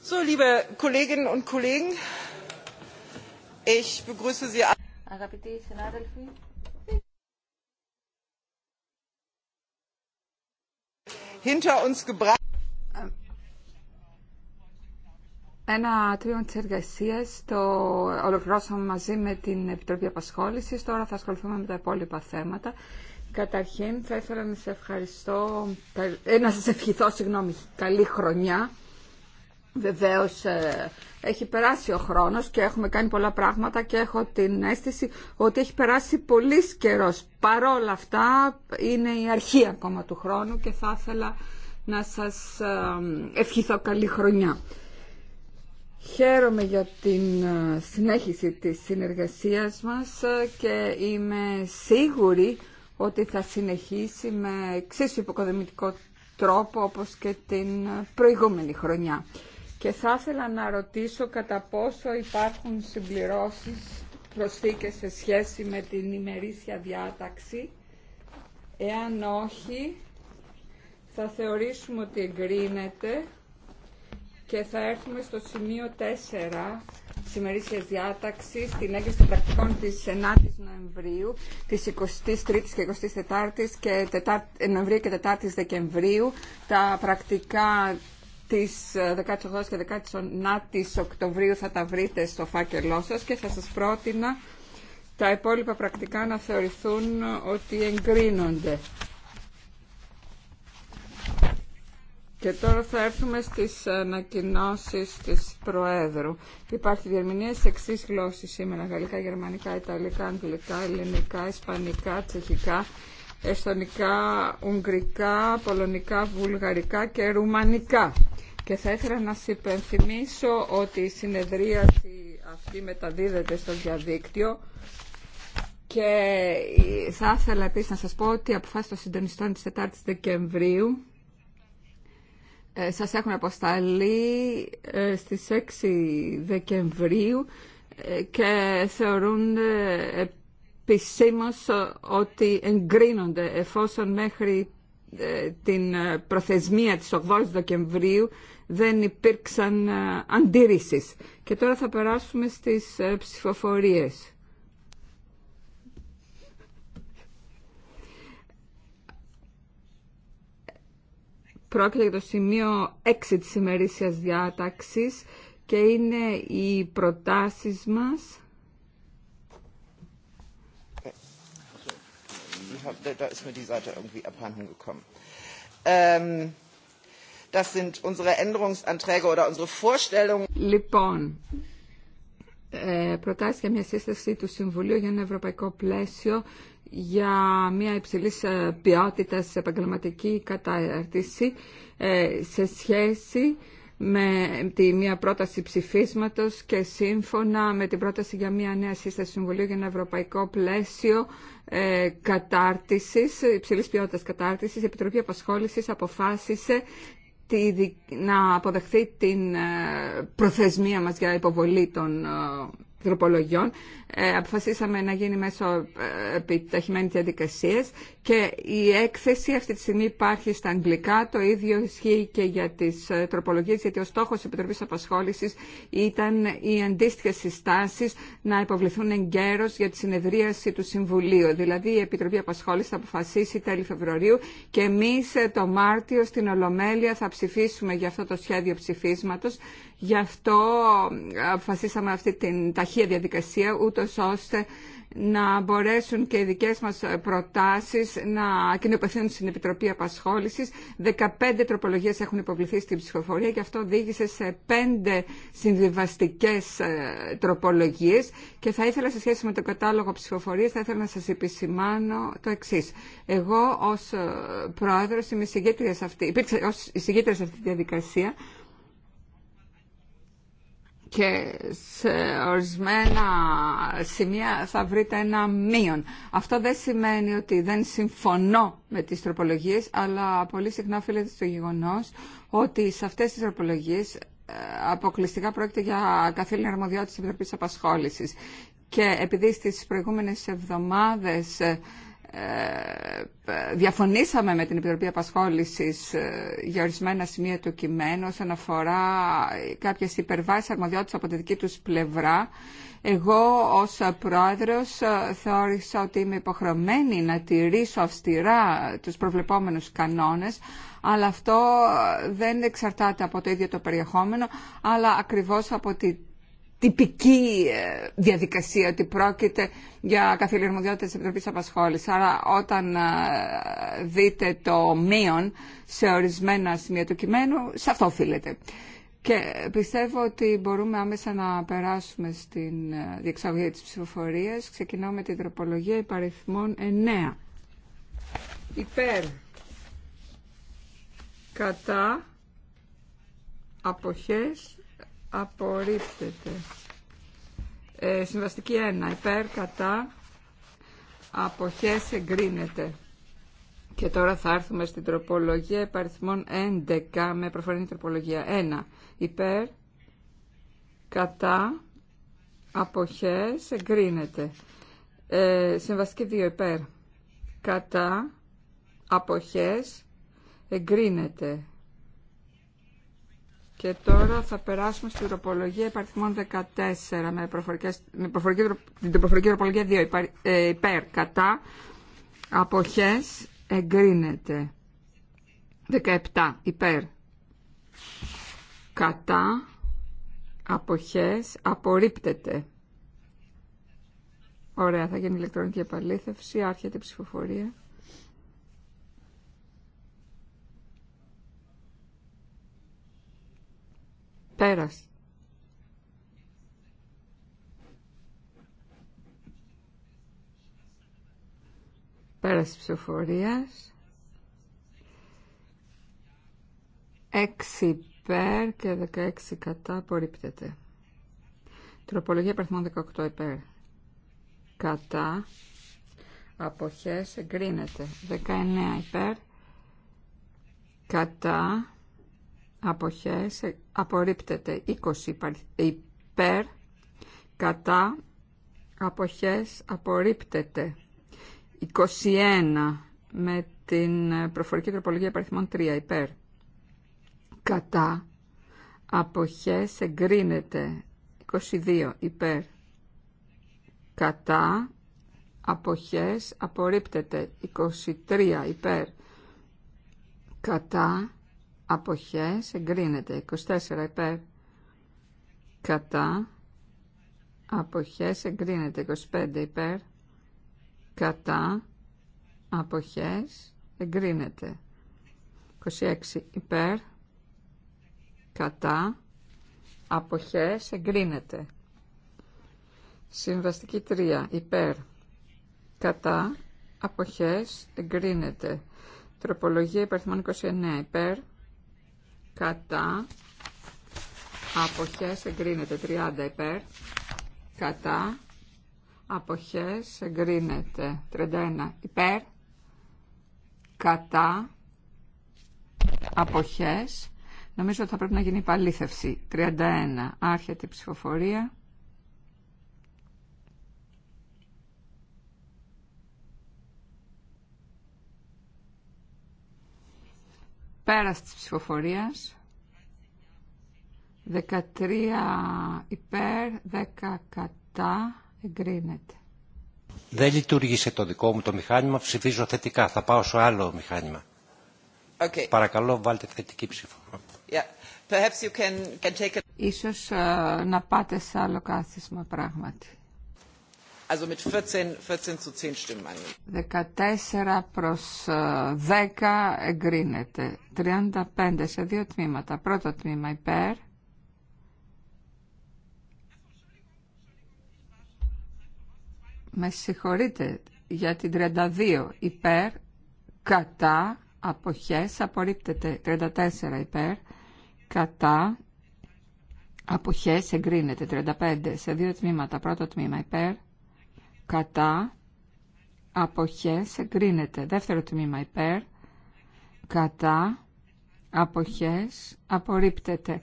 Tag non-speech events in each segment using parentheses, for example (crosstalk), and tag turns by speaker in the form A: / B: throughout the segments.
A: So, liebe Kolleginnen und Kollegen, ich begrüße Sie alle.
B: Αγαπητοί συνάδελφοι,
A: hinter uns gebracht. Ένα τρίο τη εργασία το ολοκληρώσαμε μαζί με την Επιτροπή Απασχόληση. Τώρα θα ασχοληθούμε με τα υπόλοιπα θέματα. Καταρχήν θα ήθελα να σε ευχαριστώ, ε, να σας ευχηθώ, συγγνώμη, καλή χρονιά. Βεβαίως ε, έχει περάσει ο χρόνος και έχουμε κάνει πολλά πράγματα και έχω την αίσθηση ότι έχει περάσει πολύ καιρός. Παρόλα αυτά είναι η αρχή ακόμα του χρόνου και θα ήθελα να σας ε, ευχηθώ καλή χρονιά. Χαίρομαι για την συνέχιση της συνεργασίας μας και είμαι σίγουρη ότι θα συνεχίσει με εξίσου υποκοδομητικό τρόπο όπως και την προηγούμενη χρονιά. Και θα ήθελα να ρωτήσω κατά πόσο υπάρχουν συμπληρώσεις προσθήκες σε σχέση με την ημερήσια διάταξη. Εάν όχι, θα θεωρήσουμε ότι εγκρίνεται και θα έρθουμε στο σημείο 4 της διάταξη. στην έγκριση των πρακτικών της 9ης Νοεμβρίου, της 23ης και 24ης και 4, Νοεμβρίου και 4ης Δεκεμβρίου, τα πρακτικά της 18ης ε, και 19ης Οκτωβρίου θα τα βρείτε στο φάκελό σας και θα σας πρότεινα τα υπόλοιπα πρακτικά να θεωρηθούν ότι εγκρίνονται. Και τώρα θα έρθουμε στις ανακοινώσεις της Προέδρου. Υπάρχει διερμηνία σε εξής γλώσσες σήμερα. Γαλλικά, Γερμανικά, Ιταλικά, Αγγλικά, Ελληνικά, Ισπανικά, Τσεχικά, Εστονικά, Ουγγρικά, Πολωνικά, Βουλγαρικά και Ρουμανικά. Και θα ήθελα να σας υπενθυμίσω ότι η συνεδρίαση αυτή μεταδίδεται στο διαδίκτυο και θα ήθελα επίσης να σας πω ότι αποφάσισα το συντονιστών της 4 Δεκεμβρίου ε, σας έχουν αποσταλεί ε, στις 6 Δεκεμβρίου ε, και θεωρούν επισήμως ότι εγκρίνονται εφόσον μέχρι την προθεσμία της 8 Δεκεμβρίου δεν υπήρξαν αντίρρησεις. Και τώρα θα περάσουμε στις ψηφοφορίες. Πρόκειται για το σημείο 6 της ημερήσιας διάταξης και είναι οι προτάσεις μας. Λοιπόν, ε, προτάσεις για μια σύσταση του Συμβουλίου για ένα ευρωπαϊκό πλαίσιο για μια υψηλής ποιότητας επαγγελματική κατάρτιση ε, σε σχέση με τη μία πρόταση ψηφίσματος και σύμφωνα με την πρόταση για μία νέα σύσταση Συμβουλίου για ένα ευρωπαϊκό πλαίσιο ε, κατάρτισης, υψηλής ποιότητας κατάρτισης, η Επιτροπή Απασχόλησης αποφάσισε τη, να αποδεχθεί την ε, προθεσμία μας για υποβολή των ε, τροπολογιών ε, αποφασίσαμε να γίνει μέσω ε, επιταχυμένη διαδικασία και η έκθεση αυτή τη στιγμή υπάρχει στα αγγλικά. Το ίδιο ισχύει και για τι ε, τροπολογίε, γιατί ο στόχο τη Επιτροπή Απασχόληση ήταν οι αντίστοιχε συστάσει να υποβληθούν εγκαίρω για τη συνεδρίαση του Συμβουλίου. Δηλαδή, η Επιτροπή Απασχόληση θα αποφασίσει τέλη Φεβρουαρίου και εμεί το Μάρτιο στην Ολομέλεια θα ψηφίσουμε για αυτό το σχέδιο ψηφίσματο Γι' αυτό ε, αποφασίσαμε αυτή την ταχεία διαδικασία, ούτως ώστε να μπορέσουν και οι δικές μας προτάσεις να κοινοποιηθούν στην Επιτροπή Απασχόλησης. 15 τροπολογίες έχουν υποβληθεί στην ψηφοφορία και αυτό οδήγησε σε 5 συνδυαστικέ ε, τροπολογίες και θα ήθελα σε σχέση με τον κατάλογο ψηφοφορίας θα ήθελα να σας επισημάνω το εξή. Εγώ ως ε, πρόεδρος είμαι σε αυτή, ως σε αυτή τη διαδικασία και σε ορισμένα σημεία θα βρείτε ένα μείον. Αυτό δεν σημαίνει ότι δεν συμφωνώ με τις τροπολογίες, αλλά πολύ συχνά οφείλεται στο γεγονός ότι σε αυτές τις τροπολογίες ε, αποκλειστικά πρόκειται για καθήλυνα αρμοδιότητα της Επιτροπής Απασχόλησης. Και επειδή στις προηγούμενες εβδομάδες ε, ε, διαφωνήσαμε με την Επιτροπή Απασχόλησης ε, για ορισμένα σημεία του κειμένου όσον αφορά κάποιες υπερβάσεις αρμοδιότητας από τη δική τους πλευρά. Εγώ ως πρόεδρος ε, θεώρησα ότι είμαι υποχρεωμένη να τηρήσω αυστηρά τους προβλεπόμενους κανόνες, αλλά αυτό δεν εξαρτάται από το ίδιο το περιεχόμενο, αλλά ακριβώς από τη τυπική ε, διαδικασία ότι πρόκειται για καθηλυρμοδιότητα της Επιτροπής Άρα όταν ε, δείτε το μείον σε ορισμένα σημεία του κειμένου, σε αυτό οφείλεται. Και πιστεύω ότι μπορούμε άμεσα να περάσουμε στην ε, διεξαγωγή της ψηφοφορίας. Ξεκινάω με την τροπολογία υπαριθμών 9. Υπέρ. Κατά. Αποχές απορρίπτεται. Ε, συμβαστική 1. Υπέρ, κατά, αποχές εγκρίνεται. Και τώρα θα έρθουμε στην τροπολογία επαριθμών 11 με προφορική τροπολογία 1. Υπέρ, κατά, αποχές εγκρίνεται. Ε, συμβαστική 2. Υπέρ, κατά, αποχές εγκρίνεται. Και τώρα θα περάσουμε στην τροπολογία υπαριθμών 14 με, με προφορική, την προφορική τροπολογία 2 ε, υπέρ κατά αποχές εγκρίνεται 17 υπέρ κατά αποχές απορρίπτεται Ωραία, θα γίνει ηλεκτρονική επαλήθευση, άρχεται η ψηφοφορία. Πέρας. Πέρας ψηφοφορίας. Έξι υπέρ και 16 κατά απορρίπτεται. Τροπολογία παρθμών 18 υπέρ. Κατά. Αποχές εγκρίνεται. 19 υπέρ. Κατά. Αποχές απορρίπτεται 20 υπέρ κατά αποχές απορρίπτεται 21 με την προφορική τροπολογία παριθμών 3 υπέρ κατά αποχές εγκρίνεται 22 υπέρ κατά αποχές απορρίπτεται 23 υπέρ κατά αποχές εγκρίνεται 24 υπέρ κατά αποχές εγκρίνεται 25 υπέρ κατά αποχές εγκρίνεται 26 υπέρ κατά αποχές εγκρίνεται Συμβαστική 3 υπέρ κατά αποχές εγκρίνεται Τροπολογία υπαριθμών 29 υπέρ κατά αποχές εγκρίνεται 30 υπέρ κατά αποχές εγκρίνεται 31 υπέρ κατά αποχές νομίζω ότι θα πρέπει να γίνει υπαλήθευση 31 άρχεται η ψηφοφορία Πέρας της ψηφοφορίας. 13 υπέρ, 10 κατά, εγκρίνεται.
C: Δεν λειτουργήσε το δικό μου το μηχάνημα, ψηφίζω θετικά. Θα πάω σε άλλο μηχάνημα. Okay. Παρακαλώ βάλτε θετική ψήφο.
A: Yeah. a... Ίσως ε, να πάτε σε άλλο κάθισμα πράγματι also mit 14, 14 zu 10 Stimmen angenommen. 14 προς 10 ε, εγκρίνεται. 35 σε δύο τμήματα. Πρώτο τμήμα υπέρ. Με συγχωρείτε για την 32 υπέρ, κατά, αποχές, απορρίπτεται 34 υπέρ, κατά, αποχές, εγκρίνεται 35 σε δύο τμήματα. Πρώτο τμήμα υπέρ, κατά, αποχές, εγκρίνεται. Δεύτερο τμήμα υπέρ, κατά, αποχές, απορρίπτεται.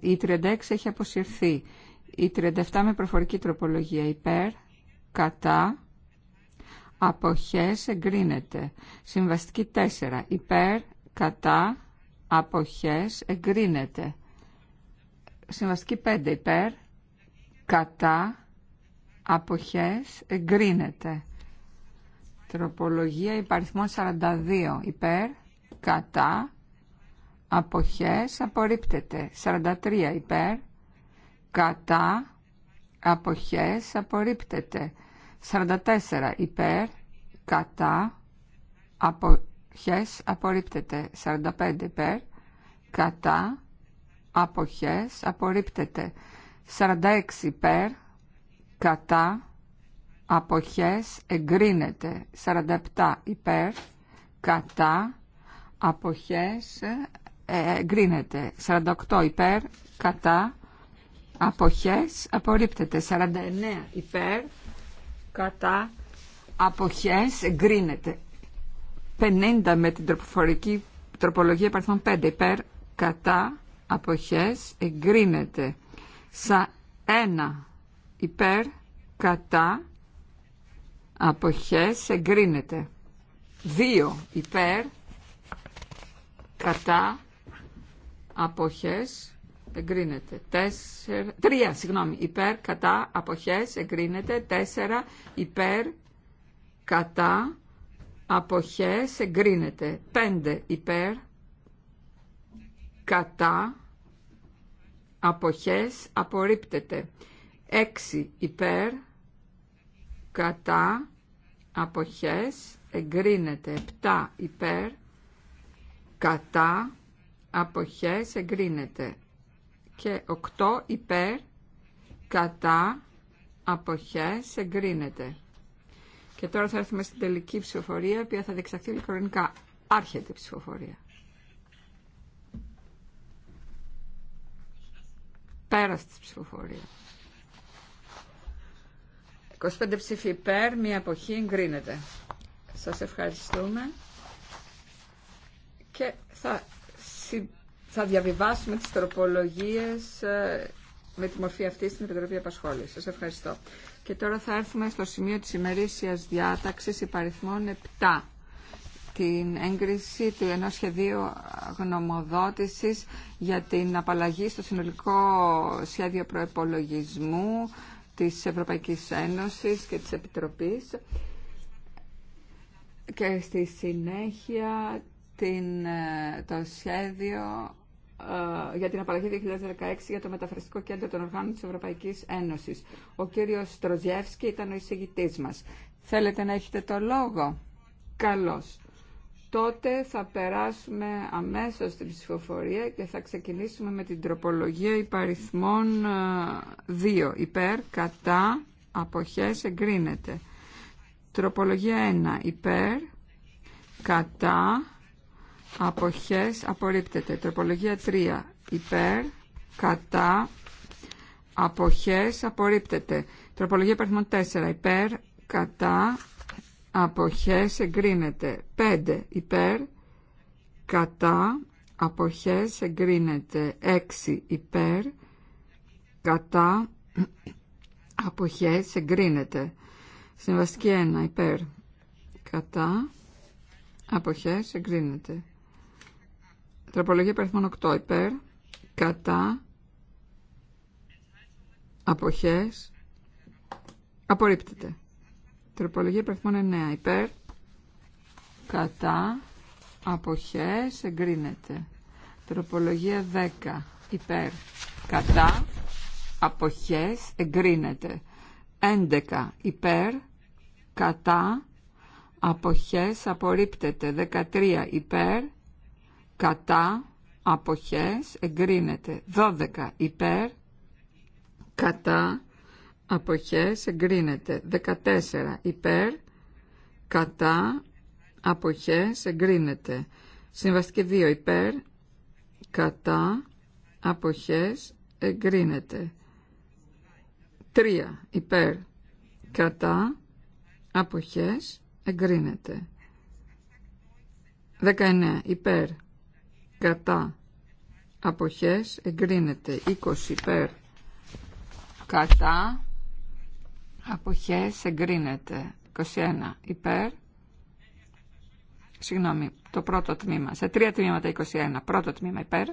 A: Η 36 έχει αποσυρθεί. Η 37 με προφορική τροπολογία υπέρ, κατά, αποχές, εγκρίνεται. Συμβαστική 4 υπέρ, κατά, αποχές, εγκρίνεται. Συμβαστική 5 υπέρ, κατά, αποχές εγκρίνεται. Τροπολογία υπαριθμών 42 υπέρ, κατά, αποχές απορρίπτεται. 43 υπέρ, κατά, αποχές απορρίπτεται. 44 υπέρ, κατά, αποχές απορρίπτεται. 45 υπέρ, κατά, αποχές απορρίπτεται. 46 υπέρ, κατά αποχές εγκρίνεται 47 ε, υπέρ κατά αποχές εγκρίνεται 48 υπέρ κατά αποχές απορρίπτεται 49 υπέρ κατά αποχές εγκρίνεται 50 με την τροποφορική τροπολογία παρθών 5 υπέρ κατά αποχές εγκρίνεται σα ένα υπέρ, κατά, αποχές, εγκρίνεται. δύο υπέρ, κατά, αποχές, εγκρίνεται. τέσσερα 3 συγγνώμη, υπέρ, κατά, αποχές, εγκρίνεται. τέσσερα υπέρ, κατά, αποχές, εγκρίνεται. πέντε υπέρ, κατά, αποχές, απορρίπτεται. 6 υπέρ κατά αποχές εγκρίνεται 7 υπέρ κατά αποχές εγκρίνεται και 8 υπέρ κατά αποχές εγκρίνεται και τώρα θα έρθουμε στην τελική ψηφοφορία η οποία θα διεξαχθεί ηλεκτρονικά άρχεται η ψηφοφορία πέραστη ψηφοφορία. 25 ψήφοι υπέρ, μία εποχή εγκρίνεται. Σας ευχαριστούμε και θα, θα διαβιβάσουμε τις τροπολογίες ε, με τη μορφή αυτή στην Επιτροπή Απασχόλησης. Σας ευχαριστώ. Και τώρα θα έρθουμε στο σημείο της ημερήσιας διάταξης υπαριθμών 7 την έγκριση του ενός σχεδίου γνωμοδότησης για την απαλλαγή στο συνολικό σχέδιο προεπολογισμού της Ευρωπαϊκής Ένωσης και της Επιτροπής και στη συνέχεια την, ε, το σχέδιο ε, για την απαλλαγή 2016 για το μεταφραστικό κέντρο των οργάνων της Ευρωπαϊκής Ένωσης. Ο κύριος Στροζιεύσκη ήταν ο εισηγητής μας. Θέλετε να έχετε το λόγο. Καλώς τότε θα περάσουμε αμέσως στην ψηφοφορία και θα ξεκινήσουμε με την τροπολογία υπαριθμών 2. Ε, Υπέρ, κατά, αποχές, εγκρίνεται. Τροπολογία 1. Υπέρ, κατά, αποχές, απορρίπτεται. Τροπολογία 3. Υπέρ, κατά, αποχές, απορρίπτεται. Τροπολογία υπαριθμών 4. Υπέρ, κατά, αποχές εγκρίνεται 5 υπέρ κατά αποχές εγκρίνεται 6 υπέρ κατά αποχές εγκρίνεται συμβαστική 1 υπέρ κατά αποχές εγκρίνεται τροπολογία περιθμών 8 υπέρ κατά αποχές απορρίπτεται Τροπολογία υπερθμών 9. Υπέρ. Κατά. Αποχές. Εγκρίνεται. Τροπολογία 10. Υπέρ. Κατά. Αποχές. Εγκρίνεται. 11. Υπέρ. Κατά. Αποχές. Απορρίπτεται. 13. Υπέρ. Κατά. Αποχές. Εγκρίνεται. 12. Υπέρ. Κατά αποχές εγκρίνεται 14 υπέρ κατά αποχές εγκρίνεται συμβαστική 2 υπέρ κατά αποχές εγκρίνεται 3 υπέρ κατά αποχές εγκρίνεται 19 υπέρ κατά αποχές εγκρίνεται 20 υπέρ κατά Αποχές εγκρίνεται. 21 υπέρ. Συγγνώμη, το πρώτο τμήμα. Σε τρία τμήματα 21. Πρώτο τμήμα υπέρ.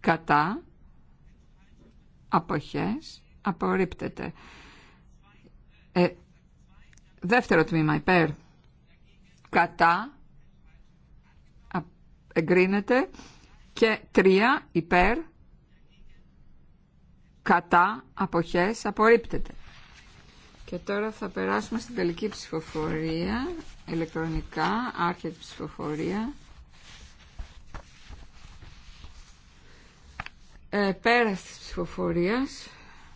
A: Κατά. Αποχές. Απορρίπτεται. Ε, δεύτερο τμήμα υπέρ. Κατά. Εγκρίνεται. Και τρία υπέρ. Κατά. Αποχές. Απορρίπτεται. Και τώρα θα περάσουμε στην τελική ψηφοφορία, ηλεκτρονικά, άρχεται ψηφοφορία. Ε, πέρας της ψηφοφορίας,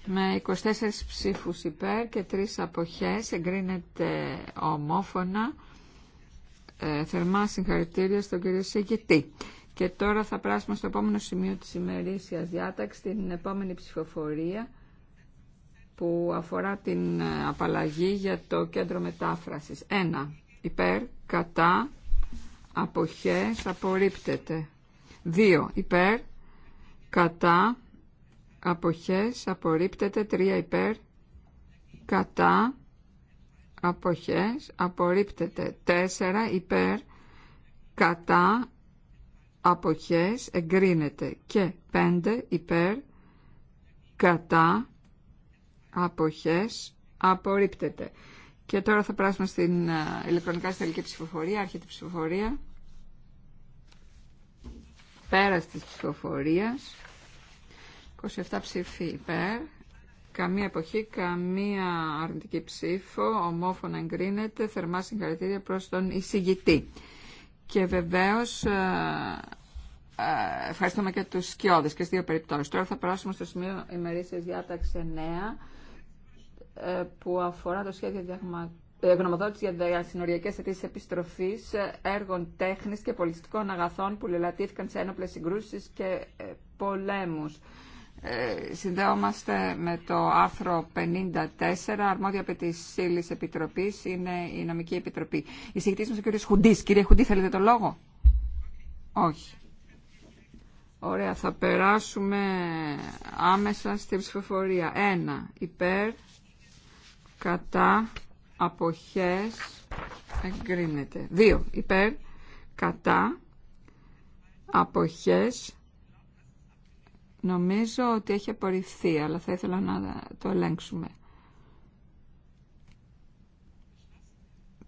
A: με 24 ψήφους υπέρ και 3 αποχές, εγκρίνεται ομόφωνα. Ε, θερμά συγχαρητήρια στον κύριο Σιγητή. Και τώρα θα πράσουμε στο επόμενο σημείο της ημερήσιας διάταξης, την επόμενη ψηφοφορία που αφορά την ε, απαλλαγή για το κέντρο μετάφρασης. 1. Υπέρ, κατά, αποχές, απορρίπτεται. 2. Υπέρ, κατά, αποχές, απορρίπτεται. 3. Υπέρ, κατά, αποχές, απορρίπτεται. Τέσσερα Υπέρ, κατά, αποχές, εγκρίνεται. Και 5. Υπέρ, κατά, αποχές απορρίπτεται. Και τώρα θα πράσουμε στην ε, ηλεκτρονικά στη ψηφοφορία, άρχεται ψηφοφορία. Πέρας της ψηφοφορίας, 27 ψήφοι υπέρ, καμία εποχή, καμία αρνητική ψήφο, ομόφωνα εγκρίνεται, θερμά συγχαρητήρια προς τον εισηγητή. Και βεβαίως ε, ε, ευχαριστούμε και τους σκιώδες και στις δύο περιπτώσεις. Τώρα θα περάσουμε στο σημείο ημερήσιας διάταξη 9 ε, που αφορά το σχέδιο διαγμα... Ε, γνωμοδότηση για διασυνοριακέ αιτήσει επιστροφή ε, έργων τέχνη και πολιτιστικών αγαθών που λελατήθηκαν σε ένοπλε συγκρούσει και πολέμου. Ε, συνδέομαστε με το άρθρο 54, αρμόδια επί τη ύλη επιτροπή, είναι η νομική επιτροπή. Η συγκριτή μα ο κ. Χουντή. Κύριε Χουντή, θέλετε το λόγο. Όχι. Ωραία, θα περάσουμε άμεσα στη ψηφοφορία. Ένα, υπέρ, κατά αποχές εγκρίνεται Δύο υπέρ κατά αποχές νομίζω ότι έχει απορριφθεί αλλά θα ήθελα να το ελέγξουμε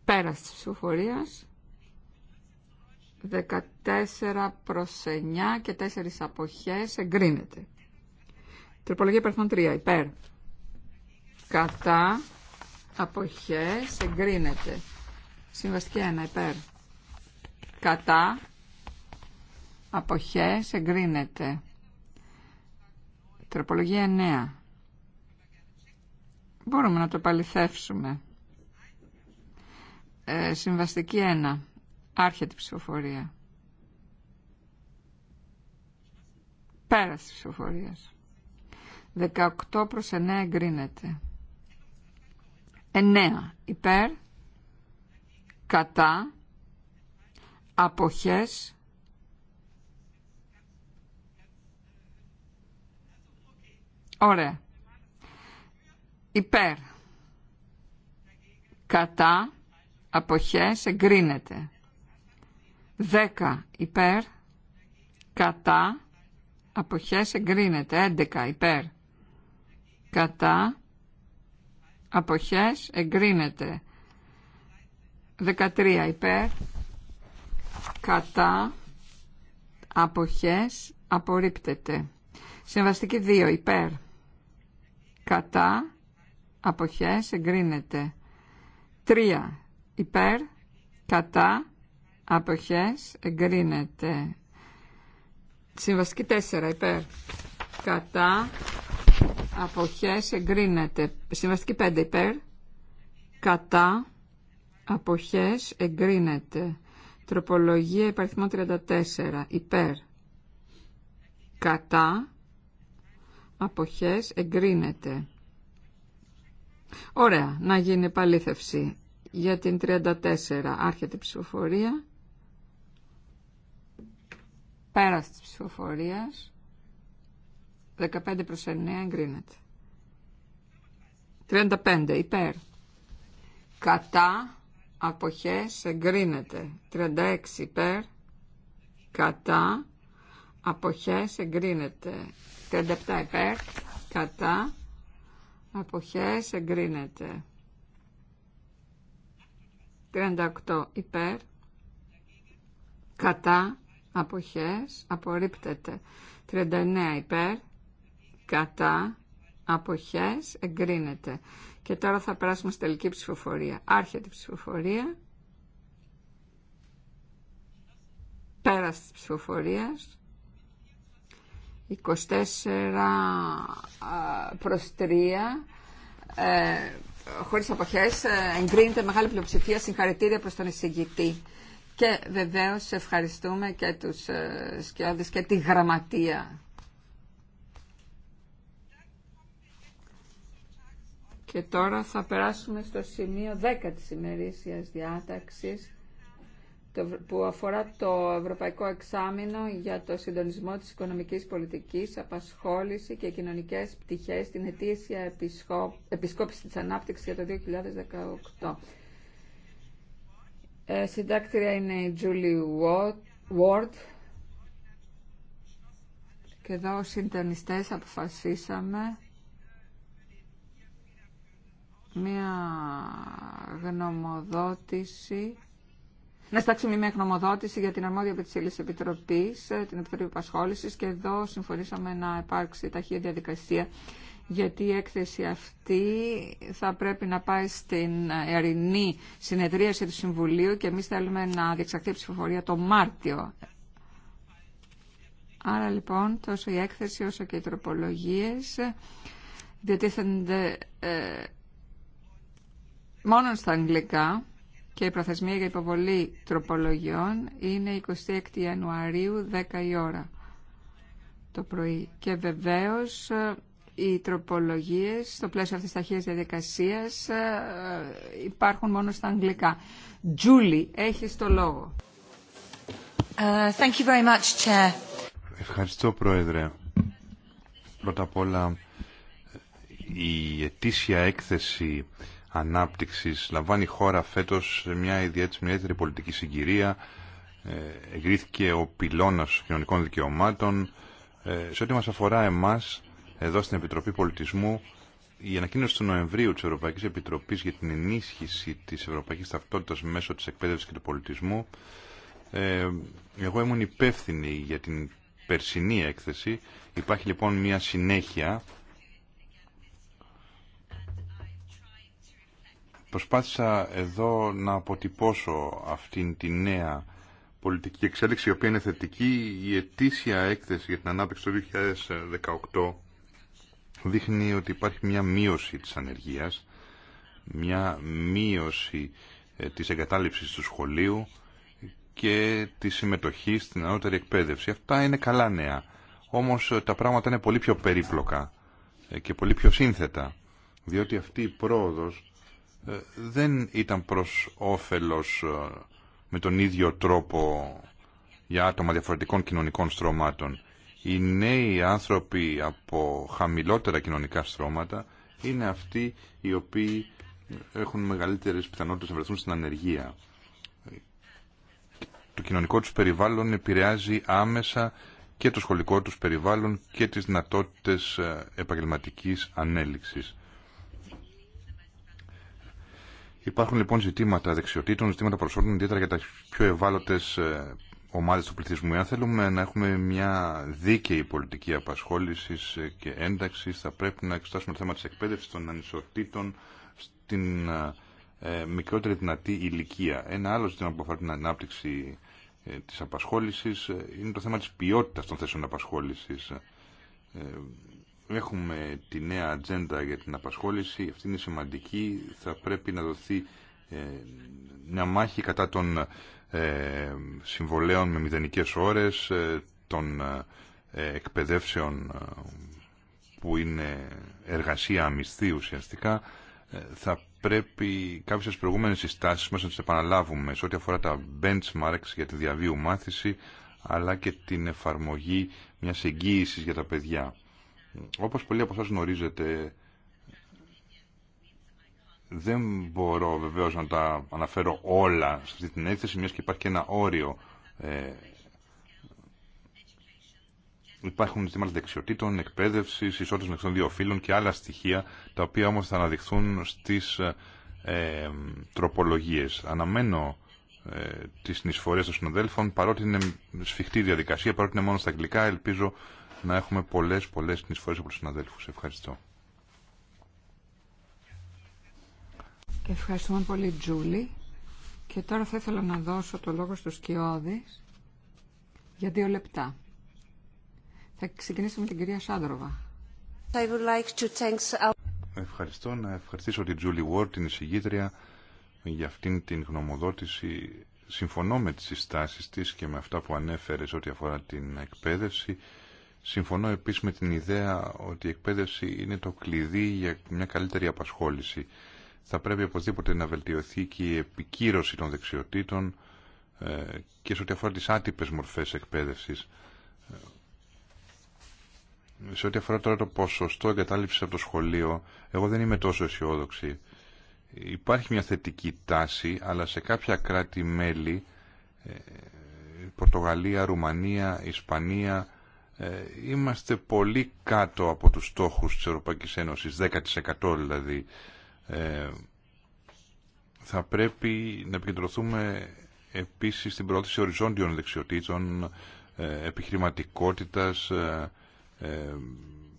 A: πέρας της ψηφοφορίας 14 προς 9 και 4 αποχές εγκρίνεται. Τροπολογία υπερθών 3 υπέρ. Κατά αποχές εγκρίνεται. Συμβαστική 1 υπέρ. Κατά αποχές εγκρίνεται. Τροπολογία 9. Μπορούμε να το παληθεύσουμε. Ε, συμβαστική 1. Άρχεται η ψηφοφορία. Πέρας της ψηφοφορίας. 18 προς 9 εγκρίνεται. 9 υπέρ κατά αποχές Ωραία. Υπέρ. Κατά. Αποχές. Εγκρίνεται. δέκα, Υπέρ. Κατά. Αποχές. Εγκρίνεται. έντεκα, Υπέρ. Κατά αποχές εγκρίνεται 13 υπέρ κατά αποχές απορρίπτεται συμβαστική 2 υπέρ κατά αποχές εγκρίνεται 3 υπέρ κατά αποχές εγκρίνεται συμβαστική 4 υπέρ κατά αποχές εγκρίνεται. Συμβαστική 5 υπέρ, κατά, αποχές εγκρίνεται. Τροπολογία υπαριθμό 34 υπέρ, κατά, αποχές εγκρίνεται. Ωραία, να γίνει επαλήθευση για την 34. Άρχεται η ψηφοφορία. Πέρας της ψηφοφορίας. 15 προς 9 εγκρίνεται. 35 υπέρ. Κατά αποχές εγκρίνεται. 36 υπέρ. Κατά αποχές εγκρίνεται. 37 υπέρ. Κατά αποχές εγκρίνεται. 38 υπέρ. Κατά αποχές απορρίπτεται. 39 υπέρ κατά, αποχές, εγκρίνεται. Και τώρα θα περάσουμε στη τελική ψηφοφορία. Άρχεται η ψηφοφορία. Πέρας της ψηφοφορίας. 24 προς 3. Ε, χωρίς αποχές ε, εγκρίνεται μεγάλη πλειοψηφία συγχαρητήρια προς τον εισηγητή. Και βεβαίως ευχαριστούμε και τους ε, σκιώδες και τη γραμματεία Και τώρα θα περάσουμε στο σημείο 10 της ημερήσιας διάταξης που αφορά το Ευρωπαϊκό Εξάμεινο για το συντονισμό της οικονομικής πολιτικής, απασχόληση και κοινωνικές πτυχές στην ετήσια επισκόπηση της ανάπτυξης για το 2018. Ε, συντάκτρια είναι η Julie Ward και εδώ συντονιστές αποφασίσαμε μια γνωμοδότηση να στάξουμε μια γνωμοδότηση για την αρμόδια επιστήμη τη Επιτροπή, ε, την Επιτροπή Επασχόληση, και εδώ συμφωνήσαμε να υπάρξει ταχεία διαδικασία, γιατί η έκθεση αυτή θα πρέπει να πάει στην ερηνή συνεδρίαση του Συμβουλίου και εμεί θέλουμε να διεξαχθεί η ψηφοφορία το Μάρτιο. Άρα λοιπόν, τόσο η έκθεση όσο και οι τροπολογίε διατίθενται ε, μόνο στα αγγλικά και η προθεσμία για υποβολή τροπολογιών είναι 26 Ιανουαρίου 10 η ώρα το πρωί. Και βεβαίως ε, οι τροπολογίες στο πλαίσιο αυτής της ταχείας διαδικασίας ε, υπάρχουν μόνο στα αγγλικά. Τζούλι, έχεις το λόγο.
B: Ε, thank you very much, Chair.
D: Ευχαριστώ, Πρόεδρε. Πρώτα απ' όλα, η ετήσια έκθεση ανάπτυξης λαμβάνει η χώρα φέτος σε μια ιδιαίτερη πολιτική συγκυρία ε, εγκρίθηκε ο πυλώνας κοινωνικών δικαιωμάτων ε, σε ό,τι μας αφορά εμάς εδώ στην Επιτροπή Πολιτισμού η ανακοίνωση του Νοεμβρίου της Ευρωπαϊκής Επιτροπής για την ενίσχυση της ευρωπαϊκής ταυτότητας μέσω της εκπαίδευσης και του πολιτισμού ε, εγώ ήμουν υπεύθυνη για την περσινή έκθεση υπάρχει λοιπόν μια συνέχεια Προσπάθησα εδώ να αποτυπώσω αυτήν τη νέα πολιτική εξέλιξη, η οποία είναι θετική. Η ετήσια έκθεση για την ανάπτυξη το 2018 δείχνει ότι υπάρχει μια μείωση της ανεργίας, μια μείωση ε, της εγκατάλειψης του σχολείου και τη συμμετοχή στην ανώτερη εκπαίδευση. Αυτά είναι καλά νέα. Όμως ε, τα πράγματα είναι πολύ πιο περίπλοκα ε, και πολύ πιο σύνθετα, διότι αυτή η πρόοδος ε, δεν ήταν προς όφελος ε, με τον ίδιο τρόπο για άτομα διαφορετικών κοινωνικών στρώματων. Οι νέοι άνθρωποι από χαμηλότερα κοινωνικά στρώματα είναι αυτοί οι οποίοι έχουν μεγαλύτερες πιθανότητες να βρεθούν στην ανεργία. Το κοινωνικό τους περιβάλλον επηρεάζει άμεσα και το σχολικό τους περιβάλλον και τις δυνατότητες ε, επαγγελματικής ανέλυξης. Υπάρχουν λοιπόν ζητήματα δεξιοτήτων, ζητήματα προσώπων, ιδιαίτερα για τα πιο ευάλωτε ε, ομάδε του πληθυσμού. Αν θέλουμε να έχουμε μια δίκαιη πολιτική απασχόληση ε, και ένταξη, θα πρέπει να εξετάσουμε το θέμα τη εκπαίδευση των ανισοτήτων στην ε, μικρότερη δυνατή ηλικία. Ένα άλλο ζήτημα που αφορά την ανάπτυξη της απασχόλησης είναι το θέμα τη ποιότητα των θέσεων απασχόλησης. Έχουμε τη νέα ατζέντα για την απασχόληση. Αυτή είναι σημαντική. Θα πρέπει να δοθεί ε, μια μάχη κατά των ε, συμβολέων με μηδενικές ώρες, ε, των εκπαιδεύσεων που είναι εργασία αμυστή ουσιαστικά. Θα πρέπει κάποιες προηγούμενες συστάσεις μας να τις επαναλάβουμε σε ό,τι αφορά τα benchmarks για τη διαβίου μάθηση αλλά και την εφαρμογή μιας εγγύησης για τα παιδιά. Όπως πολλοί από εσάς γνωρίζετε, δεν μπορώ βεβαίως να τα αναφέρω όλα σε αυτή την έκθεση, μιας και υπάρχει και ένα όριο. Ε, υπάρχουν ζητήματα δεξιοτήτων, εκπαίδευση, ισότητα μεταξύ των δύο φύλων και άλλα στοιχεία, τα οποία όμως θα αναδειχθούν στις ε, τροπολογίες. Αναμένω ε, τις συνεισφορές των συνοδέλφων, παρότι είναι σφιχτή διαδικασία, παρότι είναι μόνο στα αγγλικά, ελπίζω να έχουμε πολλές πολλές συνεισφορές από τους συναδέλφους. Ευχαριστώ.
A: Ευχαριστούμε πολύ Τζούλη. Και τώρα θα ήθελα να δώσω το λόγο στους Σκιώδης για δύο λεπτά. Θα ξεκινήσουμε με την κυρία Σάντροβα. I would like
B: to
D: Ευχαριστώ να ευχαριστήσω την Τζούλη Βόρτ, την εισηγήτρια, για αυτήν την γνωμοδότηση. Συμφωνώ με τις συστάσεις της και με αυτά που ανέφερες ό,τι αφορά την εκπαίδευση. Συμφωνώ επίσης με την ιδέα ότι η εκπαίδευση είναι το κλειδί για μια καλύτερη απασχόληση. Θα πρέπει οπωσδήποτε να βελτιωθεί και η επικύρωση των δεξιοτήτων ε, και σε ό,τι αφορά τις άτυπες μορφές εκπαίδευσης. Ε, σε ό,τι αφορά τώρα το ποσοστό εγκατάλειψης από το σχολείο, εγώ δεν είμαι τόσο αισιόδοξη. Υπάρχει μια θετική τάση, αλλά σε κάποια κράτη-μέλη, ε, Πορτογαλία, Ρουμανία, Ισπανία, ε, είμαστε πολύ κάτω από τους στόχους της Ευρωπαϊκής Ένωσης, 10% δηλαδή. Ε, θα πρέπει να επικεντρωθούμε επίσης στην πρόθεση οριζόντιων δεξιοτήτων, ε, επιχειρηματικότητας, ε, ε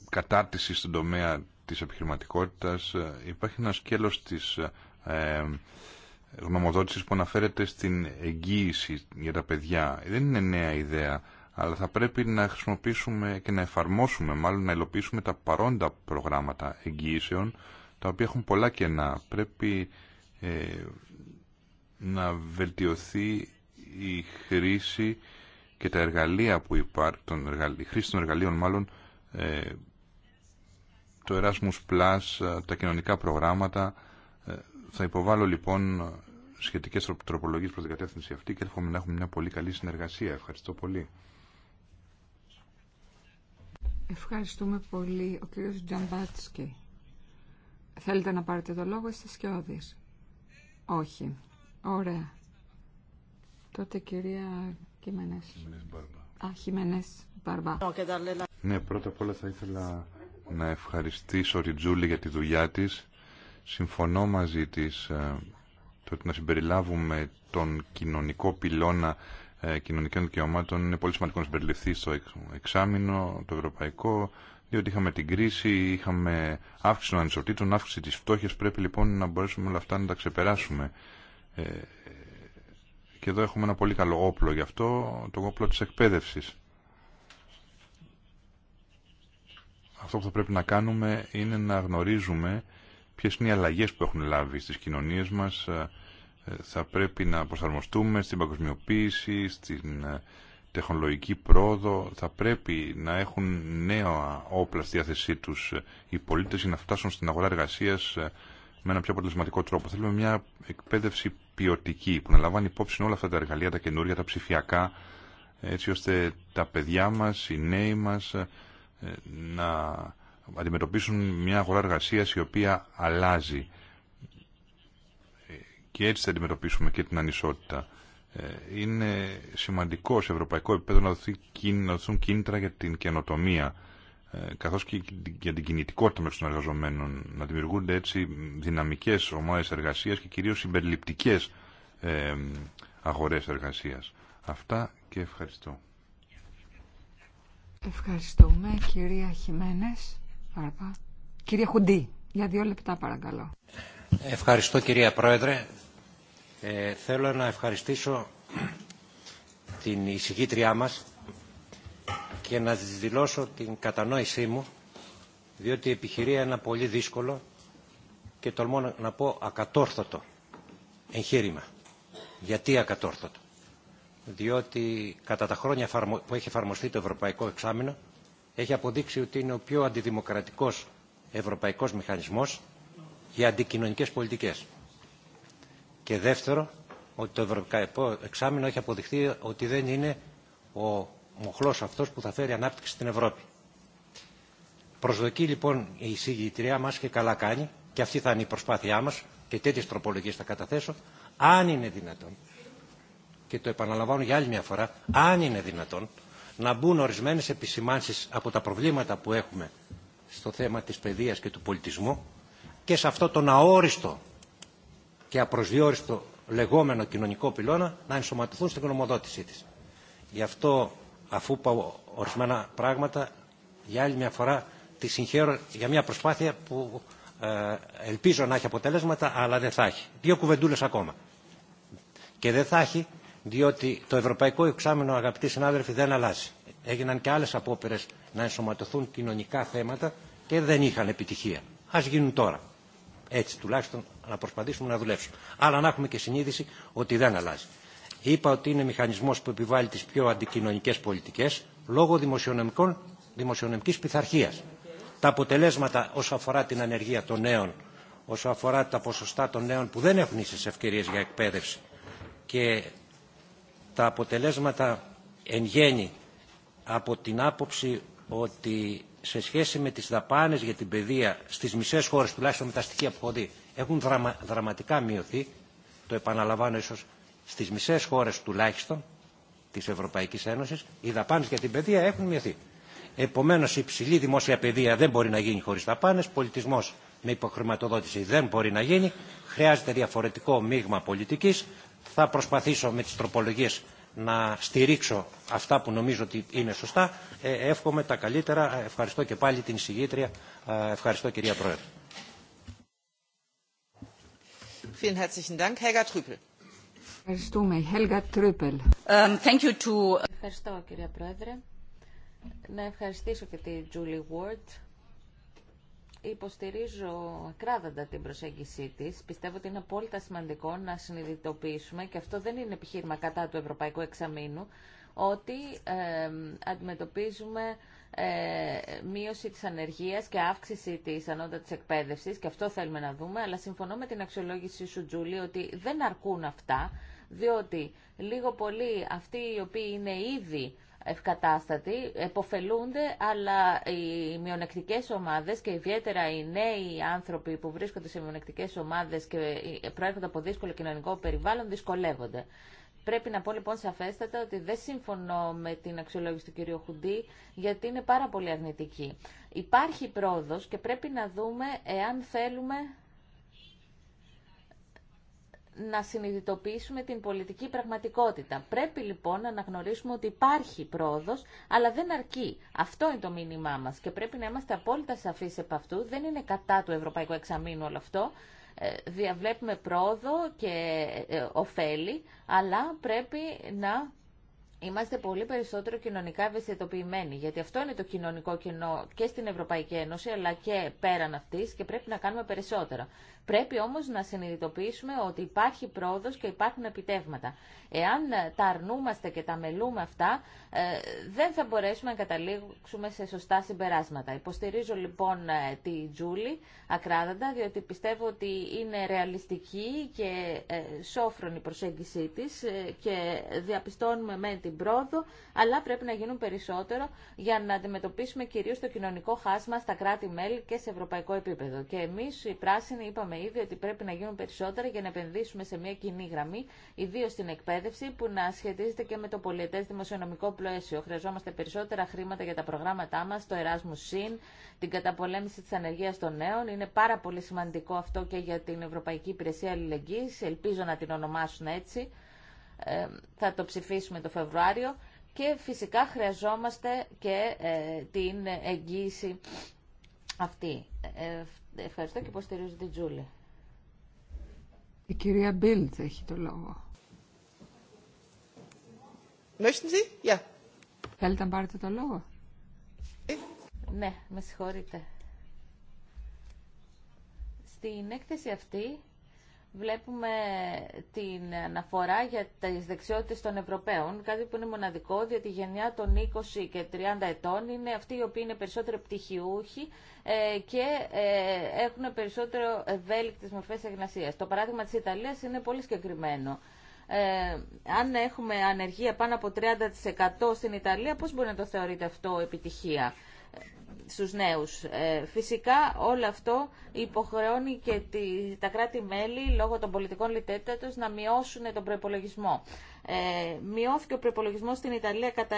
D: κατάρτιση στον τομέα της επιχειρηματικότητας. Υπάρχει ένα σκέλος της ε, γνωμοδότησης που αναφέρεται στην εγγύηση για τα παιδιά. Δεν είναι νέα ιδέα αλλά θα πρέπει να χρησιμοποιήσουμε και να εφαρμόσουμε, μάλλον να υλοποιήσουμε τα παρόντα προγράμματα εγγυήσεων, τα οποία έχουν πολλά κενά. Πρέπει ε, να βελτιωθεί η χρήση και τα εργαλεία που υπάρχουν, η χρήση των εργαλείων μάλλον, ε, το Erasmus Plus, ε, τα κοινωνικά προγράμματα. θα υποβάλω λοιπόν σχετικές τροπολογίες προς την κατεύθυνση αυτή και εύχομαι να έχουμε μια πολύ καλή συνεργασία. Ευχαριστώ πολύ.
A: Ευχαριστούμε πολύ. Ο κύριος Τζαμπάτσκι. Θέλετε να πάρετε το λόγο, είστε σκιώδης. Όχι. Ωραία. Τότε κυρία Κιμενές. Χιμενές Μπαρμπά. Α, Χιμενές Μπαρμπά.
D: Ναι, πρώτα απ' όλα θα ήθελα να ευχαριστήσω τη Τζούλη για τη δουλειά της. Συμφωνώ μαζί της ε, το ότι να συμπεριλάβουμε τον κοινωνικό πυλώνα ε, κοινωνικών δικαιωμάτων είναι πολύ σημαντικό να συμπεριληφθεί στο εξάμεινο, το ευρωπαϊκό, διότι είχαμε την κρίση, είχαμε αύξηση των ανισοτήτων, αύξηση τη φτώχεια. πρέπει λοιπόν να μπορέσουμε όλα αυτά να τα ξεπεράσουμε. Ε, και εδώ έχουμε ένα πολύ καλό όπλο γι' αυτό, το όπλο τη εκπαίδευση. Αυτό που θα πρέπει να κάνουμε είναι να γνωρίζουμε ποιε είναι οι αλλαγέ που έχουν λάβει στις κοινωνίες μας, ε, θα πρέπει να προσαρμοστούμε στην παγκοσμιοποίηση, στην ε, τεχνολογική πρόοδο. Θα πρέπει να έχουν νέα όπλα στη διάθεσή τους ε, οι πολίτες για να φτάσουν στην αγορά εργασίας ε, με ένα πιο αποτελεσματικό τρόπο. Θέλουμε μια εκπαίδευση ποιοτική που να λαμβάνει υπόψη όλα αυτά τα εργαλεία, τα καινούργια, τα ψηφιακά, έτσι ώστε τα παιδιά μας, οι νέοι μας να αντιμετωπίσουν μια αγορά εργασίας η οποία αλλάζει και έτσι θα αντιμετωπίσουμε και την ανισότητα. Ε, είναι σημαντικό σε ευρωπαϊκό επίπεδο να δοθούν κίνητρα για την καινοτομία ε, καθώς και για την κινητικότητα μεταξύ των εργαζομένων, να δημιουργούνται έτσι δυναμικές ομάδες εργασίας και κυρίως συμπεριληπτικές ε, αγορές εργασίας. Αυτά και ευχαριστώ.
A: Ευχαριστούμε κυρία Χιμένες. Κυρία Χουντή, για δύο λεπτά παρακαλώ.
C: Ευχαριστώ κυρία Πρόεδρε. Ε, θέλω να ευχαριστήσω την εισηγήτριά μας και να της δηλώσω την κατανόησή μου διότι επιχειρεί ένα πολύ δύσκολο και τολμώ να πω ακατόρθωτο εγχείρημα. Γιατί ακατόρθωτο. Διότι κατά τα χρόνια που έχει εφαρμοστεί το Ευρωπαϊκό Εξάμεινο έχει αποδείξει ότι είναι ο πιο αντιδημοκρατικός ευρωπαϊκός μηχανισμός για αντικοινωνικές πολιτικές. Και δεύτερο, ότι το ευρωπαϊκό εξάμεινο έχει αποδειχθεί ότι δεν είναι ο μοχλός αυτός που θα φέρει ανάπτυξη στην Ευρώπη. Προσδοκεί λοιπόν η συγγητριά μας και καλά κάνει και αυτή θα είναι η προσπάθειά μας και τέτοιες τροπολογίες θα καταθέσω αν είναι δυνατόν και το επαναλαμβάνω για άλλη μια φορά αν είναι δυνατόν να μπουν ορισμένες επισημάνσεις από τα προβλήματα που έχουμε στο θέμα της παιδείας και του πολιτισμού και σε αυτό τον αόριστο και απροσδιόριστο λεγόμενο κοινωνικό πυλώνα να ενσωματωθούν στην γνωμοδότησή της. Γι' αυτό, αφού είπα ορισμένα πράγματα, για άλλη μια φορά τη συγχαίρω για μια προσπάθεια που ε, ελπίζω να έχει αποτελέσματα, αλλά δεν θα έχει. Δύο κουβεντούλες ακόμα. Και δεν θα έχει, διότι το ευρωπαϊκό εξάμεινο, αγαπητοί συνάδελφοι, δεν αλλάζει. Έγιναν και άλλες απόπειρες να ενσωματωθούν κοινωνικά θέματα και δεν είχαν επιτυχία. Ας γίνουν τώρα έτσι τουλάχιστον να προσπαθήσουμε να δουλέψουμε. Αλλά να έχουμε και συνείδηση ότι δεν αλλάζει. Είπα ότι είναι μηχανισμός που επιβάλλει τις πιο αντικοινωνικές πολιτικές λόγω δημοσιονομικών, δημοσιονομικής πειθαρχία. Τα αποτελέσματα όσο αφορά την ανεργία των νέων, όσο αφορά τα ποσοστά των νέων που δεν έχουν ίσες ευκαιρίες για εκπαίδευση και τα αποτελέσματα εν γέννη από την άποψη ότι σε σχέση με τις δαπάνες για την παιδεία στις μισές χώρες, τουλάχιστον με τα στοιχεία που έχω δει, έχουν δραματικά μειωθεί, το επαναλαμβάνω ίσως, στις μισές χώρες τουλάχιστον της Ευρωπαϊκής Ένωσης, οι δαπάνες για την παιδεία έχουν μειωθεί. Επομένως, η υψηλή δημόσια παιδεία δεν μπορεί να γίνει χωρίς δαπάνες, πολιτισμός με υποχρηματοδότηση δεν μπορεί να γίνει, χρειάζεται διαφορετικό μείγμα πολιτικής. Θα προσπαθήσω με τις τροπολογίες να στηρίξω αυτά που νομίζω ότι είναι σωστά. Ε, εύχομαι τα καλύτερα. Ε, ευχαριστώ και πάλι την συγγήτρια. Ε, ευχαριστώ κυρία Πρόεδρε.
A: Ευχαριστούμε. Helga Trüppel.
B: Um, thank you to... Ευχαριστώ κυρία Πρόεδρε. Να ευχαριστήσω και τη Julie Ward υποστηρίζω ακράδαντα την προσέγγιση της. Πιστεύω ότι είναι απόλυτα σημαντικό να συνειδητοποιήσουμε, και αυτό δεν είναι επιχείρημα κατά του Ευρωπαϊκού Εξαμήνου, ότι αντιμετωπίζουμε ε, μείωση της ανεργίας και αύξηση της ανώτατης εκπαίδευσης και αυτό θέλουμε να δούμε, αλλά συμφωνώ με την αξιολόγηση σου Τζούλη ότι δεν αρκούν αυτά, διότι λίγο πολύ αυτοί οι οποίοι είναι ήδη ευκατάστατοι, εποφελούνται, αλλά οι μειονεκτικέ ομάδες και ιδιαίτερα οι νέοι άνθρωποι που βρίσκονται σε μειονεκτικέ ομάδες και προέρχονται από δύσκολο κοινωνικό περιβάλλον δυσκολεύονται. Πρέπει να πω λοιπόν σαφέστατα ότι δεν συμφωνώ με την αξιολόγηση του κυρίου Χουντή, γιατί είναι πάρα πολύ αρνητική. Υπάρχει πρόοδος και πρέπει να δούμε εάν θέλουμε να συνειδητοποιήσουμε την πολιτική πραγματικότητα. Πρέπει λοιπόν να αναγνωρίσουμε ότι υπάρχει πρόοδος, αλλά δεν αρκεί. Αυτό είναι το μήνυμά μας και πρέπει να είμαστε απόλυτα σαφείς επ' αυτού. Δεν είναι κατά του Ευρωπαϊκού Εξαμήνου όλο αυτό. Ε, διαβλέπουμε πρόοδο και ε, ωφέλη, αλλά πρέπει να Είμαστε πολύ περισσότερο κοινωνικά ευαισθητοποιημένοι, γιατί αυτό είναι το κοινωνικό κοινό και στην Ευρωπαϊκή Ένωση, αλλά και πέραν αυτή και πρέπει να κάνουμε περισσότερα. Πρέπει όμως να συνειδητοποιήσουμε ότι υπάρχει πρόοδος και υπάρχουν επιτεύγματα. Εάν τα αρνούμαστε και τα μελούμε αυτά, ε, δεν θα μπορέσουμε να καταλήξουμε σε σωστά συμπεράσματα. Υποστηρίζω λοιπόν ε, τη Τζούλη ακράδαντα, διότι πιστεύω ότι είναι ρεαλιστική και ε, σόφρονη προσέγγιση της και διαπιστώνουμε με την πρόοδο, αλλά πρέπει να γίνουν περισσότερο για να αντιμετωπίσουμε κυρίως το κοινωνικό χάσμα στα κράτη-μέλη και σε ευρωπαϊκό επίπεδο. Και εμείς οι πράσινοι είπαμε ήδη ότι πρέπει να γίνουν περισσότερα για να επενδύσουμε σε μια κοινή γραμμή, ιδίω στην εκπαίδευση που να σχετίζεται και με το πολιετέ δημοσιονομικό πλαίσιο. Χρειαζόμαστε περισσότερα χρήματα για τα προγράμματά μα, το Erasmus Sin, την καταπολέμηση τη ανεργία των νέων. Είναι πάρα πολύ σημαντικό αυτό και για την Ευρωπαϊκή Υπηρεσία Αλληλεγγύη. Ελπίζω να την ονομάσουν έτσι. Ε, θα το ψηφίσουμε το Φεβρουάριο. Και φυσικά χρειαζόμαστε και ε, την εγγύηση αυτή. Ε, ε, ευχαριστώ και υποστηρίζω την Τζούλη.
A: Η κυρία Μπίλτ έχει το λόγο.
B: Θέλετε να πάρετε το λόγο. Ε. Ναι, με συγχωρείτε. Στην έκθεση αυτή βλέπουμε την αναφορά για τις δεξιότητες των Ευρωπαίων, κάτι που είναι μοναδικό, διότι η γενιά των 20 και 30 ετών είναι αυτή οι οποίοι είναι περισσότερο πτυχιούχοι ε, και ε, έχουν περισσότερο ευέλικτες μορφές εγνασίας. Το παράδειγμα της Ιταλίας είναι πολύ συγκεκριμένο. Ε, αν έχουμε ανεργία πάνω από 30% στην Ιταλία, πώς μπορεί να το θεωρείτε αυτό επιτυχία στους νέους. Ε, φυσικά όλο αυτό υποχρεώνει και τα κράτη-μέλη λόγω των πολιτικών λιτέτατος να μειώσουν τον προϋπολογισμό. Ε, μειώθηκε ο προπολογισμό στην Ιταλία κατά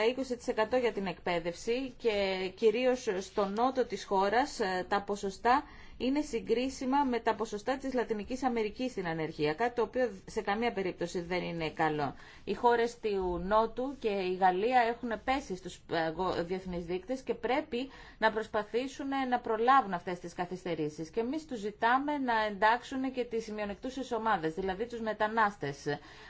B: 20% για την εκπαίδευση και κυρίως στο νότο της χώρας ε, τα ποσοστά είναι συγκρίσιμα με τα ποσοστά της Λατινικής Αμερικής στην ανεργία, κάτι το οποίο σε καμία περίπτωση δεν είναι καλό. Οι χώρες του Νότου και η Γαλλία έχουν πέσει στους ε, διεθνείς δείκτες και πρέπει να προσπαθήσουν ε, να προλάβουν αυτές τις καθυστερήσεις. Και εμείς τους ζητάμε να εντάξουν και τις μειονεκτούσες ομάδες, δηλαδή τους μετανάστες.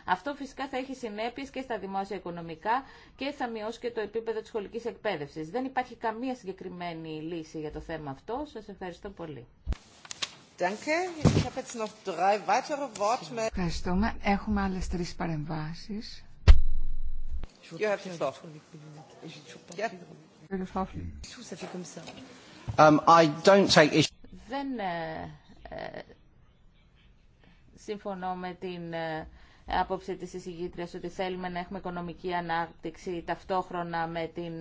B: Αυτό φυσικά θα έχει συνέπειες και στα δημόσια οικονομικά και θα μειώσει και το επίπεδο της σχολικής εκπαίδευσης. Δεν υπάρχει καμία συγκεκριμένη λύση για το θέμα αυτό. Σας ευχαριστώ πολύ.
A: Ευχαριστούμε. Έχουμε άλλες τρεις παρεμβάσεις.
C: Um,
B: Δεν ε, ε, συμφωνώ με την ε, άποψη της εισηγήτριας ότι θέλουμε να έχουμε οικονομική ανάπτυξη ταυτόχρονα με την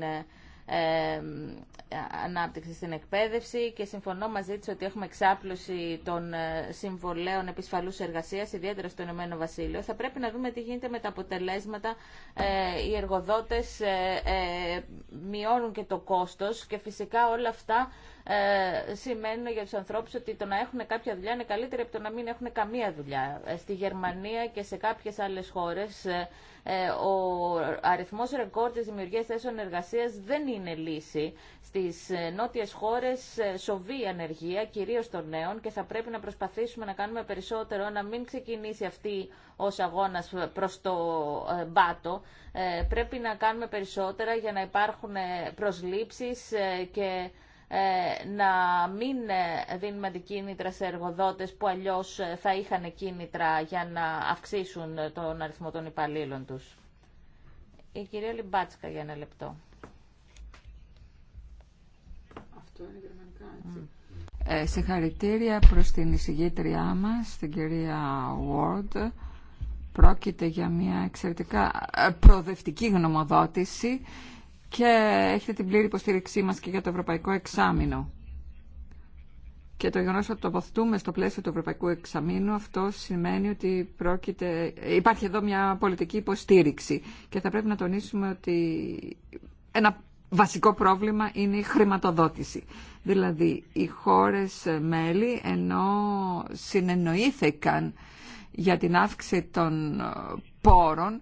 B: ανάπτυξη στην εκπαίδευση και συμφωνώ μαζί της ότι έχουμε εξάπλωση των ε, συμβολέων επισφαλούς εργασίας, ιδιαίτερα στο Ηνωμένο Βασίλειο. Θα πρέπει να δούμε τι γίνεται με τα αποτελέσματα. Ε, οι εργοδότες ε, μειώνουν και το κόστος και φυσικά όλα αυτά ε, σημαίνει για τους ανθρώπους ότι το να έχουν κάποια δουλειά είναι καλύτερο από το να μην έχουν καμία δουλειά. Ε, στη Γερμανία και σε κάποιες άλλες χώρες ε, ο αριθμός ρεκόρ της δημιουργίας θέσεων εργασίας δεν είναι λύση. Στις νότιες χώρες σοβεί η ανεργία, κυρίως των νέων και θα πρέπει να προσπαθήσουμε να κάνουμε περισσότερο, να μην ξεκινήσει αυτή ως αγώνας προς το μπάτο. πρέπει να κάνουμε περισσότερα για να υπάρχουν προσλήψεις και ε, να μην ε, δίνουμε αντικίνητρα σε εργοδότες που αλλιώς ε, θα είχαν κίνητρα για να αυξήσουν τον αριθμό των υπαλλήλων τους. Η κυρία Λιμπάτσκα για ένα λεπτό. Αυτό είναι γερμανικά,
A: έτσι. Ε, συγχαρητήρια προς την εισηγήτριά μας, την κυρία Ward. Πρόκειται για μια εξαιρετικά προοδευτική γνωμοδότηση και έχετε την πλήρη υποστήριξή μας και για το Ευρωπαϊκό Εξάμεινο. Και το γεγονό ότι τοποθετούμε στο πλαίσιο του Ευρωπαϊκού Εξαμήνου, αυτό σημαίνει ότι πρόκειται... υπάρχει εδώ μια πολιτική υποστήριξη. Και θα πρέπει να τονίσουμε ότι ένα βασικό πρόβλημα είναι η χρηματοδότηση. Δηλαδή, οι χώρες μέλη, ενώ συνεννοήθηκαν για την αύξηση των πόρων,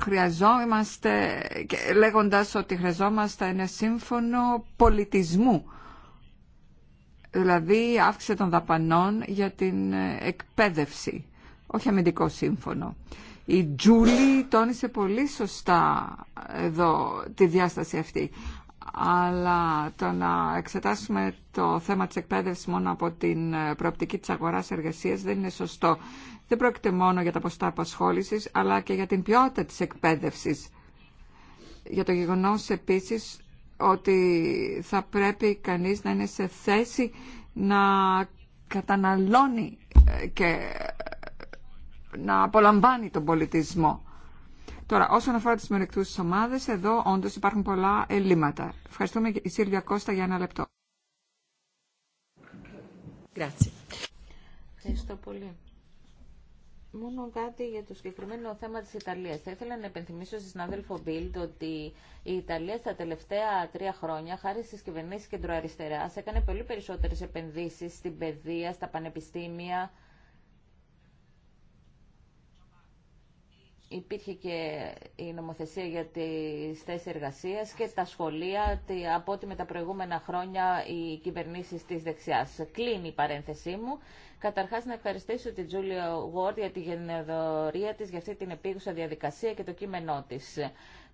A: χρειαζόμαστε, λέγοντας ότι χρειαζόμαστε ένα σύμφωνο πολιτισμού, δηλαδή αύξηση των δαπανών για την εκπαίδευση, όχι αμυντικό σύμφωνο. Η Τζούλη τόνισε πολύ σωστά εδώ τη διάσταση αυτή αλλά το να εξετάσουμε το θέμα της εκπαίδευσης μόνο από την ε, προοπτική της αγοράς εργασίας δεν είναι σωστό. Δεν πρόκειται μόνο για τα ποστά απασχόλησης, αλλά και για την ποιότητα της εκπαίδευσης. Για το γεγονός επίσης ότι θα πρέπει κανείς να είναι σε θέση να καταναλώνει ε, και ε, να απολαμβάνει τον πολιτισμό. Τώρα, όσον αφορά τις μειονεκτούσες ομάδε, εδώ όντω υπάρχουν πολλά ελλείμματα. Ευχαριστούμε η Σίλβια Κώστα για ένα
B: λεπτό. Ευχαριστώ πολύ. Μόνο κάτι για το συγκεκριμένο θέμα της Ιταλίας. Θα ήθελα να επενθυμίσω στην συνάδελφο Μπίλτ ότι η Ιταλία στα τελευταία τρία χρόνια, χάρη στις κυβερνήσεις κεντροαριστερά, έκανε πολύ περισσότερες επενδύσεις στην παιδεία, στα πανεπιστήμια, υπήρχε και η νομοθεσία για τις θέσεις εργασίας και τα σχολεία από ό,τι με τα προηγούμενα χρόνια οι κυβερνήσεις της δεξιάς. Κλείνει η παρένθεσή μου. Καταρχάς να ευχαριστήσω την Τζούλια Γουόρτ για τη γενεδορία της, για αυτή την επίγουσα διαδικασία και το κείμενό της.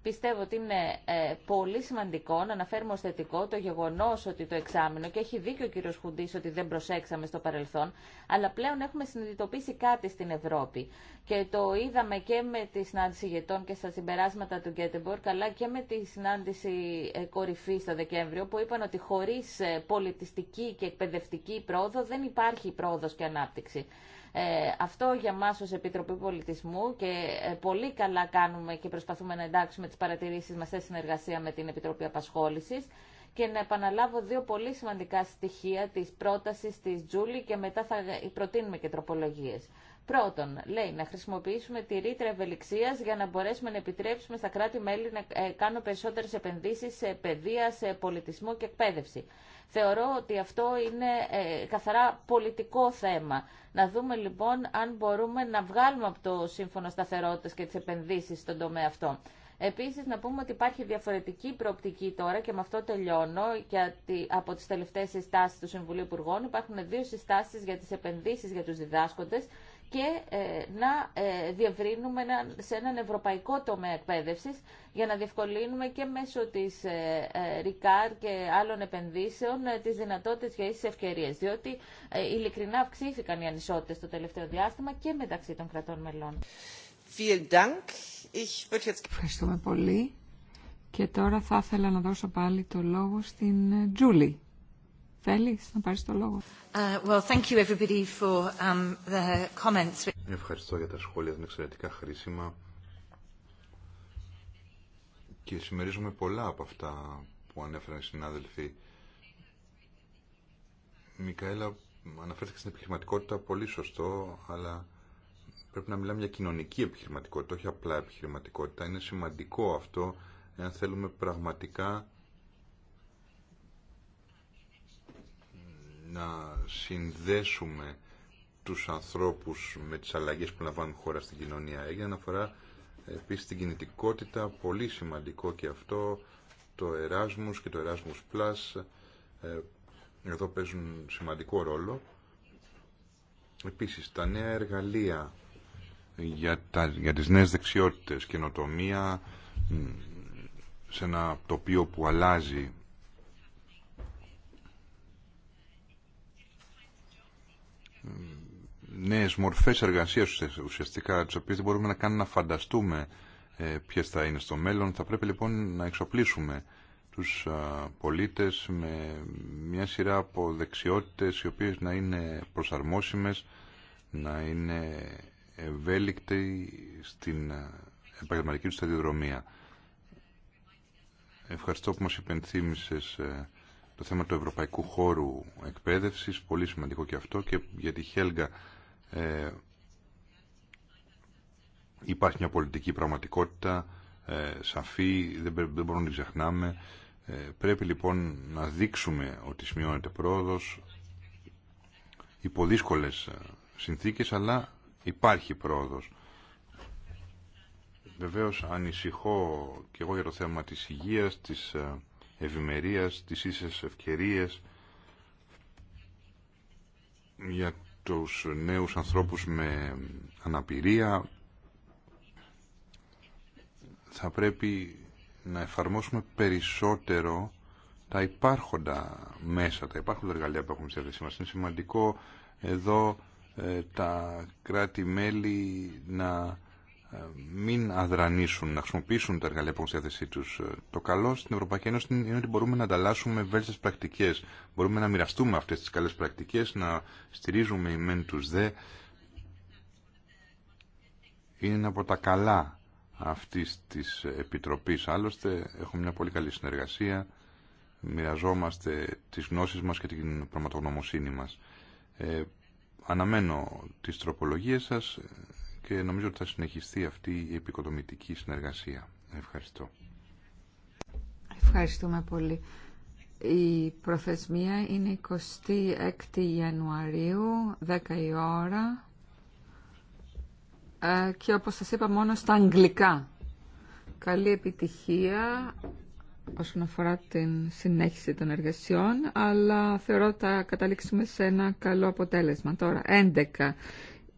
B: Πιστεύω ότι είναι ε, πολύ σημαντικό να αναφέρουμε ως θετικό το γεγονός ότι το εξάμεινο, και έχει δίκιο ο κύριος Χουντής ότι δεν προσέξαμε στο παρελθόν, αλλά πλέον έχουμε συνειδητοποιήσει κάτι στην Ευρώπη. Και το είδαμε και με τη συνάντηση ηγετών και στα συμπεράσματα του Γκέτεμπορκ, αλλά και με τη συνάντηση ε, κορυφή στο Δεκέμβριο, που είπαν ότι χωρίς ε, πολιτιστική και εκπαιδευτική πρόοδο δεν υπάρχει πρόοδος και ανάπτυξη. Ε, αυτό για μας ως Επιτροπή Πολιτισμού και ε, πολύ καλά κάνουμε και προσπαθούμε να εντάξουμε τις παρατηρήσεις μας σε συνεργασία με την Επιτροπή Απασχόλησης και να επαναλάβω δύο πολύ σημαντικά στοιχεία της πρότασης της Τζούλη και μετά θα ε, προτείνουμε και τροπολογίες. Πρώτον, λέει να χρησιμοποιήσουμε τη ρήτρα ευελιξία για να μπορέσουμε να επιτρέψουμε στα κράτη-μέλη να ε, κάνουν περισσότερε επενδύσει σε παιδεία, σε πολιτισμό και εκπαίδευση. Θεωρώ ότι αυτό είναι ε, καθαρά πολιτικό θέμα. Να δούμε λοιπόν αν μπορούμε να βγάλουμε από το Σύμφωνο σταθερότητα και τι επενδύσει στον τομέα αυτό. Επίσης να πούμε ότι υπάρχει διαφορετική προοπτική τώρα και με αυτό τελειώνω γιατί από τις τελευταίες συστάσεις του Συμβουλίου Υπουργών υπάρχουν δύο συστάσεις για τις επενδύσεις για τους διδάσκοντες και ε, να ε, διευρύνουμε σε έναν ευρωπαϊκό τομέα εκπαίδευση για να διευκολύνουμε και μέσω τη ε, ΡΙΚΑΡ και άλλων επενδύσεων τι δυνατότητε για ίσε ευκαιρίε. Διότι ειλικρινά αυξήθηκαν οι ανισότητε το τελευταίο διάστημα και μεταξύ των κρατών μελών.
A: Ευχαριστούμε πολύ. Και τώρα θα ήθελα να δώσω πάλι το λόγο στην Τζούλη. Θέλεις να πάρεις το λόγο. Ε,
B: um,
D: Ευχαριστώ για τα σχόλια, είναι εξαιρετικά χρήσιμα. Και συμμερίζομαι πολλά από αυτά που ανέφεραν οι συνάδελφοι. Μικαέλα, αναφέρθηκε στην επιχειρηματικότητα πολύ σωστό, αλλά πρέπει να μιλάμε για κοινωνική επιχειρηματικότητα, όχι απλά επιχειρηματικότητα. Είναι σημαντικό αυτό, εάν θέλουμε πραγματικά να συνδέσουμε τους ανθρώπους με τις αλλαγές που λαμβάνουν χώρα στην κοινωνία. Έγινε αναφορά επίσης την κινητικότητα, πολύ σημαντικό και αυτό, το Erasmus και το Erasmus Plus, ε, εδώ παίζουν σημαντικό ρόλο. Επίσης, τα νέα εργαλεία για, τα, για τις νέες δεξιότητες, καινοτομία, σε ένα τοπίο που αλλάζει νέες μορφές εργασίας ουσιαστικά, τις οποίες δεν μπορούμε να κάνουμε να φανταστούμε ε, ποιες θα είναι στο μέλλον. Θα πρέπει λοιπόν να εξοπλίσουμε τους πολίτες με μια σειρά από δεξιότητες οι οποίες να είναι προσαρμόσιμες, να είναι ευέλικτοι στην επαγγελματική του σταδιοδρομία. Ευχαριστώ που μας υπενθύμησες ε, το θέμα του Ευρωπαϊκού Χώρου Εκπαίδευσης, πολύ σημαντικό και αυτό και για τη Χέλγα ε, υπάρχει μια πολιτική πραγματικότητα ε, σαφή, δεν, δεν μπορούμε να την ξεχνάμε. Ε, πρέπει λοιπόν να δείξουμε ότι σημειώνεται πρόοδος υπό δύσκολες ε, συνθήκες, αλλά υπάρχει πρόοδος. Βεβαίως ανησυχώ και εγώ για το θέμα της υγείας, της ευημερίας, τις ίσες ευκαιρίες για τους νέους ανθρώπους με αναπηρία θα πρέπει να εφαρμόσουμε περισσότερο τα υπάρχοντα μέσα, τα υπάρχοντα εργαλεία που έχουμε στη θέση μας. Είναι σημαντικό εδώ ε, τα κράτη-μέλη να μην αδρανίσουν, να χρησιμοποιήσουν τα εργαλεία που έχουν στη διάθεσή του. Το καλό στην Ευρωπαϊκή Ένωση είναι ότι μπορούμε να ανταλλάσσουμε βέλτιστε πρακτικέ. Μπορούμε να μοιραστούμε αυτέ τι καλέ πρακτικέ, να στηρίζουμε οι μεν του δε. Είναι από τα καλά αυτή τη επιτροπή. Άλλωστε, έχουμε μια πολύ καλή συνεργασία. Μοιραζόμαστε τι γνώσει μα και την πραγματογνωμοσύνη μα. Ε, αναμένω τις τροπολογίες σας και νομίζω ότι θα συνεχιστεί αυτή η επικοδομητική συνεργασία. Ευχαριστώ.
A: Ευχαριστούμε πολύ. Η προθεσμία είναι 26 Ιανουαρίου, 10 η ώρα ε, και όπως σας είπα μόνο στα αγγλικά. Καλή επιτυχία όσον αφορά την συνέχιση των εργασιών, αλλά θεωρώ ότι θα καταλήξουμε σε ένα καλό αποτέλεσμα. Τώρα, 11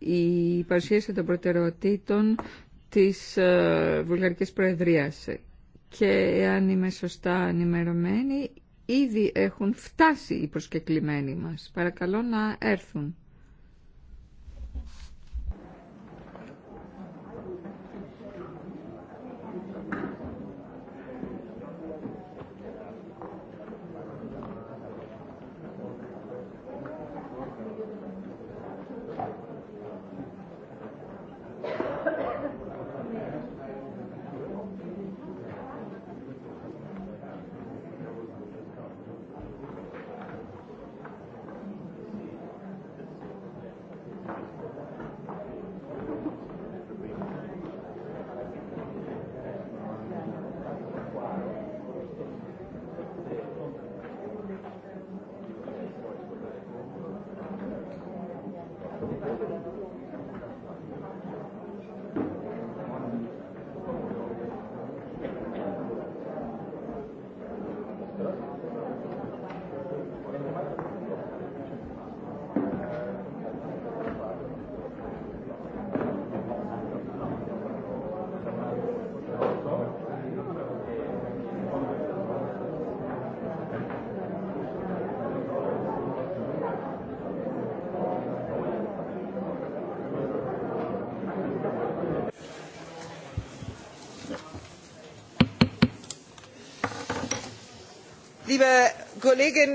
A: η παρουσίαση των προτεραιοτήτων της ε, Βουλγαρικής Προεδρίας. Και αν είμαι σωστά ενημερωμένη, ήδη έχουν φτάσει οι προσκεκλημένοι μας. Παρακαλώ να έρθουν.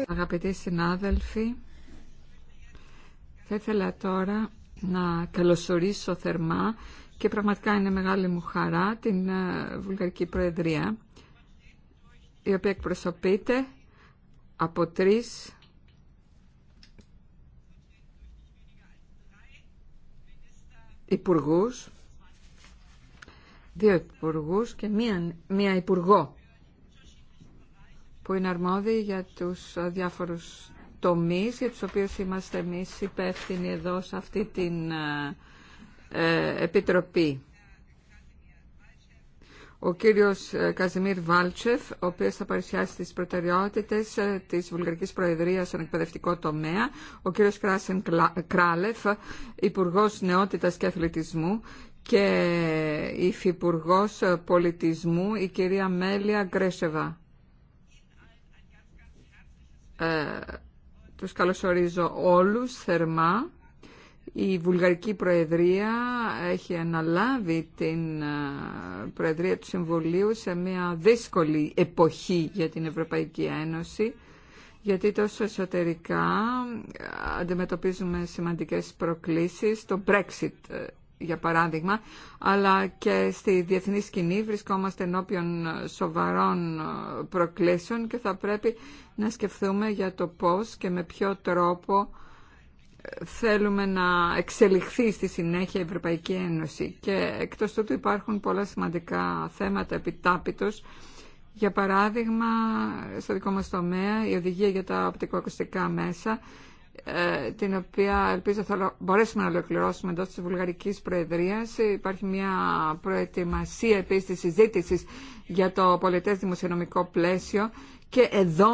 A: Αγαπητοί συνάδελφοι, θα ήθελα τώρα να καλωσορίσω θερμά και πραγματικά είναι μεγάλη μου χαρά την ε, Βουλγαρική Προεδρία, η οποία εκπροσωπείται από τρεις υπουργούς, δύο υπουργούς και μία, μία υπουργό που είναι αρμόδιοι για τους ε, διάφορους τομείς για τους οποίους είμαστε εμείς υπεύθυνοι εδώ σε αυτή την ε, ε, επιτροπή. Ο κύριος Καζιμίρ Βάλτσεφ, ο οποίος θα παρουσιάσει τις προτεραιότητες της Βουλγαρικής Προεδρίας στον εκπαιδευτικό τομέα, ο κύριος Κράσεν Κράλεφ, Υπουργός Νεότητας και Αθλητισμού και Υφυπουργός Πολιτισμού, η κυρία Μέλια Γκρέσεβα ε, τους καλωσορίζω όλους θερμά. Η Βουλγαρική Προεδρία έχει αναλάβει την ε, Προεδρία του Συμβουλίου σε μια δύσκολη εποχή για την Ευρωπαϊκή Ένωση, γιατί τόσο εσωτερικά ε, αντιμετωπίζουμε σημαντικές προκλήσεις, το Brexit ε, για παράδειγμα, αλλά και στη διεθνή σκηνή βρισκόμαστε ενώπιον σοβαρών ε, προκλήσεων και θα πρέπει να σκεφτούμε για το πώς και με ποιο τρόπο ε, θέλουμε να εξελιχθεί στη συνέχεια η Ευρωπαϊκή Ένωση. Και εκτός τούτου υπάρχουν πολλά σημαντικά θέματα επιτάπητος. Για παράδειγμα, στο δικό μας τομέα, η οδηγία για τα οπτικοακουστικά μέσα ε, την οποία ελπίζω θα μπορέσουμε να ολοκληρώσουμε εντό τη Βουλγαρικής Προεδρίας. Υπάρχει μια προετοιμασία επίση της συζήτηση για το πολιτέ δημοσιονομικό πλαίσιο και εδώ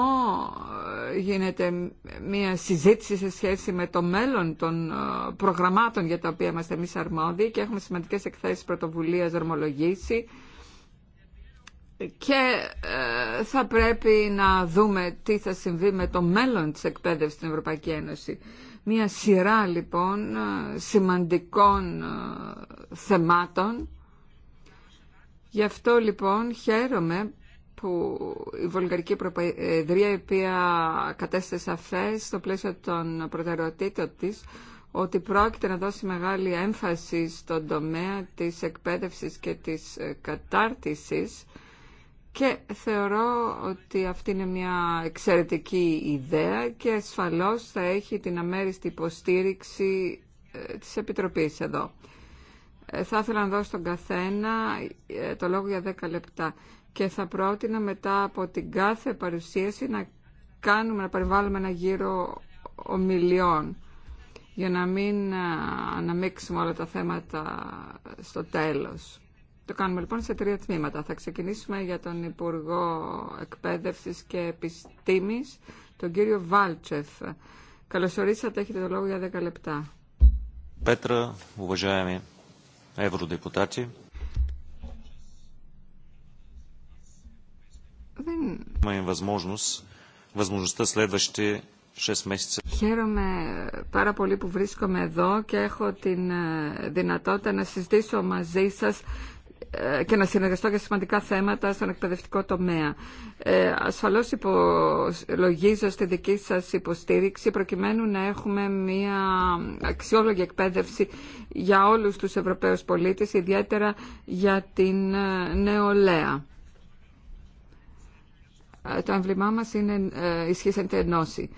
A: ε, γίνεται μια συζήτηση σε σχέση με το μέλλον των ε, προγραμμάτων για τα οποία είμαστε εμεί αρμόδιοι και έχουμε σημαντικές εκθέσει πρωτοβουλία δρομολογήσει και ε, θα πρέπει να δούμε τι θα συμβεί με το μέλλον της εκπαίδευσης στην Ευρωπαϊκή Ένωση. Μία σειρά λοιπόν σημαντικών ε, θεμάτων. Γι' αυτό λοιπόν χαίρομαι που η Βολγαρική Προεδρία, η οποία κατέστησε σαφές στο πλαίσιο των προτεραιοτήτων της, ότι πρόκειται να δώσει μεγάλη έμφαση στον τομέα της εκπαίδευσης και της ε, κατάρτισης, και θεωρώ ότι αυτή είναι μια εξαιρετική ιδέα και ασφαλώς θα έχει την αμέριστη υποστήριξη ε, της Επιτροπής εδώ. Ε, θα ήθελα να δώσω στον καθένα ε, το λόγο για 10 λεπτά και θα πρότεινα μετά από την κάθε παρουσίαση να κάνουμε, να περιβάλλουμε ένα γύρο ομιλιών για να μην αναμίξουμε όλα τα θέματα στο τέλος. Το κάνουμε λοιπόν σε τρία τμήματα. Θα ξεκινήσουμε για τον Υπουργό Εκπαίδευσης και Επιστήμης, τον κύριο Βάλτσεφ. Καλωσορίσατε, έχετε το λόγο για 10 λεπτά.
C: Πέτρα, ουβαζάμι,
B: Δεν...
A: Χαίρομαι πάρα πολύ που βρίσκομαι εδώ και έχω την ε, δυνατότητα να συζητήσω μαζί σας ε, και να συνεργαστώ για σημαντικά θέματα στον εκπαιδευτικό τομέα. Ε, ασφαλώς υπολογίζω στη δική σας υποστήριξη προκειμένου να έχουμε μια αξιόλογη εκπαίδευση για όλους τους Ευρωπαίους πολίτες, ιδιαίτερα για την ε, νεολαία. Ε, το εμβλημά μας είναι ε, ενώση.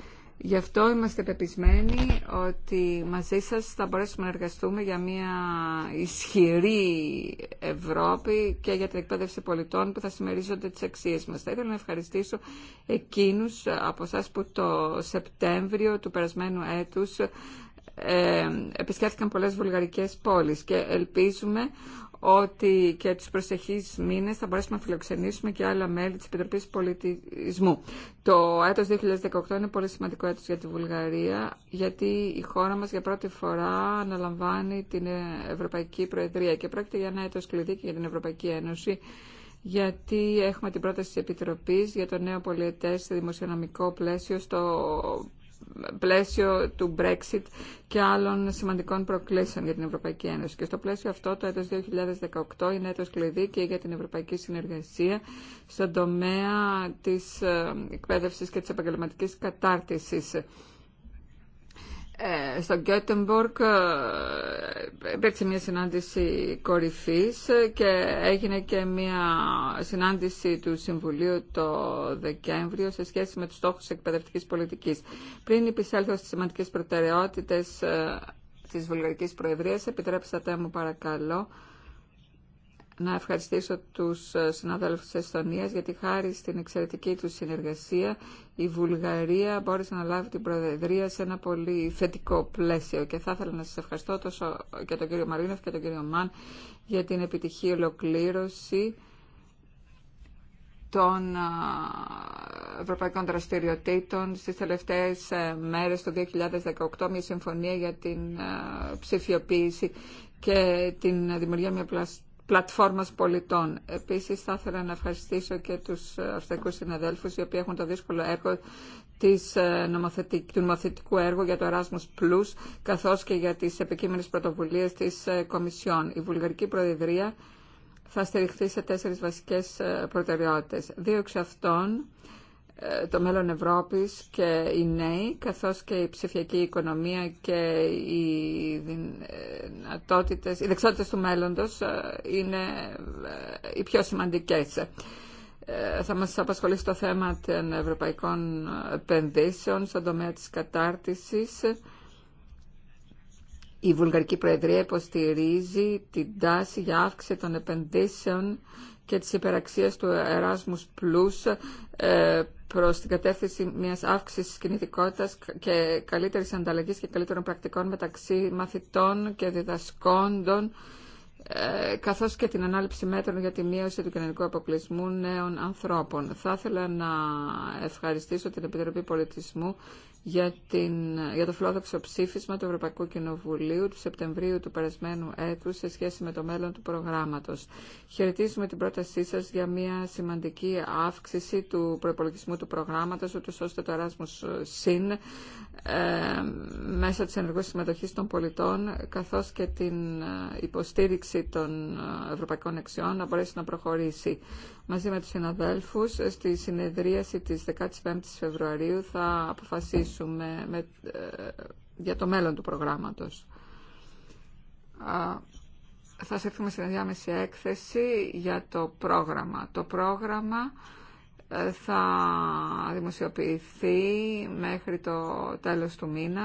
A: Γι' αυτό είμαστε πεπισμένοι ότι μαζί σας θα μπορέσουμε να εργαστούμε για μια ισχυρή Ευρώπη και για την εκπαίδευση πολιτών που θα συμμερίζονται τις αξίες μας. Θα ήθελα να ευχαριστήσω εκείνους από εσά που το Σεπτέμβριο του περασμένου έτους ε, επισκέφθηκαν πολλές βουλγαρικές πόλεις και ελπίζουμε ότι και τους προσεχείς μήνες θα μπορέσουμε να φιλοξενήσουμε και άλλα μέλη της Επιτροπής Πολιτισμού. Το έτος 2018 είναι πολύ σημαντικό έτος για τη Βουλγαρία, γιατί η χώρα μας για πρώτη φορά αναλαμβάνει την Ευρωπαϊκή Προεδρία και πρόκειται για ένα έτος κλειδί και για την Ευρωπαϊκή Ένωση, γιατί έχουμε την πρόταση της Επιτροπής για το νέο πολιετές δημοσιονομικό πλαίσιο στο πλαίσιο του Brexit και άλλων σημαντικών προκλήσεων για την Ευρωπαϊκή Ένωση. Και στο πλαίσιο αυτό το έτος 2018 είναι έτος κλειδί και για την Ευρωπαϊκή Συνεργασία στον τομέα της ε, εκπαίδευσης και της επαγγελματικής κατάρτισης ε, στο Γκέτεμπορκ ε, υπήρξε μια συνάντηση κορυφής και έγινε και μια συνάντηση του Συμβουλίου το Δεκέμβριο σε σχέση με τους στόχους εκπαιδευτικής πολιτικής. Πριν επισέλθω στις σημαντικές προτεραιότητες ε, της Βουλγαρικής Προεδρίας, επιτρέψατε μου παρακαλώ να ευχαριστήσω τους ε, συναδέλφους της Εστονίας γιατί χάρη στην εξαιρετική του συνεργασία η Βουλγαρία μπόρεσε να λάβει την Προεδρία σε ένα πολύ θετικό πλαίσιο και θα ήθελα να σας ευχαριστώ τόσο και τον κύριο Μαρίνοφ και τον κύριο Μαν για την επιτυχή ολοκλήρωση των ε, ευρωπαϊκών δραστηριοτήτων στις τελευταίες ε, μέρες του 2018 μια συμφωνία για την ψηφιοποίηση και την δημιουργία μια πλαστική πλατφόρμας πολιτών. Επίσης θα ήθελα να ευχαριστήσω και τους ε, αυστακούς συναδέλφους οι οποίοι έχουν το δύσκολο έργο της ε, του νομοθετικού έργου για το Erasmus Plus καθώς και για τις επικείμενες πρωτοβουλίες της ε, Κομισιόν. Η Βουλγαρική Προεδρία θα στηριχθεί σε τέσσερις βασικές προτεραιότητες. Δύο εξ αυτών ε, το μέλλον Ευρώπης και οι νέοι, καθώς και η ψηφιακή οικονομία και οι ε, δυνατότητες, οι του μέλλοντος ε, είναι οι πιο σημαντικές. Θα μας απασχολήσει το θέμα των ευρωπαϊκών επενδύσεων στον τομέα της κατάρτισης. Η Βουλγαρική Προεδρία υποστηρίζει την τάση για αύξηση των επενδύσεων και της υπεραξίας του Erasmus Plus προς την κατεύθυνση μιας αύξησης κινητικότητας και καλύτερης ανταλλαγής και καλύτερων πρακτικών μεταξύ μαθητών και διδασκόντων ε, καθώς και την ανάληψη μέτρων για τη μείωση του κοινωνικού αποκλεισμού νέων ανθρώπων. Θα ήθελα να ευχαριστήσω την Επιτροπή Πολιτισμού για, την, για το φιλόδοξο ψήφισμα του Ευρωπαϊκού Κοινοβουλίου του Σεπτεμβρίου του περασμένου έτους σε σχέση με το μέλλον του προγράμματος. Χαιρετίζουμε την πρότασή σας για μια σημαντική αύξηση του προπολογισμού του προγράμματος, ούτως ώστε το Erasmus ΣΥΝ ε, μέσα τη της ενεργούς των πολιτών, καθώς και την ε, υποστήριξη των ε, ευρωπαϊκών αξιών να μπορέσει να προχωρήσει μαζί με τους συναδέλφους στη συνεδρίαση της 15ης Φεβρουαρίου θα αποφασίσουμε με, ε, για το μέλλον του προγράμματος. Α, θα σε έρθουμε στην διάμεση έκθεση για το πρόγραμμα. Το πρόγραμμα ε, θα δημοσιοποιηθεί μέχρι το τέλος του μήνα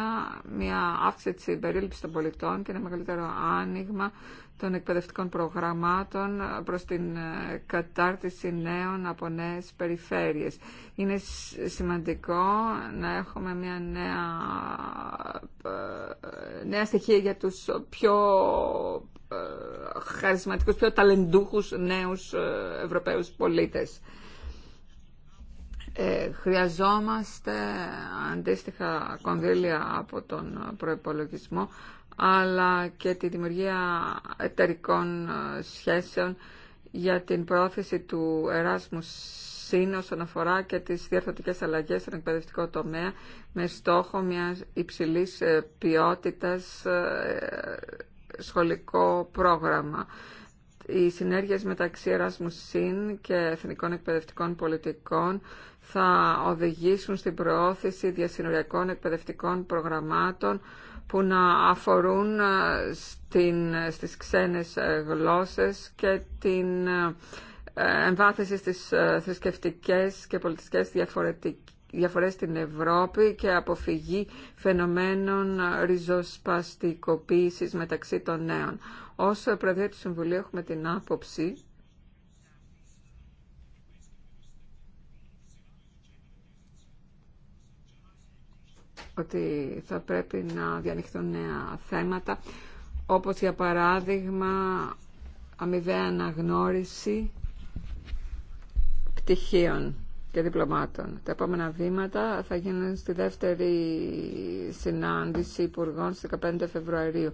A: μια αύξηση της περίληψης των πολιτών και ένα μεγαλύτερο άνοιγμα των εκπαιδευτικών προγραμμάτων προς την ε, κατάρτιση νέων από νέες περιφέρειες. Είναι σημαντικό να έχουμε μια νέα, ε, νέα στοιχεία για τους πιο ε, χαρισματικούς, πιο ταλεντούχους νέους Ευρωπαίους πολίτες. Ε, χρειαζόμαστε αντίστοιχα κονδύλια από τον προϋπολογισμό αλλά και τη δημιουργία εταιρικών ε, σχέσεων για την πρόθεση του Εράσμου ΣΥΝ όσον αφορά και τις διαρθρωτικές αλλαγές στον εκπαιδευτικό τομέα με στόχο μιας υψηλής ε, ποιότητας ε, σχολικό πρόγραμμα. Οι συνέργειες μεταξύ Εράσμου ΣΥΝ και εθνικών εκπαιδευτικών πολιτικών θα οδηγήσουν στην προώθηση διασυνοριακών εκπαιδευτικών προγραμμάτων που να αφορούν ε, στην, στις ξένες ε, γλώσσες και την ε, εμβάθυνση στις θρησκευτικέ και πολιτιστικές διαφορές στην Ευρώπη και αποφυγή φαινομένων ριζοσπαστικοποίησης μεταξύ των νέων. Ως Προεδρία του Συμβουλίου έχουμε την άποψη ότι θα πρέπει να διανοιχθούν νέα θέματα, όπως για παράδειγμα αμοιβαία αναγνώριση πτυχίων και διπλωμάτων. Τα επόμενα βήματα θα γίνουν στη δεύτερη συνάντηση υπουργών στις 15 Φεβρουαρίου.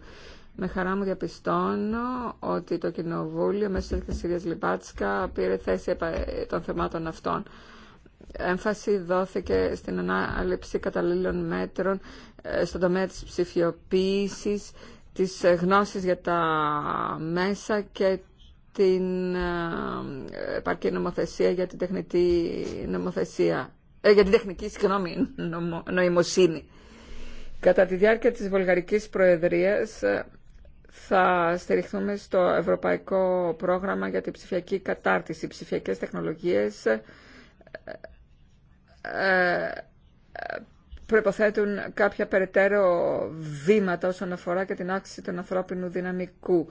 A: Με χαρά μου διαπιστώνω ότι το Κοινοβούλιο μέσα της Κυρίας Λιμπάτσκα πήρε θέση των θεμάτων αυτών έμφαση δόθηκε στην ανάληψη καταλήλων μέτρων ε, στον τομέα της ψηφιοποίησης, της ε, γνώσης για τα μέσα και την ε, επαρκή νομοθεσία για την τεχνητή νομοθεσία, ε, για την τεχνική συγγνώμη, νοημοσύνη. Κατά τη διάρκεια της Βολγαρικής Προεδρίας θα στηριχθούμε στο Ευρωπαϊκό Πρόγραμμα για την Ψηφιακή Κατάρτιση. ψηφιακές τεχνολογίες προποθετούν κάποια περαιτέρω βήματα όσον αφορά και την αύξηση του ανθρώπινου δυναμικού.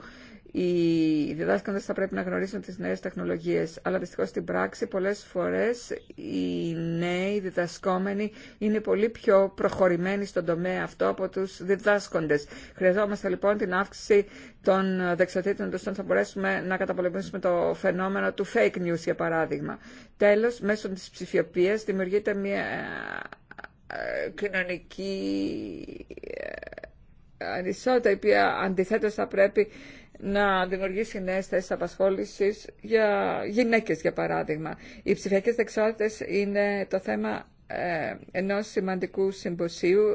A: Οι διδάσκοντε θα πρέπει να γνωρίσουν τις νέες τεχνολογίες, αλλά δυστυχώς στην πράξη πολλές φορές οι νέοι διδασκόμενοι είναι πολύ πιο προχωρημένοι στον τομέα αυτό από τους διδάσκοντες. Χρειαζόμαστε λοιπόν την αύξηση των δεξιοτήτων τους, ώστε να μπορέσουμε να καταπολεμήσουμε το φαινόμενο του fake news, για παράδειγμα. Τέλο μέσω τη ψηφιοποίηση δημιουργείται μια ε, κοινωνική ε, ανισότητα, η οποία αντιθέτω θα πρέπει να δημιουργήσει νέες θέσει για γυναίκες, για παράδειγμα. Οι ψηφιακέ δεξιότητε είναι το θέμα ε, ενό σημαντικού συμποσίου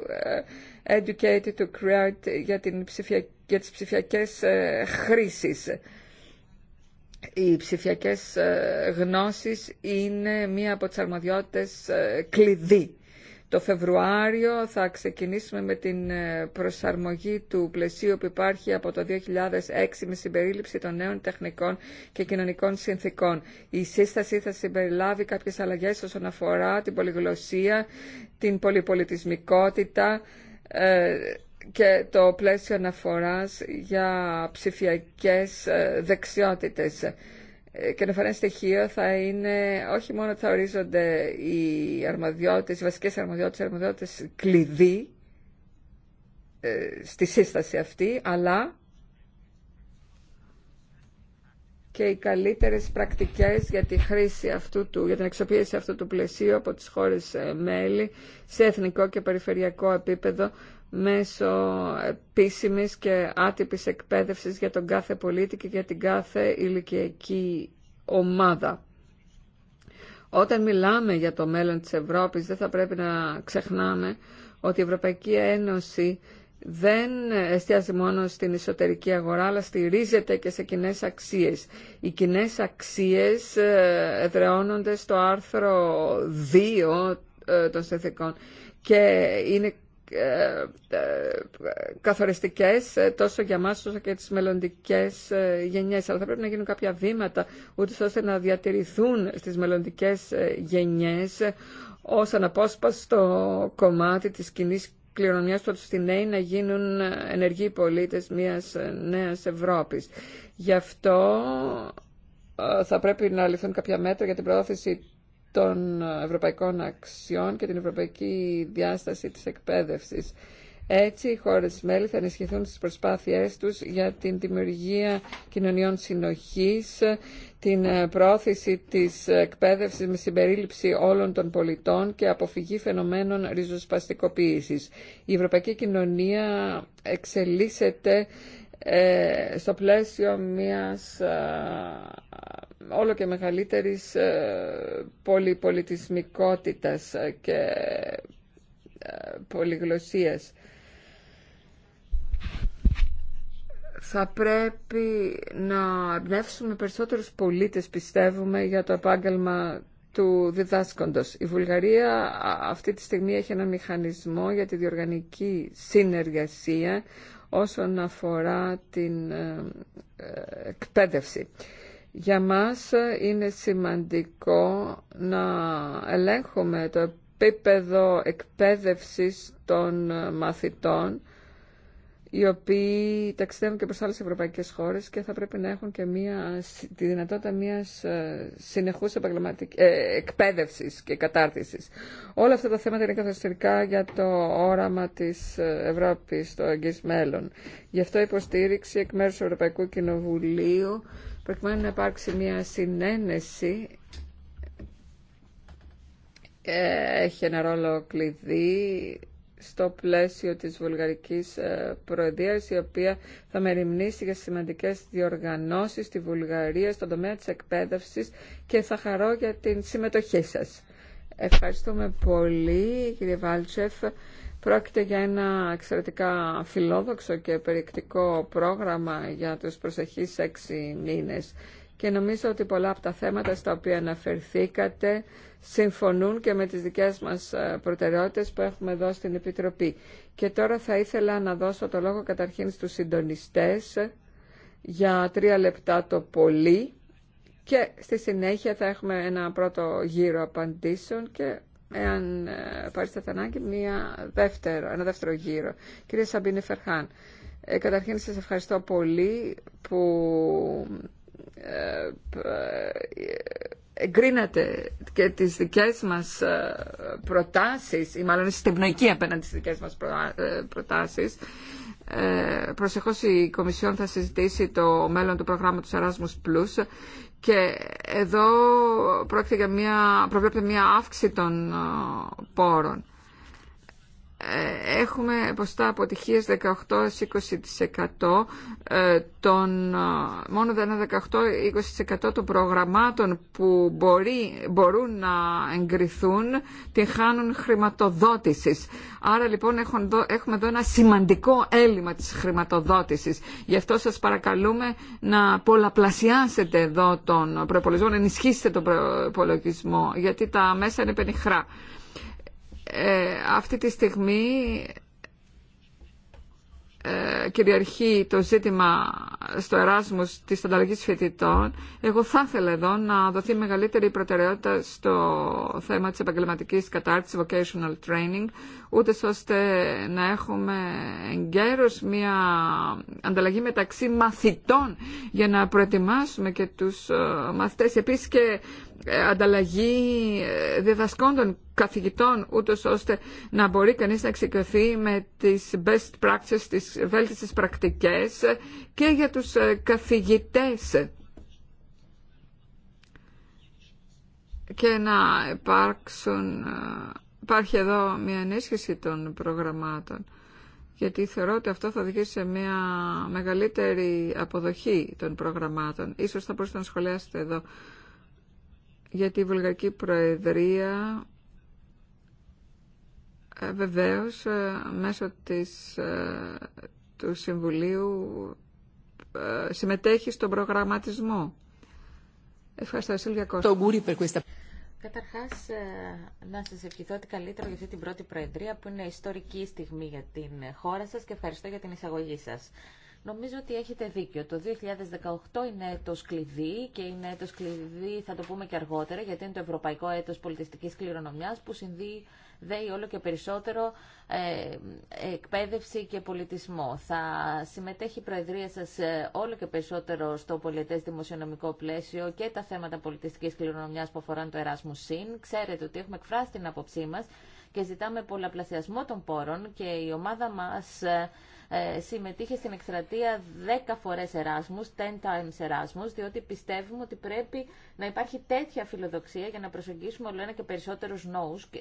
A: ε, Educated to Create για, την ψηφια... για τις ψηφιακές ε, χρήσεις. Οι ψηφιακές ε, γνώσεις είναι μία από τις αρμοδιότητες κλειδί το Φεβρουάριο θα ξεκινήσουμε με την ε, προσαρμογή του πλαισίου που υπάρχει από το 2006 με συμπερίληψη των νέων τεχνικών και κοινωνικών συνθήκων. Η σύσταση θα συμπεριλάβει κάποιες αλλαγές όσον αφορά την πολυγλωσία, την πολυπολιτισμικότητα, ε, και το πλαίσιο αναφοράς για ψηφιακές ε, δεξιότητες. Ε, και καινοφανές στοιχείο θα είναι όχι μόνο ότι θα ορίζονται οι αρμοδιότητες, οι βασικές αρμοδιότητες, οι αρμοδιότητες κλειδί ε, στη σύσταση αυτή, αλλά και οι καλύτερες πρακτικές για τη χρήση αυτού του, για την αξιοποίηση αυτού του πλαισίου από τις χώρες ε, μέλη σε εθνικό και περιφερειακό επίπεδο μέσω επίσημης και άτυπης εκπαίδευσης για τον κάθε πολίτη και για την κάθε ηλικιακή ομάδα. Όταν μιλάμε για το μέλλον της Ευρώπης δεν θα πρέπει να ξεχνάμε ότι η Ευρωπαϊκή Ένωση δεν εστιάζει μόνο στην εσωτερική αγορά, αλλά στηρίζεται και σε κοινέ αξίες. Οι κοινέ αξίες ε, εδραιώνονται στο άρθρο 2 ε, των συνθηκών και είναι ε, ε, καθοριστικές ε, τόσο για μας όσο και τις μελλοντικές γενιές. Αλλά θα πρέπει να γίνουν κάποια βήματα ούτως ώστε να διατηρηθούν στις μελλοντικές γενιές ως αναπόσπαστο κομμάτι της κοινή κληρονομιάς του στην ΑΕΗ να γίνουν ενεργοί πολίτες μιας νέας Ευρώπης. Γι' αυτό θα πρέπει να ληφθούν κάποια μέτρα για την προώθηση των ευρωπαϊκών αξιών και την ευρωπαϊκή διάσταση της εκπαίδευσης. Έτσι, οι χώρες μέλη θα ενισχυθούν στις προσπάθειές τους για την δημιουργία κοινωνιών συνοχής, την πρόθεση της εκπαίδευσης με συμπερίληψη όλων των πολιτών και αποφυγή φαινομένων ριζοσπαστικοποίησης. Η ευρωπαϊκή κοινωνία εξελίσσεται ε, στο πλαίσιο μιας όλο και μεγαλύτερης ε, πολυπολιτισμικότητας και ε, πολυγλωσίας. Θα πρέπει να εμπνεύσουμε περισσότερους πολίτες, πιστεύουμε, για το επάγγελμα του διδάσκοντος. Η Βουλγαρία αυτή τη στιγμή έχει ένα μηχανισμό για τη διοργανική συνεργασία όσον αφορά την ε, ε, εκπαίδευση. Για μας ε, είναι σημαντικό να ελέγχουμε το επίπεδο εκπαίδευσης των μαθητών οι οποίοι ταξιδεύουν και προς άλλες ευρωπαϊκές χώρες και θα πρέπει να έχουν και μια, τη δυνατότητα μιας ε, συνεχούς ε, εκπαίδευσης και κατάρτισης. Όλα αυτά τα θέματα είναι καθοριστικά για το όραμα της ε, Ευρώπης στο εγγύς μέλλον. Γι' αυτό υποστήριξη εκ μέρους του Ευρωπαϊκού Κοινοβουλίου προκειμένου να υπάρξει μια συνένεση ε, έχει ένα ρόλο κλειδί στο πλαίσιο της Βουλγαρικής ε, Προεδρίας η οποία θα μεριμνήσει για σημαντικές διοργανώσεις στη Βουλγαρία στον τομέα της εκπαίδευσης και θα χαρώ για την συμμετοχή σας. Ευχαριστούμε πολύ κύριε Βάλτσεφ. Πρόκειται για ένα εξαιρετικά φιλόδοξο και περιεκτικό πρόγραμμα για τους προσεχείς έξι μήνες και νομίζω ότι πολλά από τα θέματα στα οποία αναφερθήκατε συμφωνούν και με τις δικές μας ε, προτεραιότητες που έχουμε εδώ στην Επιτροπή. Και τώρα θα ήθελα να δώσω το λόγο καταρχήν στους συντονιστές για τρία λεπτά το πολύ και στη συνέχεια θα έχουμε ένα πρώτο γύρο απαντήσεων και εάν ε, τα ανάγκη μια δεύτερο, ένα δεύτερο γύρο. Κύριε Σαμπίνε Φερχάν, ε, καταρχήν σας ευχαριστώ πολύ που ε, ε, εγκρίνατε και τις δικές μας ε, προτάσεις ή μάλλον είστε ευνοϊκοί απέναντι στις δικές μας προτάσεις ε, προσεχώς η Κομισιόν θα συζητήσει το μέλλον του προγράμματος Erasmus Plus και εδώ μια, προβλέπεται μια αύξηση των πόρων. Ε, έχουμε ποστά αποτυχίες 18-20% των, μόνο 18-20% των προγραμμάτων που μπορεί, μπορούν να εγκριθούν την χάνουν χρηματοδότησης. Άρα λοιπόν έχουμε εδώ ένα σημαντικό έλλειμμα της χρηματοδότησης. Γι' αυτό σας παρακαλούμε να πολλαπλασιάσετε εδώ τον προπολογισμό, να ενισχύσετε τον προπολογισμό, γιατί τα μέσα είναι πενιχρά. Ε, αυτή τη στιγμή ε, κυριαρχεί το ζήτημα στο Εράσμος της ανταλλαγής φοιτητών, εγώ θα ήθελα εδώ να δοθεί μεγαλύτερη προτεραιότητα στο θέμα της επαγγελματικής κατάρτισης, vocational training, ούτε ώστε να έχουμε εγκαίρως μια ανταλλαγή μεταξύ μαθητών για να προετοιμάσουμε και τους ε, μαθητές. Επίσης και ανταλλαγή ε, των καθηγητών, ούτως ώστε να μπορεί κανείς να εξοικειωθεί με τις best practices, τις βέλτιστες πρακτικές και για τους ε, καθηγητές. Και να υπάρξουν, ε, υπάρχει εδώ μια ενίσχυση των προγραμμάτων γιατί θεωρώ ότι αυτό θα οδηγήσει σε μια μεγαλύτερη αποδοχή των προγραμμάτων. Ίσως θα μπορούσατε να σχολιάσετε εδώ γιατί η Βουλγαρική Προεδρία ε, βεβαίως ε, μέσω της, ε, του Συμβουλίου συμμετέχει στον προγραμματισμό. Ευχαριστώ, Σίλβια Κώστα.
B: Καταρχάς, να σας ευχηθώ ότι καλύτερο για αυτή την πρώτη Προεδρία που είναι ιστορική στιγμή για την χώρα σας και ευχαριστώ για την εισαγωγή σας. Νομίζω ότι έχετε δίκιο. Το 2018 είναι έτος κλειδί και είναι έτος κλειδί, θα το πούμε και αργότερα, γιατί είναι το Ευρωπαϊκό Έτος Πολιτιστικής Κληρονομιάς που συνδύει δέει όλο και περισσότερο ε, εκπαίδευση και πολιτισμό. Θα συμμετέχει η Προεδρία σας ε, όλο και περισσότερο στο πολιτές δημοσιονομικό πλαίσιο και τα θέματα πολιτιστικής κληρονομιάς που αφορούν το Erasmus ΣΥΝ. Ξέρετε ότι έχουμε εκφράσει την άποψή μας και ζητάμε πολλαπλασιασμό των πόρων και η ομάδα μας ε, ε, συμμετείχε στην εκστρατεία 10 φορές Εράσμους, 10 times Εράσμους, διότι πιστεύουμε ότι πρέπει να υπάρχει τέτοια φιλοδοξία για να προσεγγίσουμε όλο ένα και περισσότερους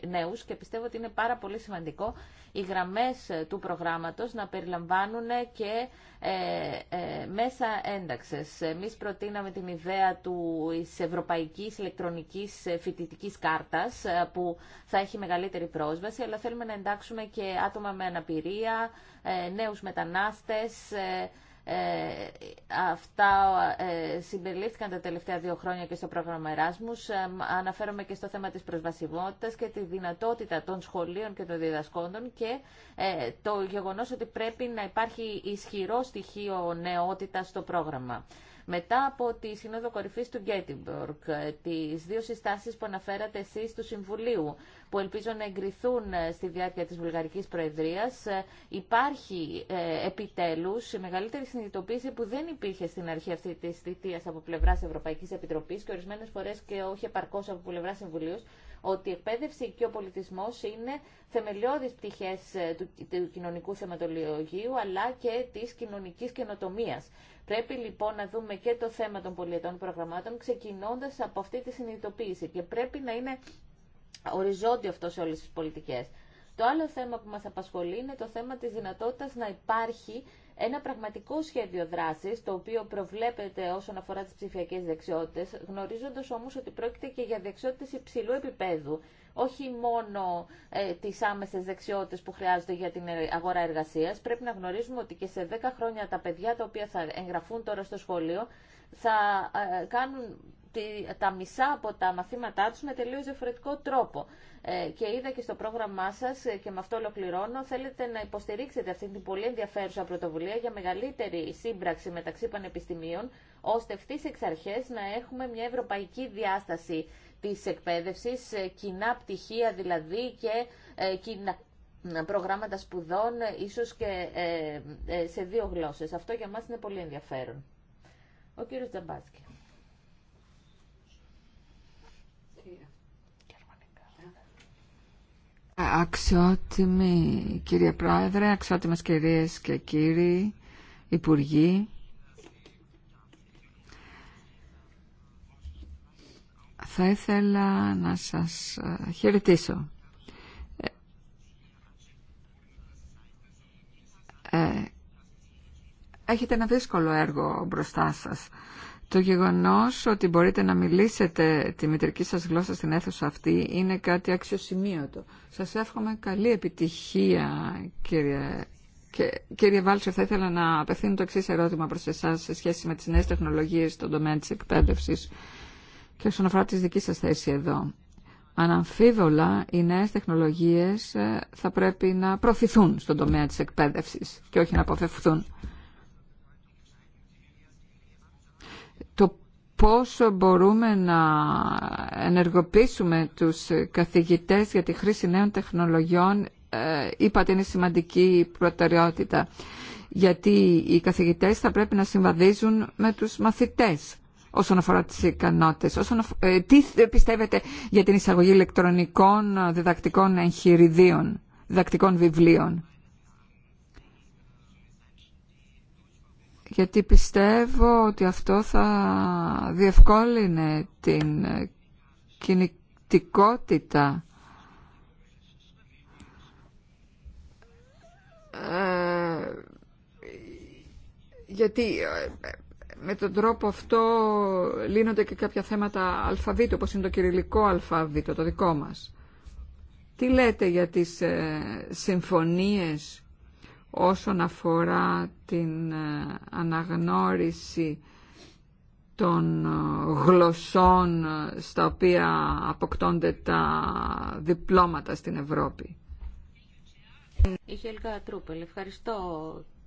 B: νέους και πιστεύω ότι είναι πάρα πολύ σημαντικό οι γραμμές του προγράμματος να περιλαμβάνουν και ε, ε, μέσα ένταξες. Εμεί προτείναμε την ιδέα του ευρωπαϊκής ηλεκτρονικής ε, Φοιτητική κάρτας που θα έχει μεγαλύτερη πρόσβαση, αλλά θέλουμε να εντάξουμε και άτομα με αναπηρία, νέους μετανάστες, ε, αυτά ε, συμπεριλήφθηκαν τα τελευταία δύο χρόνια και στο πρόγραμμα Εράσμους. αναφέρομαι και στο θέμα της προσβασιμότητας και τη δυνατότητα των σχολείων και των διδασκόντων και ε, το γεγονός ότι πρέπει να υπάρχει ισχυρό στοιχείο νεότητα στο πρόγραμμα. Μετά από τη Σύνοδο Κορυφή του Γκέτιμπορκ, ε, τι δύο συστάσει που αναφέρατε εσεί του Συμβουλίου, που ελπίζω να εγκριθούν ε, στη διάρκεια τη Βουλγαρική Προεδρία, ε, υπάρχει ε, επιτέλου η μεγαλύτερη συνειδητοποίηση που δεν υπήρχε στην αρχή αυτή τη θητεία από πλευρά Ευρωπαϊκή Επιτροπή και ορισμένε φορέ και όχι επαρκώ από πλευρά Συμβουλίου ότι η εκπαίδευση και ο πολιτισμό είναι θεμελιώδει πτυχέ ε, του, του κοινωνικού θεματολογίου αλλά και τη κοινωνική καινοτομία. Πρέπει λοιπόν να δούμε και το θέμα των πολιετών προγραμμάτων ξεκινώντα από αυτή τη συνειδητοποίηση και πρέπει να είναι οριζόντιο αυτό σε όλε τι πολιτικέ. Το άλλο θέμα που μας απασχολεί είναι το θέμα της δυνατότητας να υπάρχει ένα πραγματικό σχέδιο δράση, το οποίο προβλέπεται όσον αφορά τι ψηφιακέ δεξιότητε, γνωρίζοντα όμω ότι πρόκειται και για δεξιότητε υψηλού επίπεδου, όχι μόνο ε, τι άμεσε δεξιότητε που χρειάζονται για την ε, αγορά εργασία. Πρέπει να γνωρίζουμε ότι και σε 10 χρόνια τα παιδιά τα οποία θα εγγραφούν τώρα στο σχολείο θα ε, κάνουν τα μισά από τα μαθήματά τους με τελείως διαφορετικό τρόπο. Ε, και είδα και στο πρόγραμμά σας, ε, και με αυτό ολοκληρώνω, θέλετε να υποστηρίξετε αυτή την πολύ ενδιαφέρουσα πρωτοβουλία για μεγαλύτερη σύμπραξη μεταξύ πανεπιστημίων, ώστε ευθύς εξ αρχές να έχουμε μια ευρωπαϊκή διάσταση της εκπαίδευσης, ε, κοινά πτυχία δηλαδή και κοινά προγράμματα σπουδών, ίσως και σε δύο γλώσσες. Αυτό για μας είναι πολύ ενδιαφέρον. Ο κύριος Τζαμπάτσκι.
A: Αξιότιμη κύριε Πρόεδρε, αξιότιμες κυρίες και κύριοι Υπουργοί, θα ήθελα να σας ε, χαιρετήσω. Ε, ε, έχετε ένα δύσκολο έργο μπροστά σας. Το γεγονός ότι μπορείτε να μιλήσετε τη μητρική σας γλώσσα στην αίθουσα αυτή είναι κάτι αξιοσημείωτο. Σας εύχομαι καλή επιτυχία κύριε και, κύριε θα ήθελα να απευθύνω το εξή ερώτημα προ εσά σε σχέση με τι νέε τεχνολογίε στον τομέα τη εκπαίδευση και όσον αφορά τη δική σα θέση εδώ. Αναμφίβολα, οι νέε τεχνολογίε θα πρέπει να προωθηθούν στον τομέα τη εκπαίδευση και όχι να αποφευθούν. πόσο μπορούμε να ενεργοποιήσουμε τους καθηγητές για τη χρήση νέων τεχνολογιών ε, είπατε είναι σημαντική προτεραιότητα γιατί οι καθηγητές θα πρέπει να συμβαδίζουν με τους μαθητές όσον αφορά τις ικανότητες. Όσον ε, τι πιστεύετε για την εισαγωγή ηλεκτρονικών διδακτικών εγχειριδίων, διδακτικών βιβλίων. γιατί πιστεύω ότι αυτό θα διευκόλυνε την κινητικότητα ε, γιατί ε, με τον τρόπο αυτό λύνονται και κάποια θέματα αλφαβήτου, όπως είναι το κυριλικό αλφαβήτο, το δικό μας. Τι λέτε για τις ε, συμφωνίες όσον αφορά την ε, αναγνώριση των ε, γλωσσών ε, στα οποία αποκτώνται τα διπλώματα στην Ευρώπη.
B: Η Χέλγα Τρούπελ, ευχαριστώ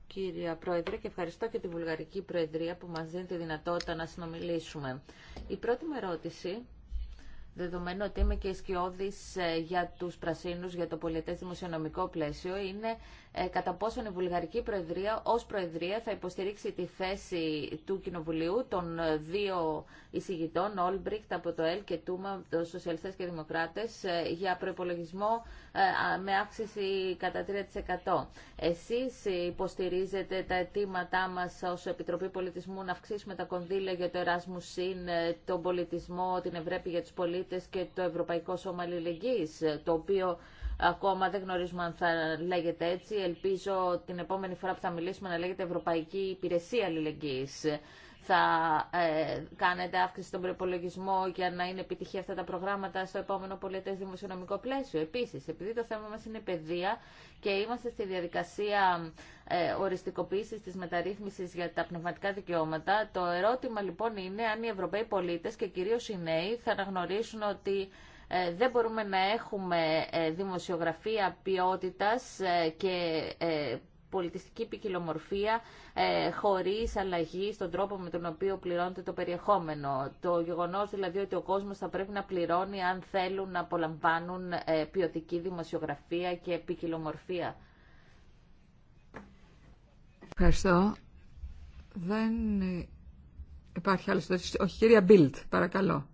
B: κύριε Πρόεδρε και ευχαριστώ και τη Βουλγαρική Προεδρία που μας δίνει τη δυνατότητα να συνομιλήσουμε. Η πρώτη μου ερώτηση δεδομένου ότι είμαι και σκιώδης για τους πρασίνους, για το πολιτές δημοσιονομικό πλαίσιο, είναι ε, κατά πόσον η Βουλγαρική Προεδρία ως Προεδρία θα υποστηρίξει τη θέση του Κοινοβουλίου των ε, δύο εισηγητών, Όλμπρικτ από το ΕΛ και Τούμα, το Σοσιαλιστές και Δημοκράτες, ε, για προπολογισμό με αύξηση κατά 3%. Εσείς υποστηρίζετε τα αιτήματά μας ως Επιτροπή Πολιτισμού να αυξήσουμε τα κονδύλια για το Εράσμου ΣΥΝ, τον πολιτισμό, την Ευρέπη για τους πολίτες και το Ευρωπαϊκό Σώμα Αλληλεγγύης, το οποίο Ακόμα δεν γνωρίζουμε αν θα λέγεται έτσι. Ελπίζω την επόμενη φορά που θα μιλήσουμε να λέγεται Ευρωπαϊκή Υπηρεσία Αλληλεγγύης. Θα ε, κάνετε αύξηση στον προπολογισμό για να είναι επιτυχή αυτά τα προγράμματα στο επόμενο πολιτές δημοσιονομικό πλαίσιο. Επίσης, επειδή το θέμα μας είναι παιδεία και είμαστε στη διαδικασία ε, οριστικοποίησης της μεταρρύθμισης για τα πνευματικά δικαιώματα, το ερώτημα λοιπόν είναι αν οι Ευρωπαίοι πολίτες και κυρίως οι νέοι θα αναγνωρίσουν ότι ε, δεν μπορούμε να έχουμε ε, δημοσιογραφία ποιότητας ε, και πολιτιστική ποικιλομορφία ε, χωρίς αλλαγή στον τρόπο με τον οποίο πληρώνεται το περιεχόμενο. Το γεγονός δηλαδή ότι ο κόσμος θα πρέπει να πληρώνει αν θέλουν να απολαμβάνουν ποιοτική δημοσιογραφία και ποικιλομορφία.
A: Ευχαριστώ. Δεν υπάρχει άλλο. Όχι, κυρία Μπίλτ, παρακαλώ.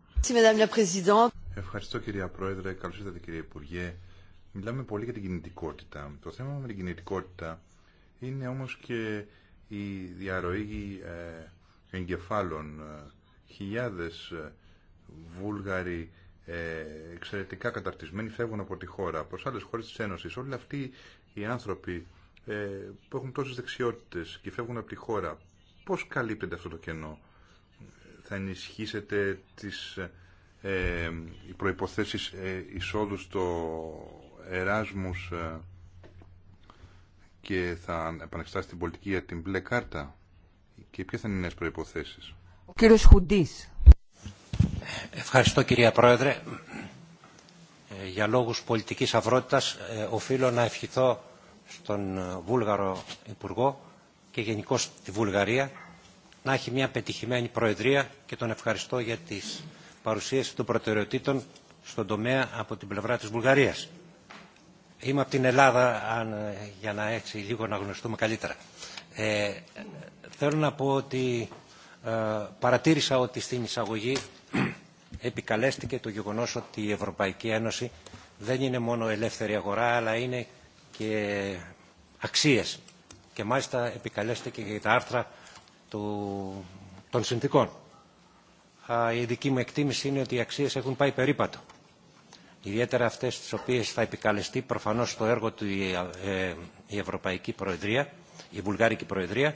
D: Ευχαριστώ κυρία Πρόεδρε, καλώς ήρθατε κύριε Υπουργέ. Μιλάμε πολύ για την κινητικότητα. Το θέμα με την κινητικότητα είναι όμως και η διαρροή ε, εγκεφάλων. Χιλιάδες ε, Βούλγαροι ε, εξαιρετικά καταρτισμένοι φεύγουν από τη χώρα προς άλλες χώρες της Ένωσης. Όλοι αυτοί οι άνθρωποι που έχουν τόσες δεξιότητες και φεύγουν από τη χώρα, πώς καλύπτεται αυτό το κενό. Θα ενισχύσετε τις ε, οι προϋποθέσεις ε, εισόδου στο Εράσμους ε, και θα επανεξετάσει την πολιτική για την μπλε κάρτα και ποιες θα είναι οι νέες προϋποθέσεις.
A: Ο κύριος Χουντής.
D: Ευχαριστώ κυρία Πρόεδρε.
C: Ε, για λόγους πολιτικής αυρότητας οφείλω να ευχηθώ στον Βούλγαρο Υπουργό και γενικώ στη Βουλγαρία να έχει μια πετυχημένη Προεδρία και τον ευχαριστώ για τις παρουσίαση των προτεραιοτήτων στον τομέα από την πλευρά της Βουλγαρίας. Είμαι από την Ελλάδα, αν, για να έτσι λίγο να γνωριστούμε καλύτερα. Ε, θέλω να πω ότι ε, παρατήρησα ότι στην εισαγωγή (clears throat) επικαλέστηκε το γεγονός ότι η Ευρωπαϊκή Ένωση δεν είναι μόνο ελεύθερη αγορά, αλλά είναι και αξίες. Και μάλιστα επικαλέστηκε και τα άρθρα του, των συνθήκων η δική μου εκτίμηση είναι ότι οι αξίες έχουν πάει περίπατο. Ιδιαίτερα αυτές τις οποίες θα επικαλεστεί προφανώς το έργο του ε, ε, η Ευρωπαϊκή Προεδρία, η Βουλγάρικη Προεδρία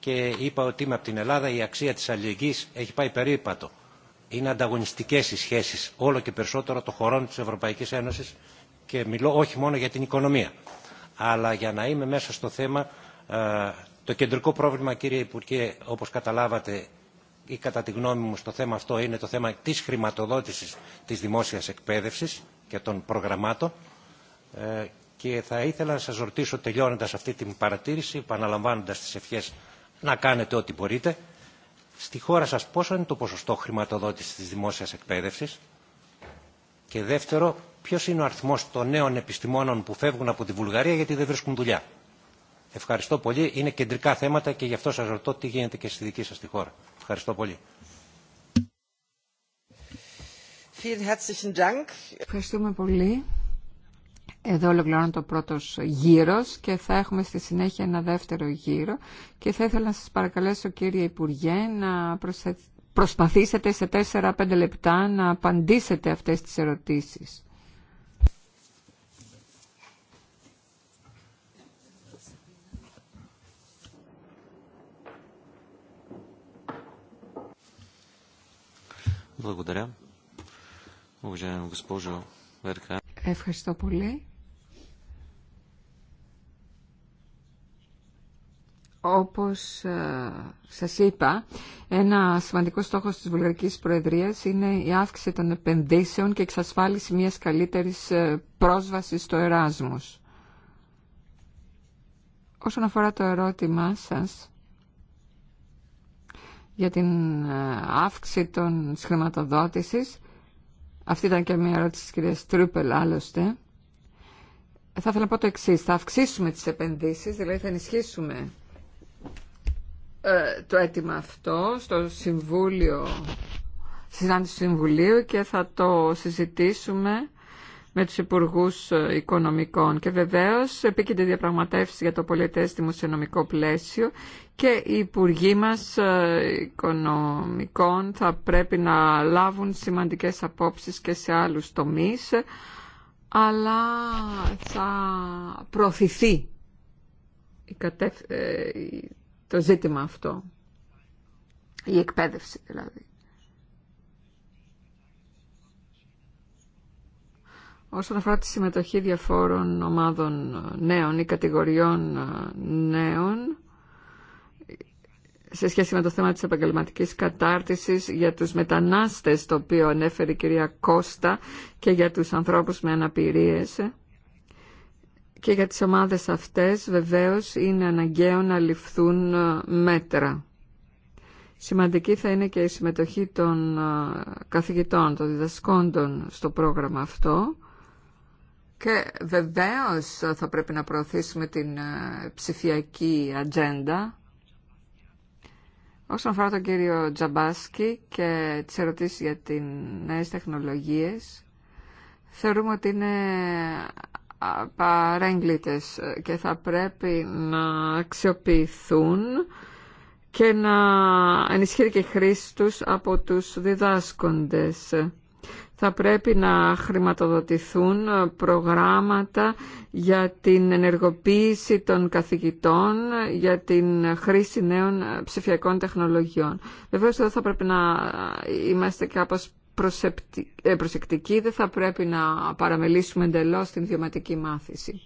C: και είπα ότι είμαι από την Ελλάδα, η αξία της αλληλεγγύης έχει πάει περίπατο. Είναι ανταγωνιστικές οι σχέσεις όλο και περισσότερο των χωρών της Ευρωπαϊκής Ένωσης και μιλώ όχι μόνο για την οικονομία. Αλλά για να είμαι μέσα στο θέμα, ε, το κεντρικό πρόβλημα κύριε Υπουργέ, όπως καταλάβατε, ή κατά τη γνώμη μου στο θέμα αυτό είναι το θέμα της χρηματοδότησης της δημόσιας εκπαίδευσης και των προγραμμάτων ε, και θα ήθελα να σας ρωτήσω τελειώνοντας αυτή την παρατήρηση, επαναλαμβάνοντας τις ευχές να κάνετε ό,τι μπορείτε, στη χώρα σας πόσο είναι το ποσοστό χρηματοδότησης της δημόσιας εκπαίδευσης και δεύτερο, ποιος είναι ο αριθμός των νέων επιστημόνων που φεύγουν από τη Βουλγαρία γιατί δεν βρίσκουν δουλειά. Ευχαριστώ πολύ. Είναι κεντρικά θέματα και γι' αυτό σας ρωτώ τι γίνεται και στη δική σας τη χώρα. Ευχαριστώ πολύ.
A: Ευχαριστούμε πολύ. Εδώ ολοκληρώνω το πρώτο γύρο και θα έχουμε στη συνέχεια ένα δεύτερο γύρο και θα ήθελα να σας παρακαλέσω κύριε Υπουργέ να προσπαθήσετε σε 4-5 λεπτά να απαντήσετε αυτές τις ερωτήσεις. Ευχαριστώ πολύ. Όπως ε, σας είπα, ένα σημαντικό στόχος της Βουλγαρικής Προεδρίας είναι η αύξηση των επενδύσεων και εξασφάλιση μιας καλύτερης ε, πρόσβασης στο Εράσμος. Όσον αφορά το ερώτημά σας, για την ε, αύξηση των χρηματοδότησης. Αυτή ήταν και μια ερώτηση της κυρίας Τρούπελ άλλωστε. Θα ήθελα να πω το εξή. Θα αυξήσουμε τις επενδύσεις, δηλαδή θα ενισχύσουμε ε, το αίτημα αυτό στο Συμβούλιο, συνάντηση του Συμβουλίου και θα το συζητήσουμε με τους Υπουργούς ε, Οικονομικών. Και βεβαίως επίκενται διαπραγματεύσεις για το πολιτές δημοσιονομικό πλαίσιο και οι υπουργοί μας ε, οικονομικών θα πρέπει να λάβουν σημαντικές απόψεις και σε άλλους τομείς, αλλά θα προωθηθεί ε, το ζήτημα αυτό, η εκπαίδευση δηλαδή. Όσον αφορά τη συμμετοχή διαφόρων ομάδων νέων ή κατηγοριών ε, νέων, σε σχέση με το θέμα της επαγγελματικής κατάρτισης για τους μετανάστες, το οποίο ανέφερε η κυρία Κώστα, και για τους ανθρώπους με αναπηρίες. Και για τις ομάδες αυτές βεβαίως είναι αναγκαίο να ληφθούν ε, μέτρα. Σημαντική θα είναι και η συμμετοχή των ε, καθηγητών, των διδασκόντων στο πρόγραμμα αυτό. Και βεβαίως θα πρέπει να προωθήσουμε την ε, ψηφιακή ατζέντα Όσον αφορά τον κύριο Τζαμπάσκι και τις ερωτήσεις για τις νέες τεχνολογίες, θεωρούμε ότι είναι παρέγκλητες και θα πρέπει να αξιοποιηθούν και να ενισχύει και η χρήση τους από τους διδάσκοντες θα πρέπει να χρηματοδοτηθούν ε, προγράμματα για την ενεργοποίηση των καθηγητών, ε, για την χρήση νέων ε, ψηφιακών τεχνολογιών. Βεβαίως εδώ θα πρέπει να είμαστε κάπως προσεκτικοί, δεν θα πρέπει να παραμελήσουμε εντελώς την βιωματική μάθηση.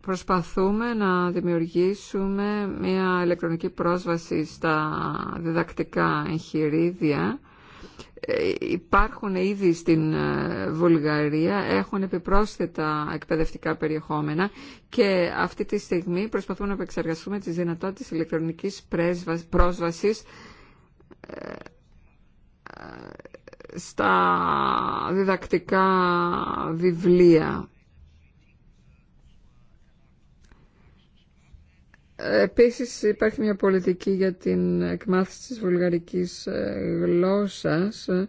A: Προσπαθούμε να δημιουργήσουμε μια ηλεκτρονική πρόσβαση στα διδακτικά εγχειρίδια υπάρχουν ήδη στην ε, Βουλγαρία, έχουν επιπρόσθετα εκπαιδευτικά περιεχόμενα και αυτή τη στιγμή προσπαθούμε να επεξεργαστούμε τις δυνατότητες ηλεκτρονικής πρόσβασης ε, ε, στα διδακτικά βιβλία Επίσης υπάρχει μια πολιτική για την εκμάθηση της βουλγαρικής ε, γλώσσας ε,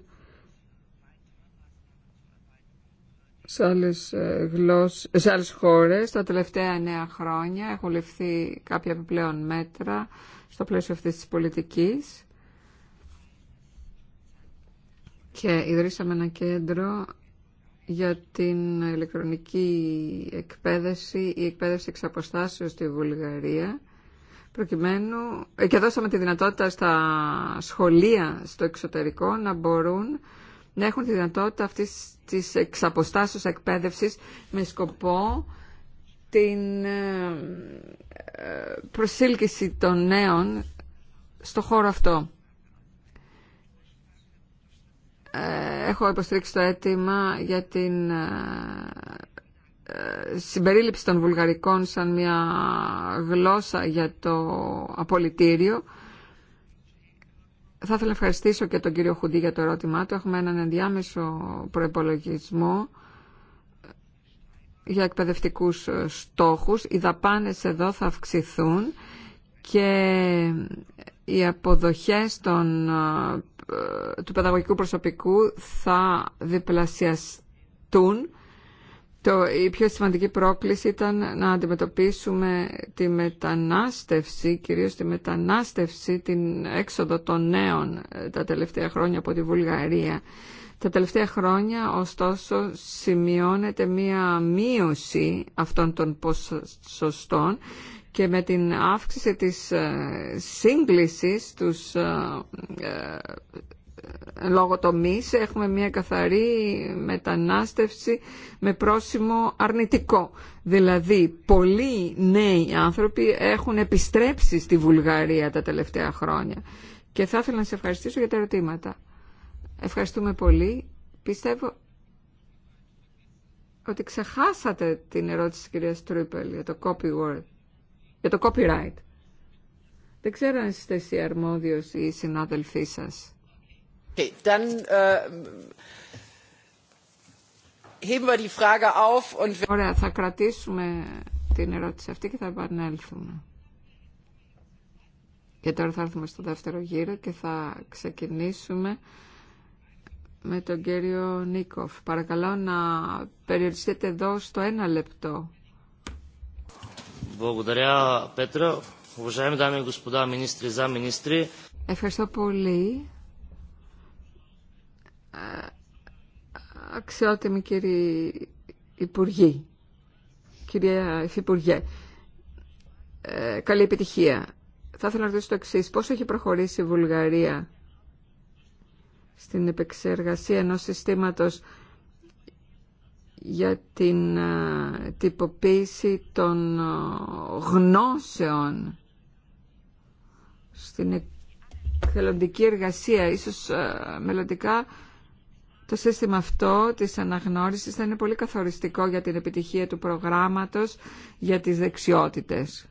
A: σε άλλες, ε, γλώσ... χώρες. Τα τελευταία εννέα χρόνια έχουν ληφθεί κάποια επιπλέον μέτρα στο πλαίσιο αυτής της πολιτικής και ιδρύσαμε ένα κέντρο για την ηλεκτρονική εκπαίδευση ή εκπαίδευση εξ αποστάσεως στη Βουλγαρία προκειμένου, ε, και δώσαμε τη δυνατότητα στα σχολεία στο εξωτερικό να μπορούν να έχουν τη δυνατότητα αυτής της εξαποστάσεως εκπαίδευσης με σκοπό την ε, ε, προσήλκυση των νέων στο χώρο αυτό. Ε, έχω υποστηρίξει το αίτημα για την ε, ε, συμπερίληψη των βουλγαρικών σαν μια γλώσσα για το απολυτήριο. Θα ήθελα να ευχαριστήσω και τον κύριο Χουντή για το ερώτημά του. Έχουμε έναν ενδιάμεσο προπολογισμό για εκπαιδευτικούς στόχους. Οι δαπάνες εδώ θα αυξηθούν και οι αποδοχές των του παιδαγωγικού προσωπικού θα διπλασιαστούν. Το, η πιο σημαντική πρόκληση ήταν να αντιμετωπίσουμε τη μετανάστευση, κυρίως τη μετανάστευση, την έξοδο των νέων ε, τα τελευταία χρόνια από τη Βουλγαρία. Τα τελευταία χρόνια, ωστόσο, σημειώνεται μία μείωση αυτών των ποσοστών και με την αύξηση της ε, σύγκλησης τους ε, ε, λόγω τομής έχουμε μια καθαρή μετανάστευση με πρόσημο αρνητικό. Δηλαδή πολλοί νέοι άνθρωποι έχουν επιστρέψει στη Βουλγαρία τα τελευταία χρόνια. Και θα ήθελα να σε ευχαριστήσω για τα ερωτήματα. Ευχαριστούμε πολύ. Πιστεύω ότι ξεχάσατε την ερώτηση της κυρίας Τρούπελ για το copy word για το copyright. Δεν ξέρω αν είστε εσύ αρμόδιος ή συνάδελφοί σας. Ωραία, θα κρατήσουμε την ερώτηση αυτή και θα επανέλθουμε. Και τώρα θα έρθουμε στο δεύτερο γύρο και θα ξεκινήσουμε με τον κύριο Νίκοφ. Παρακαλώ να περιοριστείτε εδώ στο ένα λεπτό. Ευχαριστώ πολύ. Αξιότιμοι κύριοι Υπουργοί, κυρία Υφυπουργέ, ε, καλή επιτυχία. Θα ήθελα να ρωτήσω το εξή. Πώς έχει προχωρήσει η Βουλγαρία στην επεξεργασία ενός συστήματος για την ε, τυποποίηση των ε, γνώσεων στην θελοντική εργασία. Ίσως ε, μελλοντικά το σύστημα αυτό της αναγνώρισης θα είναι πολύ καθοριστικό για την επιτυχία του προγράμματος για τις δεξιότητες.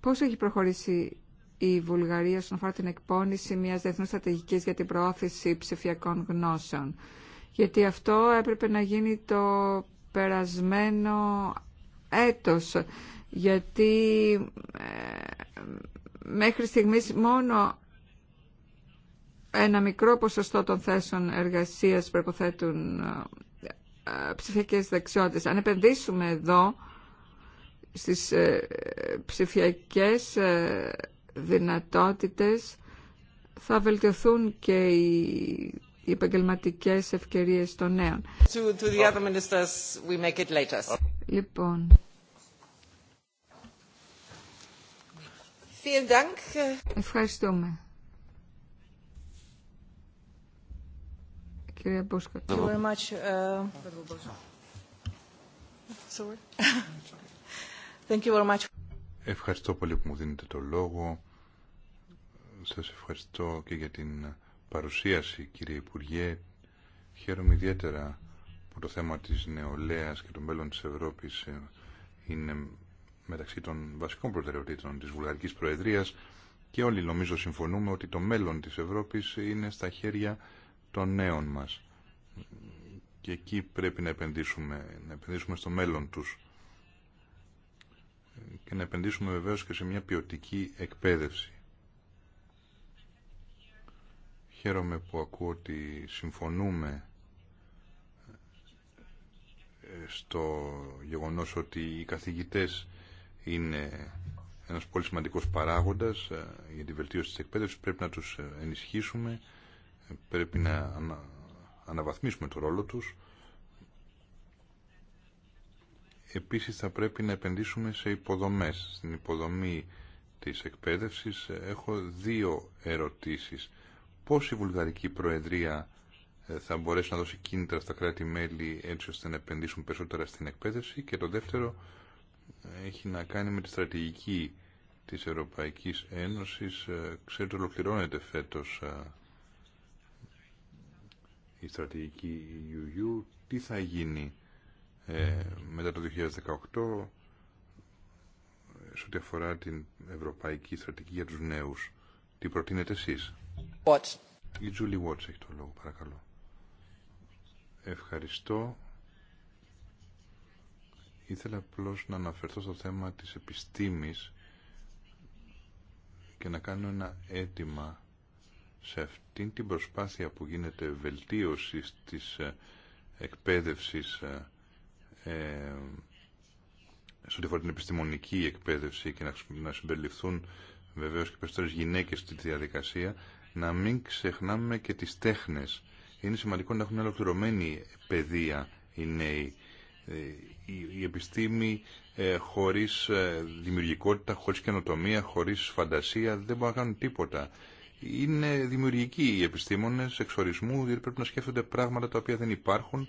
A: Πώς έχει προχωρήσει η Βουλγαρία στον αφορά την εκπόνηση μιας διεθνούς στρατηγικής για την προώθηση ψηφιακών γνώσεων γιατί αυτό έπρεπε να γίνει το περασμένο έτος γιατί ε, μέχρι στιγμής μόνο ένα μικρό ποσοστό των θέσεων εργασίας προποθέτουν ε, ε, ψηφιακές δεξιότητες. Αν επενδύσουμε εδώ στις ψηφιακές δυνατότητες θα βελτιωθούν και οι οι επαγγελματικές ευκαιρίες των νέων. To, to the other ministers, we make it later. Λοιπόν. Ευχαριστούμε. κύριε. Thank Thank you you very much. Uh, Sorry. very much.
D: Ευχαριστώ πολύ που μου δίνετε το λόγο. Σας ευχαριστώ και για την παρουσίαση κύριε Υπουργέ. Χαίρομαι ιδιαίτερα που το θέμα της νεολαίας και των μέλλον της Ευρώπης ε, είναι μεταξύ των βασικών προτεραιοτήτων της Βουλγαρικής Προεδρίας και όλοι νομίζω συμφωνούμε ότι το μέλλον της Ευρώπης είναι στα χέρια των νέων μας και εκεί πρέπει να επενδύσουμε, να επενδύσουμε στο μέλλον τους και να επενδύσουμε βεβαίως και σε μια ποιοτική εκπαίδευση. Χαίρομαι που ακούω ότι συμφωνούμε ε, στο γεγονός ότι οι καθηγητές είναι ένας πολύ σημαντικός παράγοντας ε, για τη βελτίωση της εκπαίδευσης. Πρέπει να τους ε, ενισχύσουμε, πρέπει να αναβαθμίσουμε το ρόλο τους. Επίσης θα πρέπει να επενδύσουμε σε υποδομές. Στην υποδομή της εκπαίδευσης έχω δύο ερωτήσεις πώς η Βουλγαρική Προεδρία ε, θα μπορέσει να δώσει κίνητρα στα κράτη-μέλη έτσι ώστε να επενδύσουν περισσότερα στην εκπαίδευση και το δεύτερο ε, έχει να κάνει με τη στρατηγική της Ευρωπαϊκής Ένωσης. Ε, ξέρετε, ολοκληρώνεται φέτος η στρατηγική EU. Τι θα γίνει μετά το 2018 σε ό,τι αφορά την Ευρωπαϊκή Στρατηγική για τους Νέους. Τι προτείνετε εσείς. Watts. Η Julie Watts έχει το λόγο, παρακαλώ. Ευχαριστώ. Ήθελα απλώ να αναφερθώ στο θέμα της επιστήμης και να κάνω ένα αίτημα σε αυτήν την προσπάθεια που γίνεται βελτίωση της ε, εκπαίδευσης ε, ε, σε ό,τι αφορά την επιστημονική εκπαίδευση και να συμπεριληφθούν βεβαίως και περισσότερες γυναίκες στη διαδικασία να μην ξεχνάμε και τις τέχνες. Είναι σημαντικό να έχουν ολοκληρωμένη παιδεία οι νέοι. Ε, η επιστήμη ε, χωρίς ε, δημιουργικότητα, χωρίς καινοτομία, χωρίς φαντασία δεν μπορούν να κάνουν τίποτα. Είναι δημιουργικοί οι επιστήμονες εξορισμού, διότι πρέπει να σκέφτονται πράγματα τα οποία δεν υπάρχουν,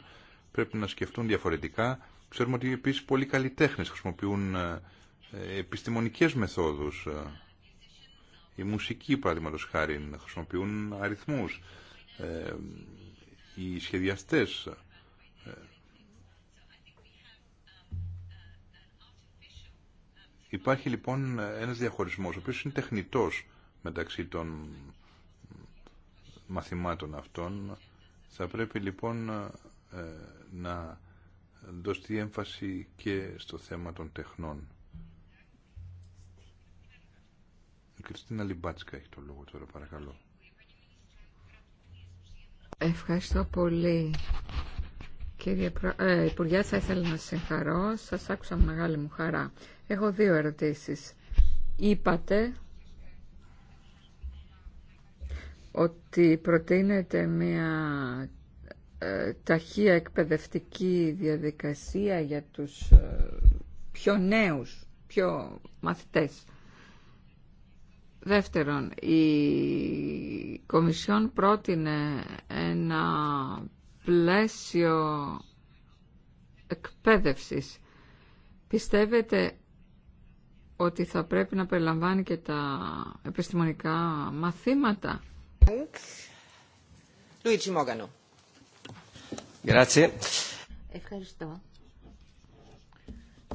D: πρέπει να σκεφτούν διαφορετικά. Ξέρουμε ότι επίσης πολλοί καλλιτέχνες χρησιμοποιούν επιστημονικές μεθόδους η μουσική, παραδείγματος χάρη, χρησιμοποιούν αριθμούς. Ε, οι σχεδιαστές. Ε, υπάρχει λοιπόν ένας διαχωρισμός, ο οποίος είναι τεχνητός μεταξύ των μαθημάτων αυτών. Θα πρέπει λοιπόν ε, να δώσει έμφαση και στο θέμα των τεχνών. Κριστίνα Λιμπάτσκα έχει το λόγο τώρα, παρακαλώ.
A: Ευχαριστώ πολύ. Κύριε Προ... ε, Υπουργέ, θα ήθελα να συγχαρώ. Σας άκουσα με μεγάλη μου χαρά. Έχω δύο ερωτήσεις. Είπατε ότι προτείνεται μια ε, ταχεία εκπαιδευτική διαδικασία για τους ε, πιο νέους, πιο μαθητές. Δεύτερον, η Κομισιόν πρότεινε ένα πλαίσιο εκπαίδευσης. Πιστεύετε ότι θα πρέπει να περιλαμβάνει και τα επιστημονικά μαθήματα.
B: Ευχαριστώ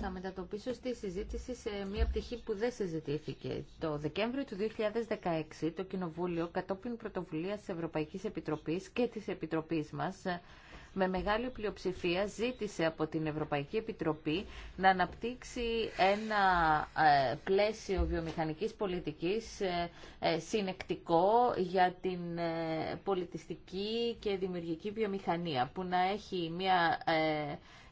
B: θα μετατοπίσω στη συζήτηση σε μια πτυχή που δεν συζητήθηκε. Το Δεκέμβριο του 2016 το Κοινοβούλιο κατόπιν πρωτοβουλίας της Ευρωπαϊκής Επιτροπής και της Επιτροπής μας με μεγάλη πλειοψηφία ζήτησε από την Ευρωπαϊκή Επιτροπή να αναπτύξει ένα ε, πλαίσιο βιομηχανικής πολιτικής ε, ε, συνεκτικό για την πολιτιστική και δημιουργική βιομηχανία που να έχει μια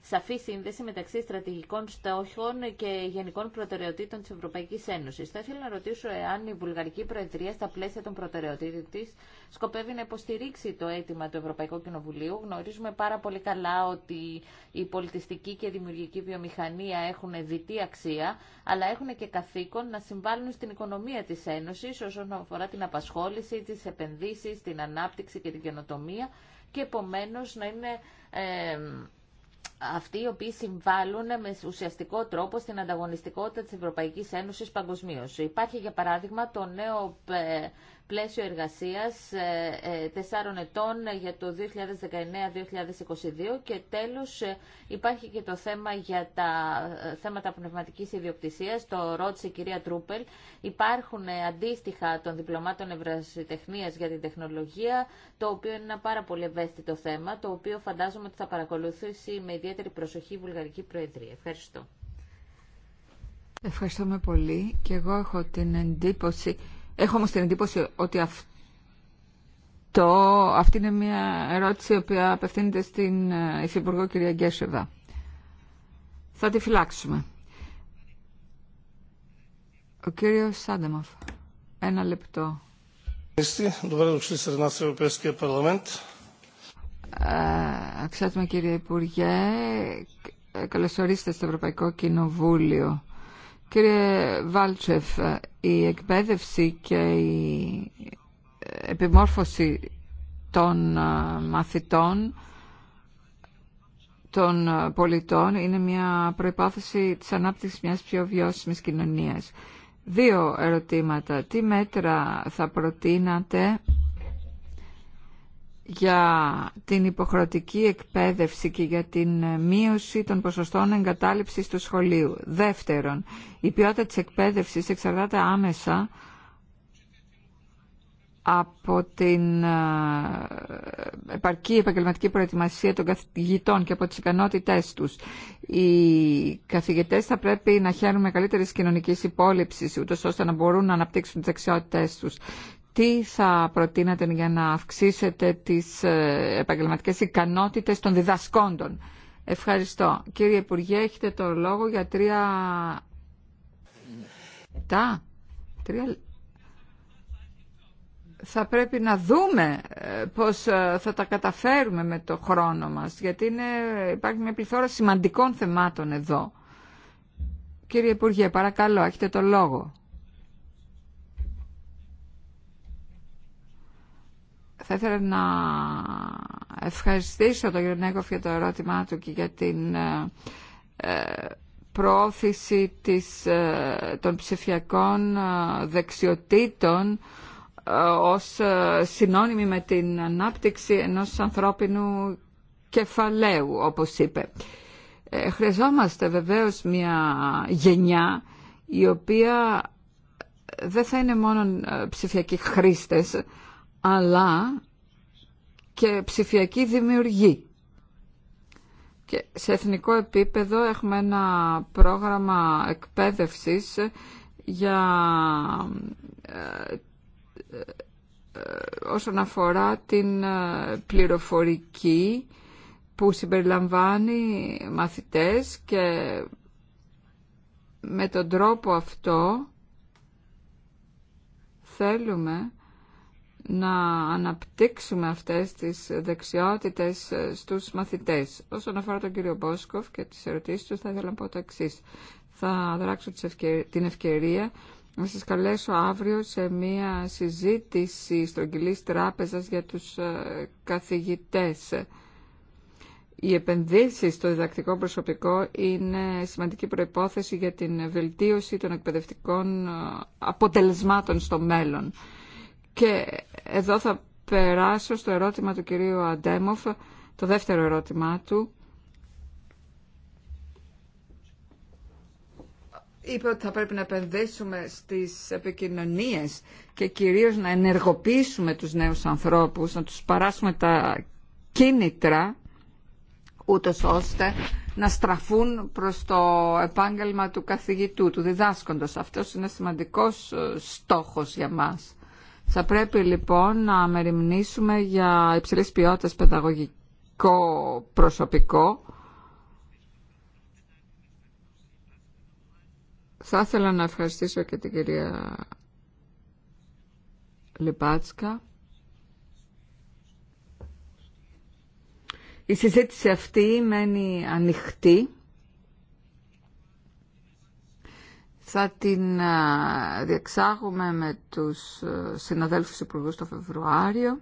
B: σαφή σύνδεση μεταξύ στρατηγικών στόχων και γενικών προτεραιοτήτων τη Ευρωπαϊκή Ένωση. Θα ήθελα να ρωτήσω εάν η Βουλγαρική Προεδρία στα πλαίσια των προτεραιοτήτων τη σκοπεύει να υποστηρίξει το αίτημα του Ευρωπαϊκού Κοινοβουλίου. Γνωρίζουμε πάρα πολύ καλά ότι η πολιτιστική και δημιουργική βιομηχανία έχουν διτή αξία, αλλά έχουν και καθήκον να συμβάλλουν στην οικονομία τη Ένωση, όσον αφορά την απασχόληση, τι επενδύσει, την ανάπτυξη και την καινοτομία και επομένως να είναι ε, αυτοί οι οποίοι συμβάλλουν με ουσιαστικό τρόπο στην ανταγωνιστικότητα της Ευρωπαϊκής Ένωσης παγκοσμίω. Υπάρχει για παράδειγμα το νέο ε, πλαίσιο εργασίας ε, ε, τεσσάρων ετών για το 2019-2022 και τέλος ε, υπάρχει και το θέμα για τα θέματα πνευματικής ιδιοκτησίας, το ρώτησε η κυρία Τρούπελ. Υπάρχουν αντίστοιχα των διπλωμάτων ευρασιτεχνίας για την τεχνολογία, το οποίο είναι ένα πάρα πολύ ευαίσθητο θέμα, το οποίο φαντάζομαι ότι θα παρακολουθήσει με ιδιαίτερη προσοχή η Βουλγαρική Προεδρία. Ευχαριστώ.
A: Ευχαριστούμε πολύ και εγώ έχω την εντύπωση Έχω όμως την εντύπωση ότι αυτή είναι μια ερώτηση η οποία απευθύνεται στην ε, Υφυπουργό κυρία Γκέσεβα. Θα τη φυλάξουμε. Ο κύριος Σάντεμαφ. Ένα λεπτό. Ε, αξιότιμα κύριε Υπουργέ, καλωσορίστε στο Ευρωπαϊκό Κοινοβούλιο. Κύριε Βάλτσεφ, η εκπαίδευση και η επιμόρφωση των μαθητών, των πολιτών, είναι μια προϋπόθεση της ανάπτυξης μιας πιο βιώσιμης κοινωνίας. Δύο ερωτήματα. Τι μέτρα θα προτείνατε για την υποχρεωτική εκπαίδευση και για την μείωση των ποσοστών εγκατάλειψης του σχολείου. Δεύτερον, η ποιότητα της εκπαίδευσης εξαρτάται άμεσα από την ε, επαρκή επαγγελματική προετοιμασία των καθηγητών και από τις ικανότητές τους. Οι καθηγητές θα πρέπει να χαίρουν με καλύτερης κοινωνικής υπόλοιψης, ούτως ώστε να μπορούν να αναπτύξουν τις δεξιότητές τους τι θα προτείνατε για να αυξήσετε τις ε, επαγγελματικές ικανότητες των διδασκόντων. Ευχαριστώ. Κύριε Υπουργέ, έχετε το λόγο για τρία... Τα, Θα πρέπει να δούμε ε, πώς ε, θα τα καταφέρουμε με το χρόνο μας, γιατί είναι, υπάρχει μια πληθώρα σημαντικών θεμάτων εδώ. Κύριε Υπουργέ, παρακαλώ, έχετε το λόγο. Θα ήθελα να ευχαριστήσω τον Γερνέκοφ για το ερώτημά του και για την ε, ε, προώθηση της, ε, των ψηφιακών δεξιοτήτων ως συνώνυμη με την ανάπτυξη ενός ανθρώπινου κεφαλαίου, όπως είπε. Χρειαζόμαστε βεβαίως μια γενιά η οποία δεν θα είναι μόνο ψηφιακοί χρήστες, αλλά και ψηφιακή δημιουργή. Και σε εθνικό επίπεδο έχουμε ένα πρόγραμμα εκπαίδευσης για ε, ε, ε, όσον αφορά την πληροφορική που συμπεριλαμβάνει μαθητές και με τον τρόπο αυτό θέλουμε να αναπτύξουμε αυτές τις δεξιότητες ε, στους μαθητές. Όσον αφορά τον κύριο Μπόσκοφ και τις ερωτήσεις του, θα ήθελα να πω το εξή. Θα δράξω την ευκαιρία να σας καλέσω αύριο σε μία συζήτηση στρογγυλής τράπεζας για τους ε, καθηγητές. Οι επενδύσεις στο διδακτικό προσωπικό είναι σημαντική προϋπόθεση για την βελτίωση των εκπαιδευτικών ε, αποτελεσμάτων στο μέλλον. Και εδώ θα περάσω στο ερώτημα του κυρίου Αντέμοφ, το δεύτερο ερώτημά του. Είπε ότι θα πρέπει να επενδύσουμε στις επικοινωνίες και κυρίως να ενεργοποιήσουμε τους νέους ανθρώπους, να τους παράσουμε τα κίνητρα, ούτως ώστε να στραφούν προς το επάγγελμα του καθηγητού, του διδάσκοντος. Αυτός είναι σημαντικός ε, στόχος για μας. Θα πρέπει λοιπόν να μεριμνήσουμε για υψηλή ποιότητα παιδαγωγικό προσωπικό. Θα ήθελα να ευχαριστήσω και την κυρία Λιπάτσκα. Η συζήτηση αυτή μένει ανοιχτή. Θα την διεξάγουμε με τους συναδέλφους υπουργούς το Φεβρουάριο.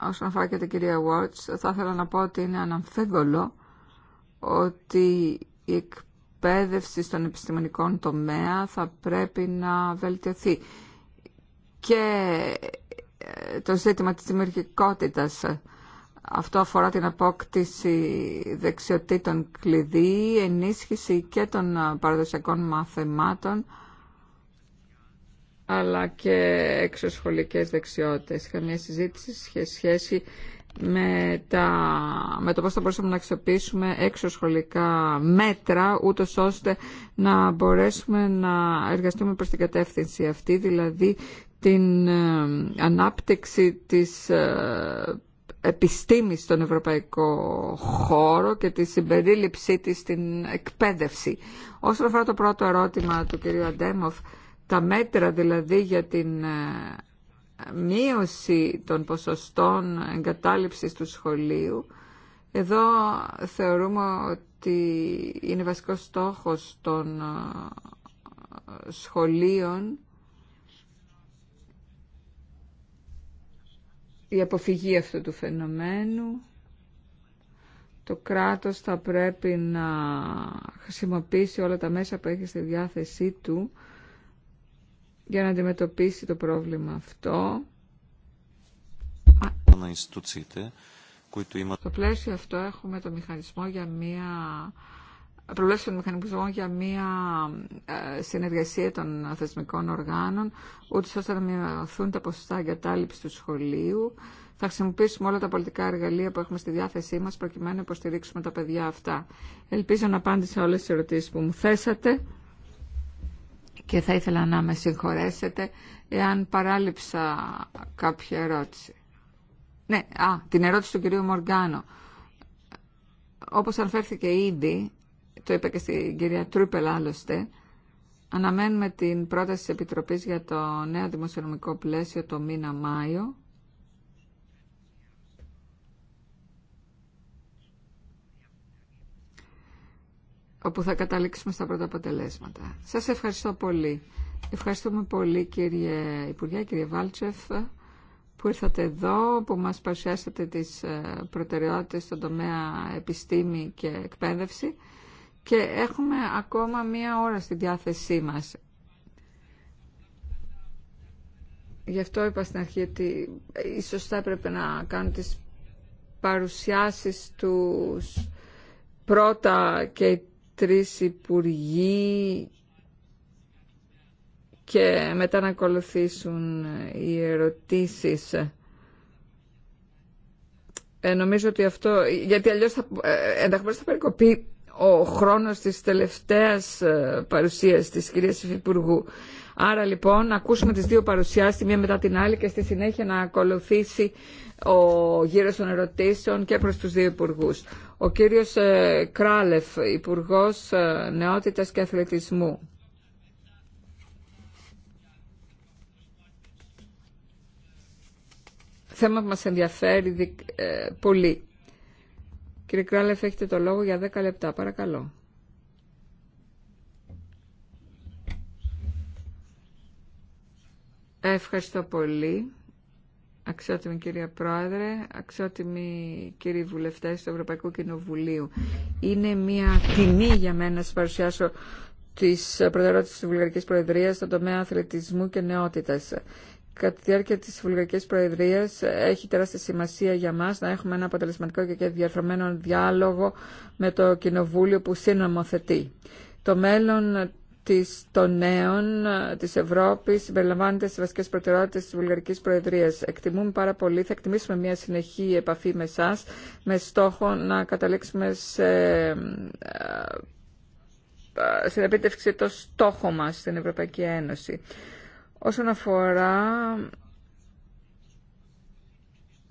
A: Όσον αφορά και την κυρία Watts, θα ήθελα να πω ότι είναι αναμφίβολο ότι η εκπαίδευση στον επιστημονικό τομέα θα πρέπει να βελτιωθεί. Και ε, το ζήτημα της δημιουργικότητας αυτό αφορά την απόκτηση δεξιοτήτων κλειδί, ενίσχυση και των ε, παραδοσιακών μαθημάτων, αλλά και εξωσχολικές δεξιότητες. Είχα μια συζήτηση σε σχέση με, τα, με το πώς θα μπορούσαμε να αξιοποιήσουμε εξωσχολικά μέτρα, ούτως ώστε να μπορέσουμε να εργαστούμε προς την κατεύθυνση αυτή, δηλαδή την ε, ανάπτυξη της ε, επιστήμης στον ευρωπαϊκό χώρο και τη συμπερίληψή της στην εκπαίδευση. Όσον αφορά το πρώτο ερώτημα του κυρίου Αντέμοφ, τα μέτρα δηλαδή για την ε, μείωση των ποσοστών εγκατάλειψης του σχολείου, εδώ θεωρούμε ότι είναι βασικός στόχος των ε, σχολείων η αποφυγή αυτού του φαινομένου. Το κράτος θα πρέπει να χρησιμοποιήσει όλα τα μέσα που έχει στη διάθεσή του για να αντιμετωπίσει το πρόβλημα αυτό. Στο πλαίσιο αυτό έχουμε το μηχανισμό για μία προβλέψει τον μηχανισμό για μια ε, συνεργασία των θεσμικών οργάνων, ούτω ώστε να μειωθούν τα ποσοστά εγκατάλειψη του σχολείου. Θα χρησιμοποιήσουμε όλα τα πολιτικά εργαλεία που έχουμε στη διάθεσή μα προκειμένου να υποστηρίξουμε τα παιδιά αυτά. Ελπίζω να απάντησα όλε τι ερωτήσει που μου θέσατε και θα ήθελα να με συγχωρέσετε εάν παράληψα κάποια ερώτηση. Ναι, α, την ερώτηση του κυρίου Μοργκάνο. Όπως αναφέρθηκε ήδη, το είπα και στην κυρία Τρούπελ άλλωστε, αναμένουμε την πρόταση της Επιτροπής για το νέο δημοσιονομικό πλαίσιο το μήνα Μάιο. όπου θα καταλήξουμε στα πρώτα αποτελέσματα. Σας ευχαριστώ πολύ. Ευχαριστούμε πολύ κύριε Υπουργέ, κύριε Βάλτσεφ, που ήρθατε εδώ, που μας παρουσιάσατε τις ε, προτεραιότητες στον τομέα επιστήμη και εκπαίδευση και έχουμε ακόμα μία ώρα στη διάθεσή μας. Γι' αυτό είπα στην αρχή ότι ίσως θα έπρεπε να κάνουν τις παρουσιάσεις τους πρώτα και οι τρεις υπουργοί και μετά να ακολουθήσουν οι ερωτήσεις. Ε, νομίζω ότι αυτό, γιατί αλλιώς θα, ε, ε, ενδεχομένως θα περικοπεί ο χρόνος της τελευταίας ε, παρουσίας της κυρίας Υφυπουργού. Άρα λοιπόν να ακούσουμε τις δύο παρουσιάσεις τη μία μετά την άλλη και στη συνέχεια να ακολουθήσει ο γύρος των ερωτήσεων και προς τους δύο υπουργούς. Ο κύριος ε, Κράλεφ, Υπουργός ε, Νεότητας και Αθλητισμού. Θέμα που μας ενδιαφέρει πολύ. Κύριε Κράλεφ, έχετε το λόγο για 10 λεπτά, παρακαλώ. Ευχαριστώ πολύ. Αξιότιμη κυρία Πρόεδρε, αξιότιμοι κύριοι βουλευτές του Ευρωπαϊκού Κοινοβουλίου. Είναι μια τιμή για μένα να σας παρουσιάσω τις προτεραιότητες της Βουλγαρικής Προεδρίας στον τομέα αθλητισμού και νεότητας κατά τη διάρκεια της Βουλγαρικής Προεδρίας έχει τεράστια σημασία για μας να έχουμε ένα αποτελεσματικό και διαρθρωμένο διάλογο με το Κοινοβούλιο που συνομοθετεί. Το μέλλον της, των νέων της Ευρώπης συμπεριλαμβάνεται στις βασικές προτεραιότητες της Βουλγαρικής Προεδρίας. Εκτιμούμε πάρα πολύ, θα εκτιμήσουμε μια συνεχή επαφή με εσά με στόχο να καταλήξουμε σε ε, ε, στην επίτευξη το στόχο μας στην Ευρωπαϊκή Ένωση. Όσον αφορά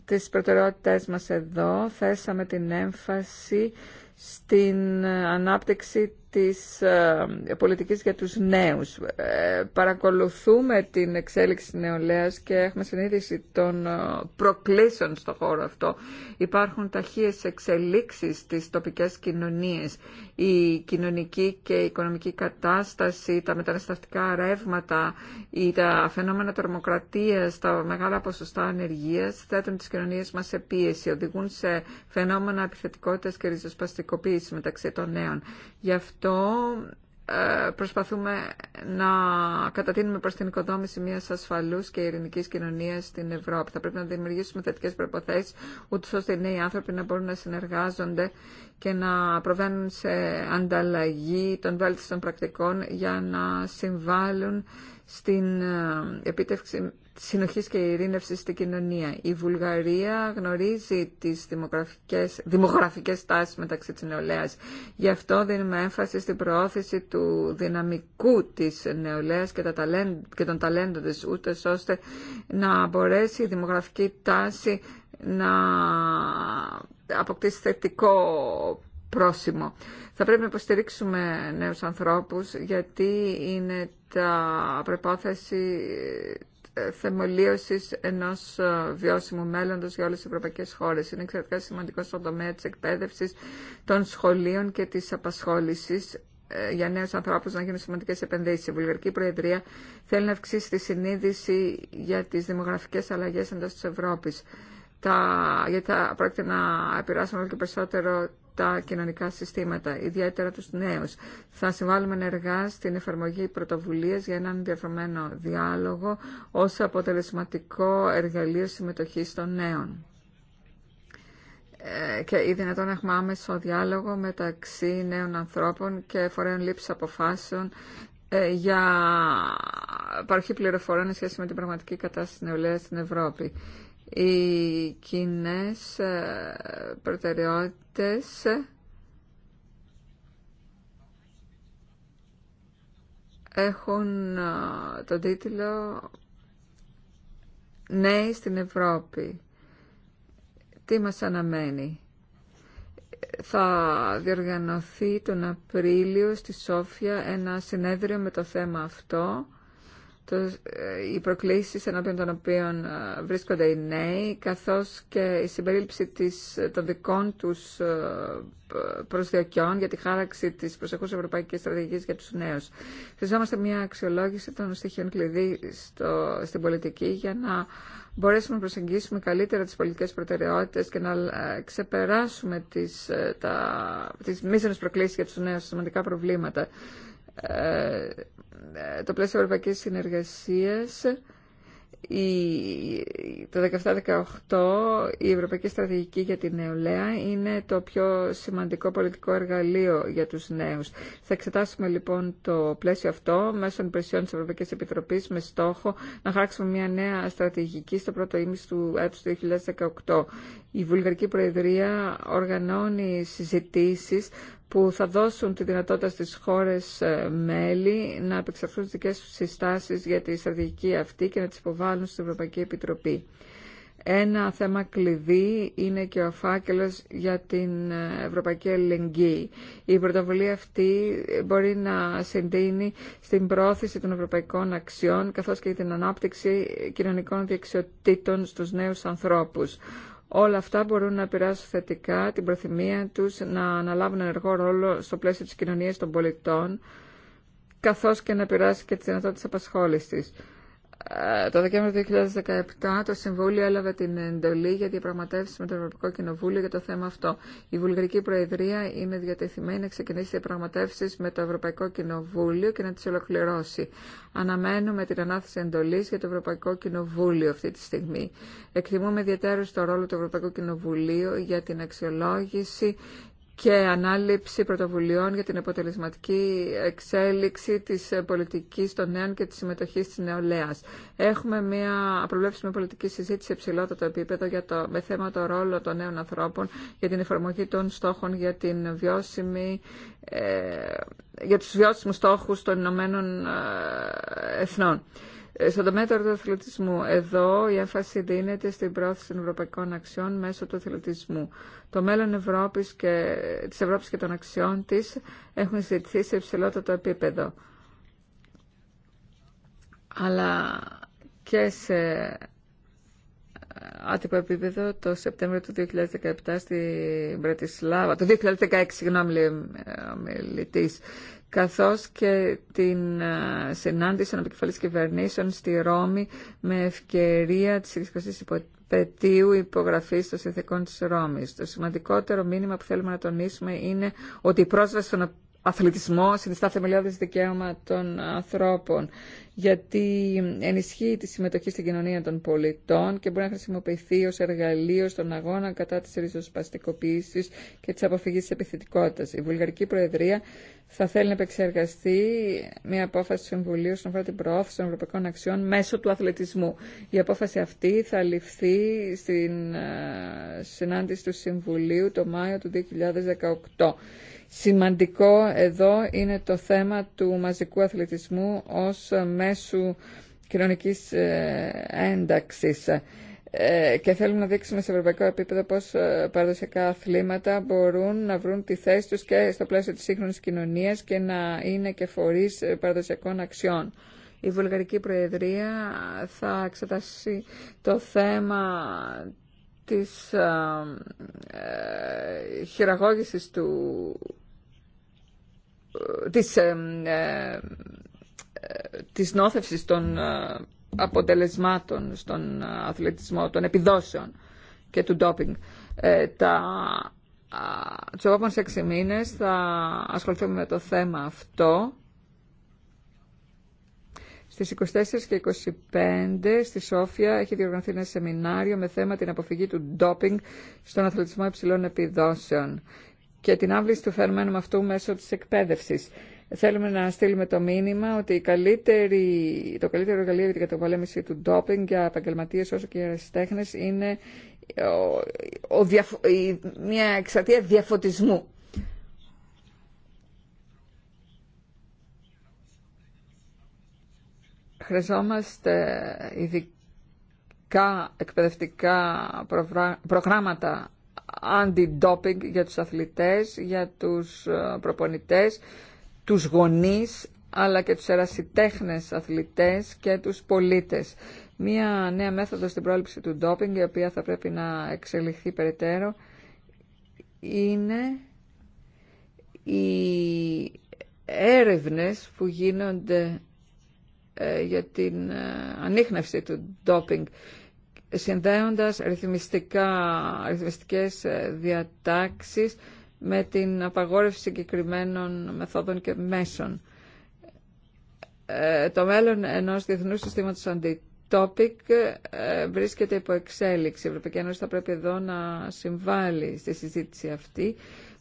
A: τις προτεραιότητες μας εδώ, θέσαμε την έμφαση στην ανάπτυξη της ε, πολιτικής για τους νέους. Ε, παρακολουθούμε την εξέλιξη της νεολαίας και έχουμε συνείδηση των ε, προκλήσεων στο χώρο αυτό. Υπάρχουν ταχύες εξελίξεις στις τοπικές κοινωνίες. Η κοινωνική και η οικονομική κατάσταση, τα μεταναστευτικά ρεύματα, τα φαινόμενα τρομοκρατίας, τα μεγάλα ποσοστά ανεργίας θέτουν τις κοινωνίες μας σε πίεση, οδηγούν σε φαινόμενα επιθετικότητας και ριζοσπαστικοποίηση μεταξύ των νέων το ε, προσπαθούμε να κατατείνουμε προς την οικοδόμηση μιας ασφαλούς και ειρηνικής κοινωνίας στην Ευρώπη. Θα πρέπει να δημιουργήσουμε θετικές προϋποθέσεις, ούτως ώστε οι νέοι άνθρωποι να μπορούν να συνεργάζονται και να προβαίνουν σε ανταλλαγή των βέλτιστων πρακτικών για να συμβάλλουν στην ε, επίτευξη συνοχής και ειρήνευσης στην κοινωνία. Η Βουλγαρία γνωρίζει τις δημογραφικές, δημογραφικές τάσεις μεταξύ της νεολαίας. Γι' αυτό δίνουμε έμφαση στην προώθηση του δυναμικού της νεολαίας και, των ταλέντων της, ούτε ώστε να μπορέσει η δημογραφική τάση να αποκτήσει θετικό πρόσημο. Θα πρέπει να υποστηρίξουμε νέους ανθρώπους γιατί είναι τα προπόθεση ε, θεμολίωσης ενός ε, βιώσιμου μέλλοντος για όλες τις ευρωπαϊκές χώρες. Είναι εξαιρετικά σημαντικό στον τομέα της εκπαίδευσης των σχολείων και της απασχόλησης ε, για νέου ανθρώπου να γίνουν σημαντικέ επενδύσει. Η Βουλγαρική Προεδρία θέλει να αυξήσει τη συνείδηση για τι δημογραφικέ αλλαγέ εντό τη Ευρώπη. Τα, γιατί θα πρόκειται να επηρεάσουν όλο και περισσότερο τα κοινωνικά συστήματα, ιδιαίτερα τους νέους. Θα συμβάλλουμε ενεργά στην εφαρμογή πρωτοβουλίες για έναν διαφορεμένο διάλογο ως αποτελεσματικό εργαλείο συμμετοχής των νέων ε, και ή δυνατόν έχουμε άμεσο διάλογο μεταξύ νέων ανθρώπων και φορέων λήψη αποφάσεων ε, για παροχή πληροφοριών σε σχέση με την πραγματική κατάσταση νεολαία στην Ευρώπη οι κοινέ ε, προτεραιότητες έχουν ε, τον τίτλο «Νέοι στην Ευρώπη». Τι μας αναμένει. Θα διοργανωθεί τον Απρίλιο στη Σόφια ένα συνέδριο με το θέμα αυτό ε, οι προκλήσεις ενώπιον των οποίων ε, βρίσκονται οι νέοι, καθώς και η συμπερίληψη της, ε, των δικών τους προσδιοκιών για τη χάραξη της προσεχούς ευρωπαϊκής στρατηγικής για τους νέους. Χρειαζόμαστε μια αξιολόγηση των στοιχείων κλειδί στο, στην πολιτική για να μπορέσουμε να προσεγγίσουμε καλύτερα τις πολιτικές προτεραιότητες και να ξεπεράσουμε τις, τα, τις προκλήσεις για τους νέους σημαντικά προβλήματα το πλαίσιο Ευρωπαϊκή Συνεργασία, η, το 17-18 η Ευρωπαϊκή Στρατηγική για την Νεολαία είναι το πιο σημαντικό πολιτικό εργαλείο για τους νέους. Θα εξετάσουμε λοιπόν το πλαίσιο αυτό μέσω των υπηρεσιών της Ευρωπαϊκής Επιτροπής με στόχο να χάξουμε μια νέα στρατηγική στο πρώτο ήμιση του έτους 2018. Η Βουλγαρική Προεδρία οργανώνει συζητήσεις που θα δώσουν τη δυνατότητα στις χώρες ε, μέλη να επεξερθούν στις δικές συστάσεις για τη στρατηγική αυτή και να τις υποβάλουν στην Ευρωπαϊκή Επιτροπή. Ένα θέμα κλειδί είναι και ο φάκελο για την ε, Ευρωπαϊκή Ελληνική. Η πρωτοβουλία αυτή μπορεί να συντείνει στην πρόθεση των ευρωπαϊκών αξιών καθώς και την ανάπτυξη κοινωνικών διεξιοτήτων στους νέους ανθρώπους. Όλα αυτά μπορούν να περάσουν θετικά την προθυμία τους να αναλάβουν ενεργό ρόλο στο πλαίσιο της κοινωνίας των πολιτών, καθώς και να επηρεάσει και τις δυνατότητες απασχόλησης. Ε, το Δεκέμβριο του 2017 το Συμβούλιο έλαβε την εντολή για διαπραγματεύσει με το Ευρωπαϊκό Κοινοβούλιο για το θέμα αυτό. Η Βουλγαρική Προεδρία είναι διατεθειμένη να ξεκινήσει διαπραγματεύσει με το Ευρωπαϊκό Κοινοβούλιο και να τι ολοκληρώσει. Αναμένουμε την ανάθεση εντολή για το Ευρωπαϊκό Κοινοβούλιο αυτή τη στιγμή. Εκτιμούμε ιδιαίτερω το ρόλο του Ευρωπαϊκού Κοινοβουλίου για την αξιολόγηση και ανάληψη πρωτοβουλειών για την αποτελεσματική εξέλιξη της πολιτικής των νέων και της συμμετοχής της νεολαίας. Έχουμε μια προβλέψιμη πολιτική συζήτηση σε υψηλότατο επίπεδο για το, με θέμα το ρόλο των νέων ανθρώπων για την εφαρμογή των στόχων για, την βιώσιμη, ε, για τους βιώσιμους στόχους των Ηνωμένων ε, Εθνών. Ε, στον τομέα του αθλητισμού, εδώ η έμφαση δίνεται στην πρόθεση των ευρωπαϊκών αξιών μέσω του αθλητισμού. Το μέλλον Ευρώπης και, της Ευρώπης και των αξιών της έχουν ζητηθεί σε υψηλότερο επίπεδο. Αλλά και σε ε, άτυπο επίπεδο το Σεπτέμβριο του 2017 στην Πρατισλάβα, το 2016, συγγνώμη, ο καθώς και την ε, συνάντηση των επικεφαλής κυβερνήσεων στη Ρώμη με ευκαιρία της 20 υποπετίου υπογραφής των συνθήκων της Ρώμης. Το σημαντικότερο μήνυμα που θέλουμε να τονίσουμε είναι ότι η πρόσβαση των αθλητισμό συνιστά θεμελιώδες δικαίωμα των ανθρώπων γιατί ενισχύει τη συμμετοχή στην κοινωνία των πολιτών και μπορεί να χρησιμοποιηθεί ως εργαλείο στον αγώνα κατά τη ριζοσπαστικοποίηση και τη αποφυγή τη επιθετικότητας. Η Βουλγαρική Προεδρία θα θέλει να επεξεργαστεί μια απόφαση του Συμβουλίου στον αφορά την προώθηση των ευρωπαϊκών αξιών μέσω του αθλητισμού. Η απόφαση αυτή θα ληφθεί στην ε, συνάντηση του Συμβουλίου το Μάιο του 2018. Σημαντικό εδώ είναι το θέμα του μαζικού αθλητισμού ως μέσου κοινωνικής ε, ένταξης ε, και θέλουμε να δείξουμε σε ευρωπαϊκό επίπεδο πώς ε, παραδοσιακά αθλήματα μπορούν να βρουν τη θέση τους και στο πλαίσιο της σύγχρονης κοινωνίας και να είναι και φορείς παραδοσιακών αξιών. Η Βουλγαρική Προεδρία θα εξετάσει το θέμα της χειραγώγησης του της, ε, της νόθευσης των ε, αποτελεσμάτων στον ε, αθλητισμό, των επιδόσεων και του ντόπινγκ. τα, τους επόμενους έξι μήνες θα ασχοληθούμε με το θέμα αυτό. Στις 24 και 25 στη Σόφια έχει διοργανωθεί ένα σεμινάριο με θέμα την αποφυγή του ντόπινγκ στον αθλητισμό υψηλών επιδόσεων και την άμβληση του φερμένου αυτού μέσω της εκπαίδευσης. Θέλουμε να στείλουμε το μήνυμα ότι καλύτερη, το καλύτερο εργαλείο για την καταπολέμηση του ντόπινγκ για επαγγελματίε όσο και για τεχνές είναι ε, ο, ο, μια εξαρτία διαφωτισμού. Χρειαζόμαστε ειδικά εκπαιδευτικά προγράμματα αντι-doping για τους αθλητές, για τους ε, προπονητές, τους γονείς, αλλά και τους ερασιτέχνες αθλητές και τους πολίτες. Μία νέα μέθοδος στην πρόληψη του ντόπινγκ, η οποία θα πρέπει να εξελιχθεί περαιτέρω, είναι οι έρευνες που γίνονται ε, για την ε, ανείχνευση του ντόπινγκ συνδέοντας ρυθμιστικά, ρυθμιστικές ε, διατάξεις με την απαγόρευση συγκεκριμένων μεθόδων και μέσων. Ε, το μέλλον ενός διεθνούς συστήματος αντιτόπικ ε, βρίσκεται υπό εξέλιξη. Η Ευρωπαϊκή Ένωση θα πρέπει εδώ να συμβάλλει στη συζήτηση αυτή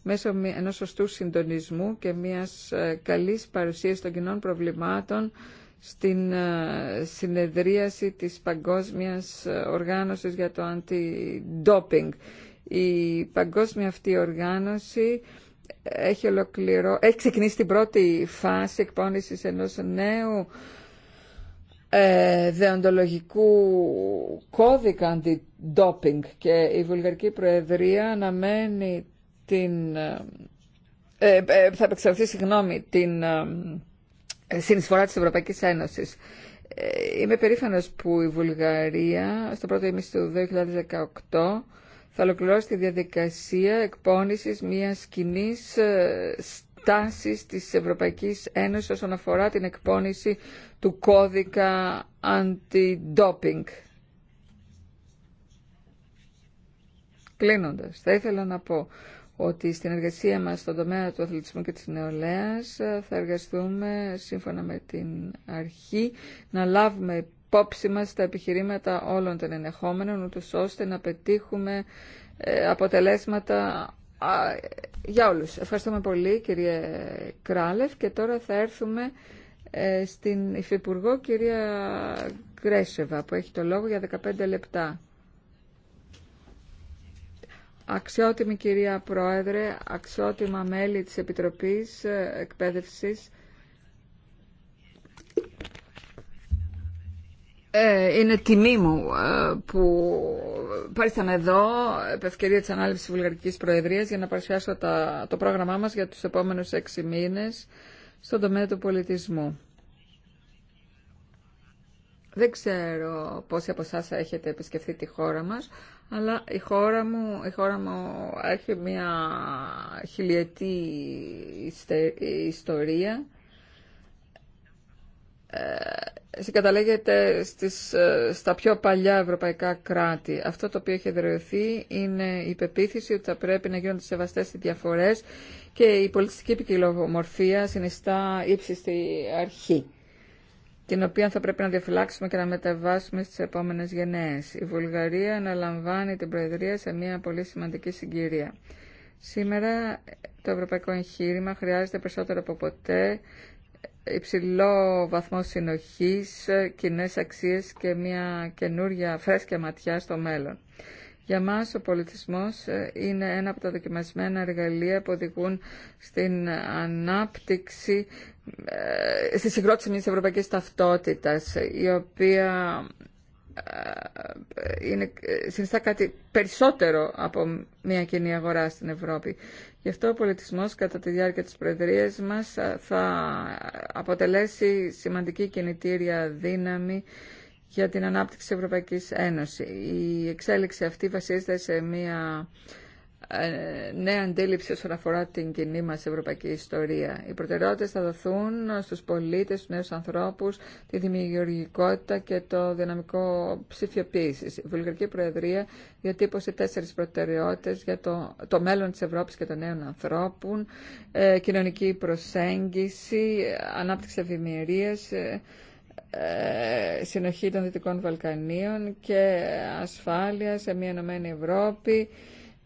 A: μέσω ενός σωστού συντονισμού και μιας καλής παρουσίας των κοινών προβλημάτων στην ε, συνεδρίαση της Παγκόσμιας ε, Οργάνωσης για το αντι Η παγκόσμια αυτή οργάνωση έχει, ολοκληρώ... έχει ξεκινήσει την πρώτη φάση εκπόνησης ενός νέου ε, δεοντολογικού κώδικα και η Βουλγαρική Προεδρία αναμένει την... Ε, θα επεξερθεί συγγνώμη, την συνεισφορά της Ευρωπαϊκής Ένωσης. Ε, είμαι περήφανος που η Βουλγαρία στο πρώτο ημίση του 2018 θα ολοκληρώσει τη διαδικασία εκπόνησης μιας κοινή ε, στάσης της Ευρωπαϊκής Ένωσης όσον αφορά την εκπόνηση του κώδικα αντι-doping. Κλείνοντας, θα ήθελα να πω ότι στην εργασία μας στον τομέα του αθλητισμού και της νεολαίας θα εργαστούμε σύμφωνα με την αρχή να λάβουμε υπόψη μας τα επιχειρήματα όλων των ενεχόμενων ούτως ώστε να πετύχουμε ε, αποτελέσματα για όλους. Ευχαριστούμε πολύ κυρία Κράλεφ και τώρα θα έρθουμε ε, στην Υφυπουργό κυρία Γκρέσεβα που έχει το λόγο για 15 λεπτά. Αξιότιμη κυρία Πρόεδρε, αξιότιμα μέλη της Επιτροπής ε, Εκπαίδευσης, ε, είναι τιμή μου ε, που πάρθαμε εδώ επ' ευκαιρία της ανάληψης Βουλγαρικής Προεδρίας για να παρουσιάσω το πρόγραμμά μας για τους επόμενους έξι μήνες στον τομέα του πολιτισμού. Δεν ξέρω πόσοι από εσά έχετε επισκεφθεί τη χώρα μας, αλλά η χώρα μου, η χώρα μου έχει μια χιλιετή ιστορία. Ε, συγκαταλέγεται στις, ε, στα πιο παλιά ευρωπαϊκά κράτη. Αυτό το οποίο έχει εδραιωθεί είναι η πεποίθηση ότι θα πρέπει να γίνονται σεβαστές οι διαφορές και η πολιτιστική ποικιλομορφία συνιστά ύψιστη αρχή την οποία θα πρέπει να διαφυλάξουμε και να μεταβάσουμε στις επόμενες γενναίες. Η Βουλγαρία αναλαμβάνει την Προεδρία σε μια πολύ σημαντική συγκυρία. Σήμερα το ευρωπαϊκό εγχείρημα χρειάζεται περισσότερο από ποτέ υψηλό βαθμό συνοχής, κοινέ αξίες και μια καινούρια φρέσκια ματιά στο μέλλον. Για μας ο πολιτισμός ε, είναι ένα από τα δοκιμασμένα εργαλεία που οδηγούν στην ανάπτυξη, ε, στη συγκρότηση μιας ευρωπαϊκής ταυτότητας, η οποία ε, είναι συνιστά κάτι περισσότερο από μια κοινή αγορά στην Ευρώπη. Γι' αυτό ο πολιτισμός κατά τη διάρκεια της Προεδρίας μας θα αποτελέσει σημαντική κινητήρια δύναμη για την ανάπτυξη της Ευρωπαϊκής Ένωσης. Η εξέλιξη αυτή βασίζεται σε μια ε, νέα αντίληψη όσον αφορά την κοινή μας ευρωπαϊκή ιστορία. Οι προτεραιότητες θα δοθούν στους πολίτες, στους νέους ανθρώπους... τη δημιουργικότητα και το δυναμικό ψηφιοποίηση. Η Βουλγαρική Προεδρία διατύπωσε τέσσερις προτεραιότητες... για το, το μέλλον της Ευρώπης και των νέων ανθρώπων, ε, κοινωνική προσέγγιση, ανάπτυξη ευημερία. Ε, ε, συνοχή των Δυτικών Βαλκανίων και ασφάλεια σε μια Ενωμένη Ευρώπη,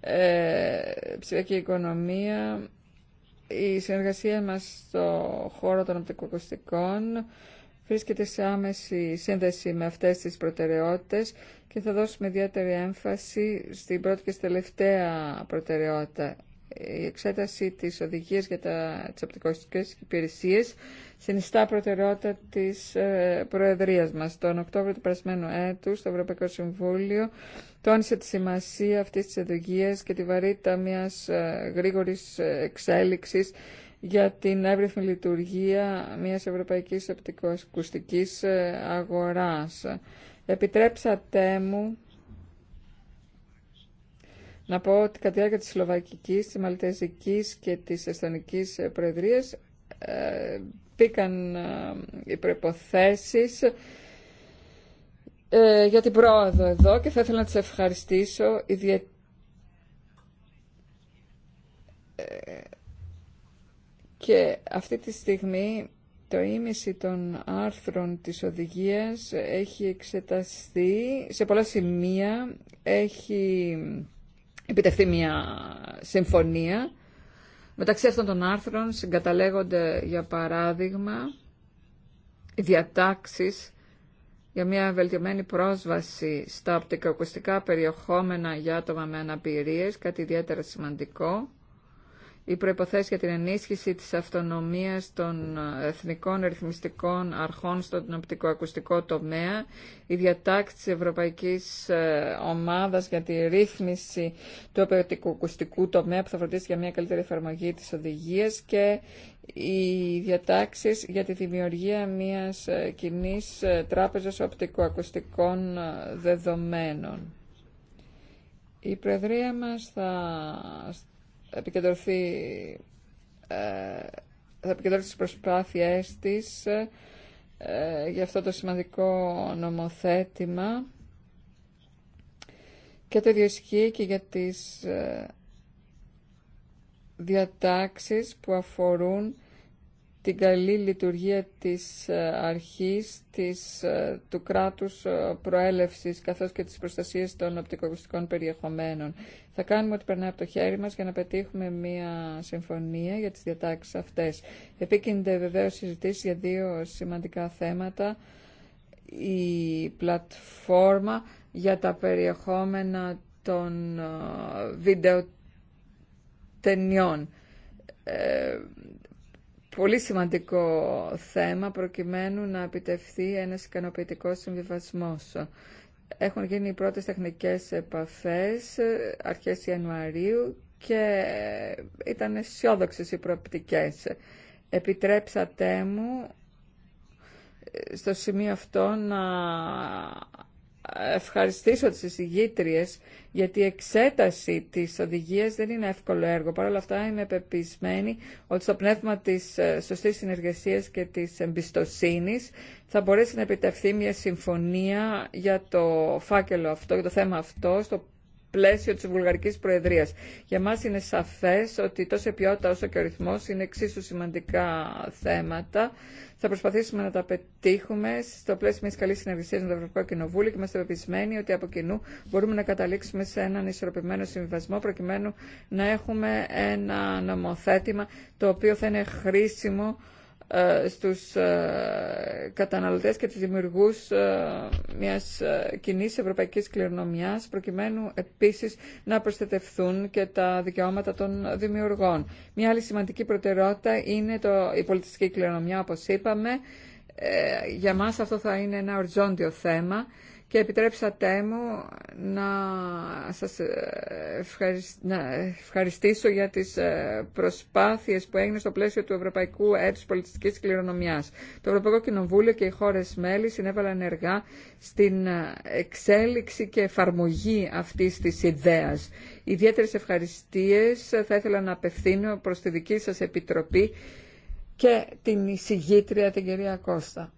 A: ε, ψηφιακή οικονομία, η συνεργασία μας στο χώρο των οπτικοκοστικών βρίσκεται σε άμεση σύνδεση με αυτές τις προτεραιότητες και θα δώσουμε ιδιαίτερη έμφαση στην πρώτη και στην τελευταία προτεραιότητα η εξέταση της οδηγίας για τα, τις οπτικοστικές υπηρεσίες συνιστά προτεραιότητα της ε, Προεδρίας μας. Τον Οκτώβριο του περασμένου έτους, το Ευρωπαϊκό Συμβούλιο τόνισε τη σημασία αυτής της οδηγίας και τη βαρύτητα μιας ε, γρήγορης ε, εξέλιξης για την εύρυθμη λειτουργία μιας ευρωπαϊκής οπτικοακουστικής ε, αγοράς. Επιτρέψατε μου να πω ότι κατά τη διάρκεια της Σλοβακικής, της Μαλτεζικής και της Εστανικής Προεδρίας ε, πήκαν ε, οι προϋποθέσεις ε, για την πρόοδο εδώ και θα ήθελα να τις ευχαριστήσω ιδιαίτερα και αυτή τη στιγμή το ίμιση των άρθρων της οδηγίας έχει εξεταστεί σε πολλά σημεία, έχει επιτευχθεί μια συμφωνία. Μεταξύ αυτών των άρθρων συγκαταλέγονται, για παράδειγμα, οι διατάξεις για μια βελτιωμένη πρόσβαση στα οπτικοακουστικά περιεχόμενα για άτομα με αναπηρίες, κάτι ιδιαίτερα σημαντικό, οι προϋποθέσεις για την ενίσχυση της αυτονομίας των εθνικών ρυθμιστικών αρχών στον οπτικοακουστικό τομέα, η διατάξη της Ευρωπαϊκής ε, Ομάδας για τη ρύθμιση του οπτικοακουστικού τομέα που θα φροντίσει για μια καλύτερη εφαρμογή της οδηγίας και οι διατάξεις για τη δημιουργία μιας ε, κοινή ε, τράπεζας οπτικοακουστικών δεδομένων. Η Προεδρία μας θα ε, θα επικεντρωθεί στις προσπάθειές της ε, για αυτό το σημαντικό νομοθέτημα και το ίδιο ισχύει και για τις ε, διατάξεις που αφορούν την καλή λειτουργία της ε, αρχής της, ε, του κράτους ε, προέλευσης καθώς και της προστασίας των οπτικοακουστικών περιεχομένων. Θα κάνουμε ό,τι περνάει από το χέρι μας για να πετύχουμε μια συμφωνία για τις διατάξεις αυτές. Επίκυνται βεβαίως συζητήσει για δύο σημαντικά θέματα. Η πλατφόρμα για τα περιεχόμενα των βίντεο ταινιών πολύ σημαντικό θέμα προκειμένου να επιτευχθεί ένας ικανοποιητικό συμβιβασμός. Έχουν γίνει οι πρώτες τεχνικές επαφές ε, αρχές Ιανουαρίου και ήταν αισιόδοξε οι προοπτικές. Επιτρέψατε μου ε, στο σημείο αυτό να ευχαριστήσω τις εισηγήτριες γιατί η εξέταση της οδηγίας δεν είναι εύκολο έργο. Παρ' όλα αυτά είμαι πεπισμένη ότι στο πνεύμα της ε, σωστής συνεργασίας και της εμπιστοσύνης θα μπορέσει να επιτευχθεί μια συμφωνία για το φάκελο αυτό, για το θέμα αυτό στο πλαίσιο της Βουλγαρικής Προεδρίας. Για μας είναι σαφές ότι τόσο η ποιότητα όσο και ο ρυθμός είναι εξίσου σημαντικά θέματα. Θα προσπαθήσουμε να τα πετύχουμε στο πλαίσιο μιας καλής συνεργασίας με το Ευρωπαϊκό Κοινοβούλιο και είμαστε πεπισμένοι ότι από κοινού μπορούμε να καταλήξουμε σε έναν ισορροπημένο συμβιβασμό προκειμένου να έχουμε ένα νομοθέτημα το οποίο θα είναι χρήσιμο ε, στους ε, καταναλωτές και τους δημιουργούς ε, μιας κοινή ευρωπαϊκής κληρονομιάς προκειμένου επίσης να προστατευθούν και τα δικαιώματα των δημιουργών. Μια άλλη σημαντική προτεραιότητα είναι το, η πολιτιστική κληρονομιά όπως είπαμε. Για μας αυτό θα είναι ένα οριζόντιο θέμα και επιτρέψατε μου να σας ε, ευχαριστήσω για τις ε, προσπάθειες που έγινε στο πλαίσιο του Ευρωπαϊκού Έτους Πολιτιστικής Κληρονομιάς. Το Ευρωπαϊκό Κοινοβούλιο και οι χώρες μέλη συνέβαλαν ενεργά στην ε, εξέλιξη και εφαρμογή αυτής της ιδέας. Ιδιαίτερες ευχαριστίες θα ήθελα να απευθύνω προς τη δική σας Επιτροπή και την εισηγήτρια την κυρία Κώστα.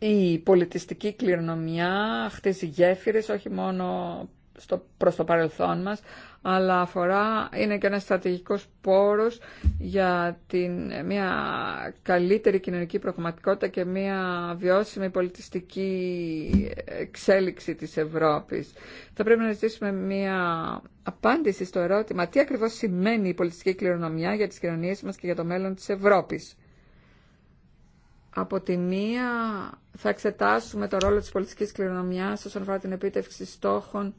A: Η πολιτιστική κληρονομιά χτίζει γέφυρες όχι μόνο στο, προς το παρελθόν μας, αλλά αφορά, είναι και ένας στρατηγικός πόρος για την, μια καλύτερη κοινωνική πραγματικότητα και μια βιώσιμη πολιτιστική εξέλιξη της Ευρώπης. Θα πρέπει να ζητήσουμε μια απάντηση στο ερώτημα τι ακριβώς σημαίνει η πολιτιστική κληρονομιά για τις κοινωνίες μας και για το μέλλον της Ευρώπης από τη μία θα εξετάσουμε το ρόλο της πολιτικής κληρονομιάς όσον αφορά την επίτευξη στόχων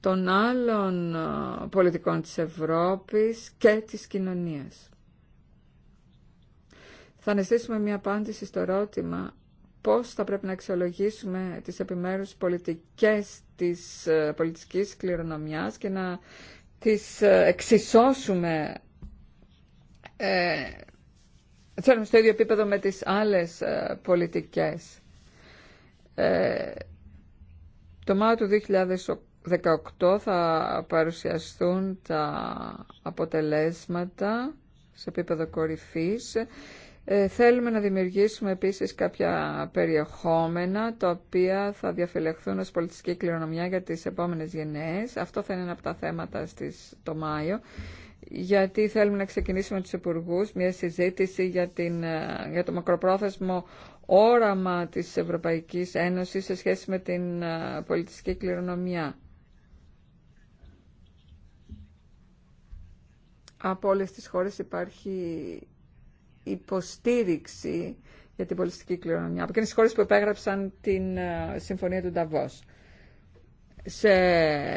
A: των άλλων ε, πολιτικών της Ευρώπης και της κοινωνίας. Θα αναστήσουμε μια απάντηση στο ερώτημα πώς θα πρέπει να αξιολογήσουμε τις επιμέρους πολιτικές της ε, πολιτικής κληρονομιάς και να τις ε, εξισώσουμε ε, Θέλουμε στο ίδιο επίπεδο με τις άλλες ε, πολιτικές. Ε, το Μάιο του 2018 θα παρουσιαστούν τα αποτελέσματα σε επίπεδο κορυφής. Ε, θέλουμε να δημιουργήσουμε επίσης κάποια περιεχόμενα τα οποία θα διαφυλεχθούν ως πολιτιστική κληρονομιά για τις επόμενες γενναίες. Αυτό θα είναι ένα από τα θέματα στις, το Μάιο γιατί θέλουμε να ξεκινήσουμε τους υπουργού μια συζήτηση για, την, ε, για το μακροπρόθεσμο όραμα της Ευρωπαϊκής Ένωσης σε σχέση με την ε, πολιτιστική κληρονομιά. Από όλες τις χώρες υπάρχει υποστήριξη για την πολιτιστική κληρονομιά. Από εκείνες τις χώρες που επέγραψαν την ε, Συμφωνία του Νταβός. Σε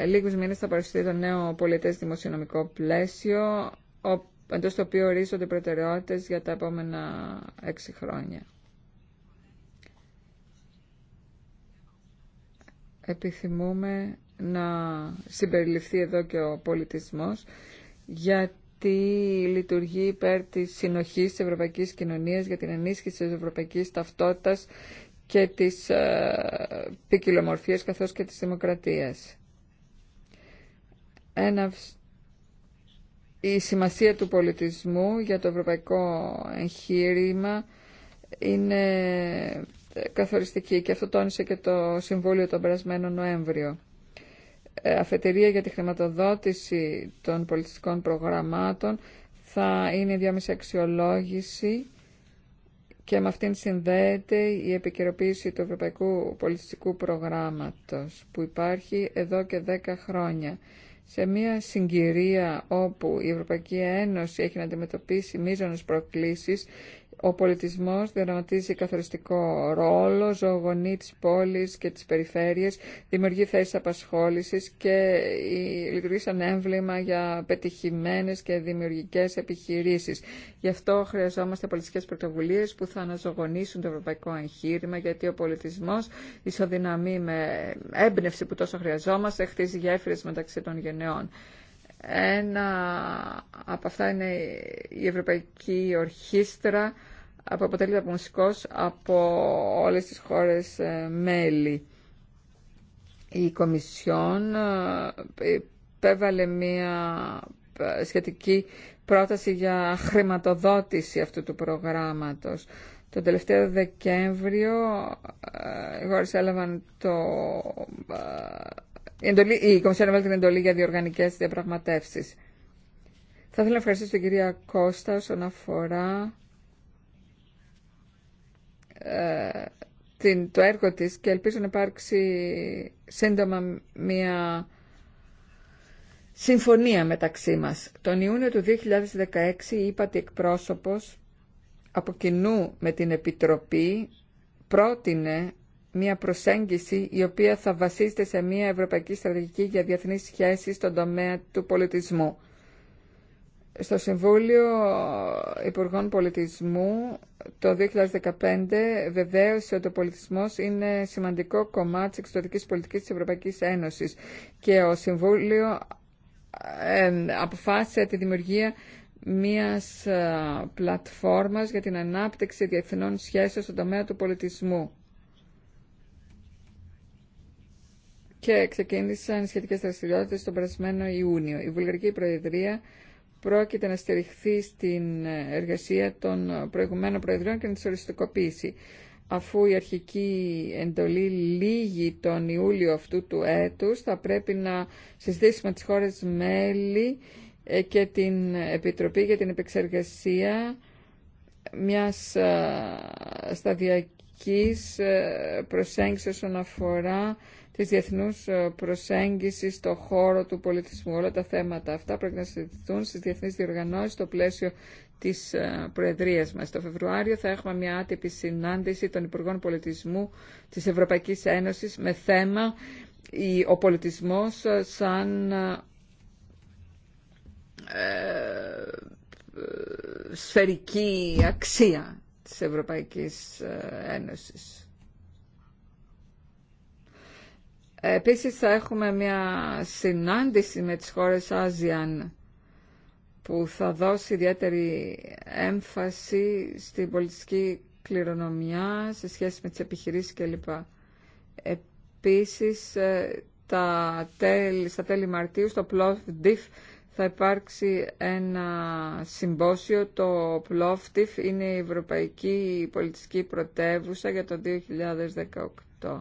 A: λίγους μήνες θα παρουσιαστεί το νέο πολιτές δημοσιονομικό πλαίσιο, εντός το οποίο ορίζονται προτεραιότητες για τα επόμενα έξι χρόνια. Επιθυμούμε να συμπεριληφθεί εδώ και ο πολιτισμός, γιατί λειτουργεί υπέρ της συνοχής της ευρωπαϊκής κοινωνίας για την ενίσχυση της ευρωπαϊκής ταυτότητας και της ε, ποικιλομορφίας καθώς και της δημοκρατίας. η σημασία του πολιτισμού για το ευρωπαϊκό εγχείρημα είναι καθοριστική και αυτό τόνισε και το Συμβούλιο τον περασμένο Νοέμβριο. Ε, αφετηρία για τη χρηματοδότηση των πολιτιστικών προγραμμάτων θα είναι η διάμεση αξιολόγηση και με αυτήν συνδέεται η επικαιροποίηση του Ευρωπαϊκού Πολιτιστικού Προγράμματος που υπάρχει εδώ και δέκα χρόνια. Σε μια συγκυρία όπου η Ευρωπαϊκή Ένωση έχει να αντιμετωπίσει μείζονες προκλήσεις, ο πολιτισμός διαδραματίζει καθοριστικό ρόλο, ζωογονεί τις πόλεις και τις περιφέρειες, δημιουργεί θέσεις απασχόλησης και ε, λειτουργεί σαν έμβλημα για πετυχημένες και δημιουργικές επιχειρήσεις. Γι' αυτό χρειαζόμαστε πολιτικές πρωτοβουλίες που θα αναζωογονήσουν το ευρωπαϊκό εγχείρημα, γιατί ο πολιτισμός ισοδυναμεί με έμπνευση που τόσο χρειαζόμαστε, χτίζει γέφυρες μεταξύ των γενναιών. Ένα από αυτά είναι η Ευρωπαϊκή Ορχήστρα που αποτελείται από μουσικός από όλες τις χώρες ε, μέλη. Η Κομισιόν ε, υπέβαλε μία ε, σχετική πρόταση για χρηματοδότηση αυτού του προγράμματος. Τον τελευταίο Δεκέμβριο οι χώρες έλαβαν το η, εντολή, η την εντολή για διοργανικές διαπραγματεύσει. Θα ήθελα να ευχαριστήσω την κυρία Κώστα όσον αφορά ε, την, το έργο της και ελπίζω να υπάρξει σύντομα μια συμφωνία μεταξύ μας. Τον Ιούνιο του 2016 είπα ότι εκπρόσωπος από κοινού με την Επιτροπή πρότεινε μια προσέγγιση η οποία θα βασίζεται σε μια ευρωπαϊκή στρατηγική για διεθνείς σχέσεις στον τομέα του πολιτισμού. Στο Συμβούλιο Υπουργών Πολιτισμού το 2015 βεβαίωσε ότι ο πολιτισμός είναι σημαντικό κομμάτι της εξωτερικής πολιτικής της Ευρωπαϊκής Ένωσης και ο Συμβούλιο ε, αποφάσισε τη δημιουργία μιας ε, πλατφόρμας για την ανάπτυξη διεθνών σχέσεων στον τομέα του πολιτισμού. και ξεκίνησαν σχετικέ δραστηριότητε τον περασμένο Ιούνιο. Η Βουλγαρική Προεδρία πρόκειται να στηριχθεί στην εργασία των προηγουμένων Προεδριών και να τι οριστικοποιήσει. Αφού η αρχική εντολή λύγει τον Ιούλιο αυτού του έτους, θα πρέπει να συζητήσουμε τις χώρες μέλη ε, και την Επιτροπή για την επεξεργασία μιας ε, σταδιακής ε, προσέγγισης όσον αφορά της διεθνούς ε, προσέγγισης στο χώρο του πολιτισμού. Όλα τα θέματα αυτά πρέπει να συζητηθούν στις διεθνείς διοργανώσεις στο πλαίσιο της ε, Προεδρίας μας. Το Φεβρουάριο θα έχουμε μια άτυπη συνάντηση των Υπουργών Πολιτισμού της Ευρωπαϊκής Ένωσης με θέμα ο πολιτισμός σαν ε, σφαιρική αξία της Ευρωπαϊκής Ένωσης. Ε, επίσης θα έχουμε μια συνάντηση με τις χώρες Άζιαν που θα δώσει ιδιαίτερη έμφαση στην πολιτική κληρονομιά σε σχέση με τις επιχειρήσεις κλπ. Επίσης ε, τα τέλη, στα τέλη Μαρτίου στο Plovdiv θα υπάρξει ένα συμπόσιο. Το Plovdiv είναι η Ευρωπαϊκή Πολιτιστική Πρωτεύουσα για το 2018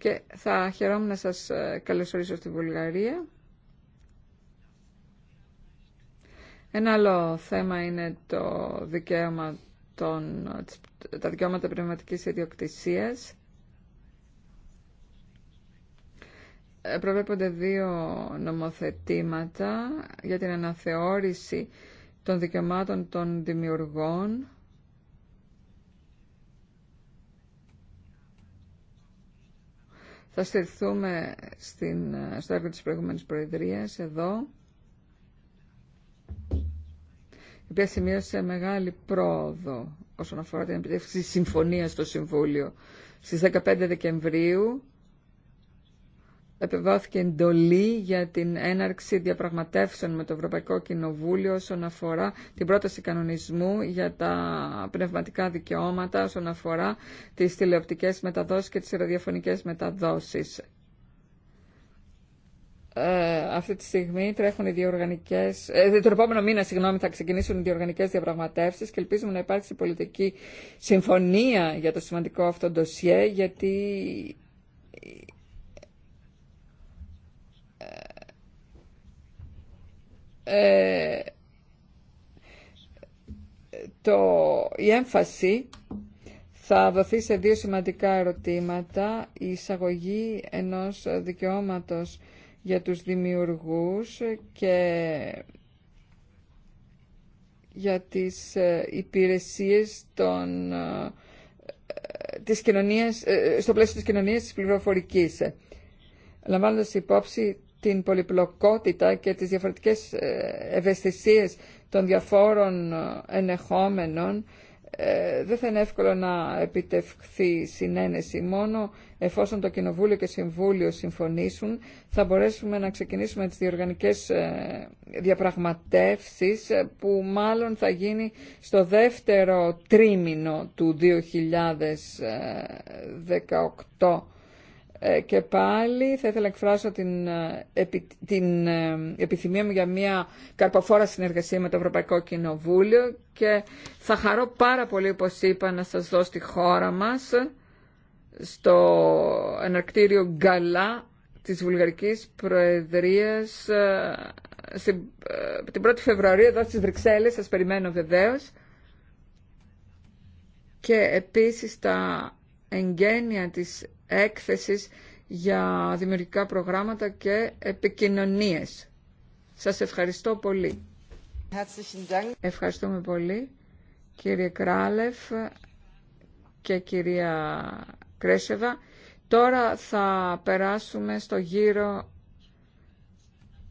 A: και θα χαιρόμουν να σας ε, καλωσορίσω στη Βουλγαρία. Ένα άλλο θέμα είναι το δικαίωμα των, τα δικαιώματα πνευματικής ιδιοκτησίας. Ε, προβλέπονται δύο νομοθετήματα για την αναθεώρηση των δικαιωμάτων των δημιουργών Θα στηριχθούμε στην, στο έργο της προηγούμενης Προεδρίας εδώ, η οποία σημείωσε μεγάλη πρόοδο όσον αφορά την επιτεύξη συμφωνία στο Συμβούλιο. Στις 15 Δεκεμβρίου επιβάθηκε εντολή για την έναρξη διαπραγματεύσεων με το Ευρωπαϊκό Κοινοβούλιο όσον αφορά την πρόταση κανονισμού για τα πνευματικά δικαιώματα, όσον αφορά τις τηλεοπτικές μεταδόσεις και τις ραδιοφωνικές μεταδόσεις. Ε, αυτή τη στιγμή τρέχουν οι διοργανικές, ε, επόμενο μήνα συγγνώμη, θα ξεκινήσουν οι διοργανικές διαπραγματεύσεις και ελπίζουμε να υπάρξει πολιτική συμφωνία για το σημαντικό αυτό ντοσιέ γιατί ε, το, η έμφαση θα δοθεί σε δύο σημαντικά ερωτήματα. Η εισαγωγή ενός δικαιώματος για τους δημιουργούς και για τις ε, υπηρεσίες των, ε, της κοινωνίας, ε, στο πλαίσιο της κοινωνίας της πληροφορικής. Λαμβάνοντας υπόψη την πολυπλοκότητα και τις διαφορετικές ε, ευαισθησίες των διαφόρων ε, ενεχόμενων ε, δεν θα είναι εύκολο να επιτευχθεί συνένεση. Μόνο εφόσον το Κοινοβούλιο και Συμβούλιο συμφωνήσουν θα μπορέσουμε να ξεκινήσουμε τις διοργανικές διαπραγματεύσεις που μάλλον θα γίνει στο δεύτερο τρίμηνο του 2018 ε, και πάλι θα ήθελα να εκφράσω την, ε, την ε, επιθυμία μου για μια καρποφόρα συνεργασία με το Ευρωπαϊκό Κοινοβούλιο και θα χαρώ πάρα πολύ, όπως είπα, να σας δω στη χώρα μας, στο εναρκτήριο Γκαλά της Βουλγαρικής Προεδρίας την 1η Φεβρουαρίου εδώ στις Βρυξέλλες, σας περιμένω βεβαίως. Και επίσης τα εγγένεια της έκθεσης για δημιουργικά προγράμματα και επικοινωνίες. Σας ευχαριστώ πολύ. Ευχαριστούμε πολύ κύριε Κράλεφ και κυρία Κρέσεβα. Τώρα θα περάσουμε στο γύρο.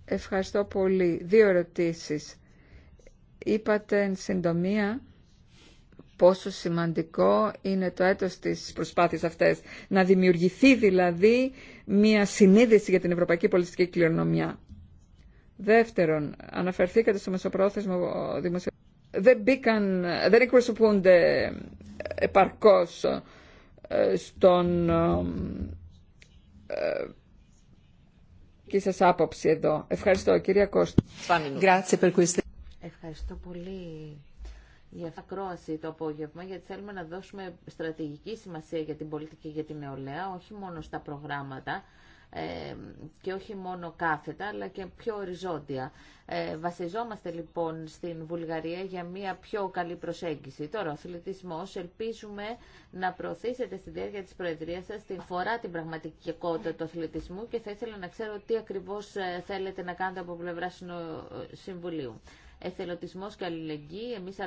A: Ευχαριστώ πολύ. Δύο ερωτήσεις. Είπατε εν συντομία πόσο σημαντικό είναι το έτος της προσπάθειας αυτές. Να δημιουργηθεί δηλαδή μια συνείδηση για την ευρωπαϊκή πολιτική κληρονομιά. Δεύτερον, αναφερθήκατε στο μεσοπρόθεσμο δημοσιο... Δεν, μπήκαν, δεν εκπροσωπούνται επαρκώς ε, στον ε, ε, και σας άποψη εδώ. Ευχαριστώ, κυρία Κώστα.
B: Ευχαριστώ πολύ για ακρόαση το απόγευμα, γιατί θέλουμε να δώσουμε στρατηγική σημασία για την πολιτική για την νεολαία, όχι μόνο στα προγράμματα ε, και όχι μόνο κάθετα, αλλά και πιο οριζόντια. Ε, βασιζόμαστε λοιπόν στην Βουλγαρία για μια πιο καλή προσέγγιση. Τώρα, ο αθλητισμός ελπίζουμε να προωθήσετε στη διάρκεια της Προεδρίας σας την φορά την πραγματικότητα του αθλητισμού και θα ήθελα να ξέρω τι ακριβώς ε, θέλετε να κάνετε από πλευρά Συμβουλίου εθελοντισμός και αλληλεγγύη. Εμείς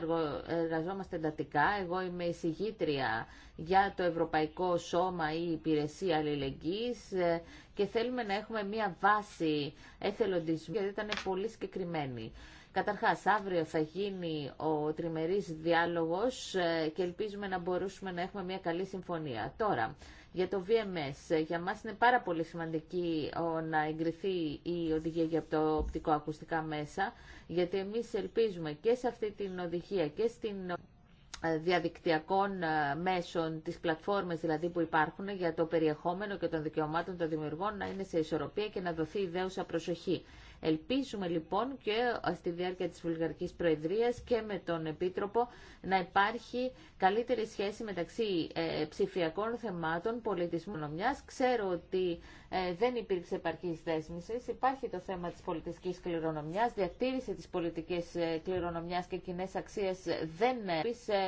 B: εργαζόμαστε εντατικά. Εγώ είμαι συγγήτρια για το Ευρωπαϊκό Σώμα ή Υπηρεσία Αλληλεγγύης ε, και θέλουμε να έχουμε μία βάση εθελοντισμού γιατί ήταν πολύ συγκεκριμένη. Καταρχάς, αύριο θα γίνει ο τριμερής διάλογος ε, και ελπίζουμε να μπορούσουμε να έχουμε μια καλή συμφωνία. Τώρα, για το VMS, για μας είναι πάρα πολύ σημαντική να εγκριθεί η οδηγία για το ακουστικά μέσα, γιατί εμείς ελπίζουμε και σε αυτή την οδηγία και στην ε, διαδικτυακών ε, μέσων, τις πλατφόρμες δηλαδή που υπάρχουν για το περιεχόμενο και των δικαιωμάτων των δημιουργών να είναι σε ισορροπία και να δοθεί ιδέουσα προσοχή. Ελπίζουμε λοιπόν και στη διάρκεια της Βουλγαρικής Προεδρίας και με τον Επίτροπο να υπάρχει καλύτερη σχέση μεταξύ ε, ψηφιακών θεμάτων πολιτισμού νομιάς. Ξέρω ότι ε, δεν υπήρξε επαρκής δέσμησης. Υπάρχει το θέμα της πολιτιστικής κληρονομιάς, διατήρηση της πολιτικής ε, κληρονομιάς και κοινέ αξίες δεν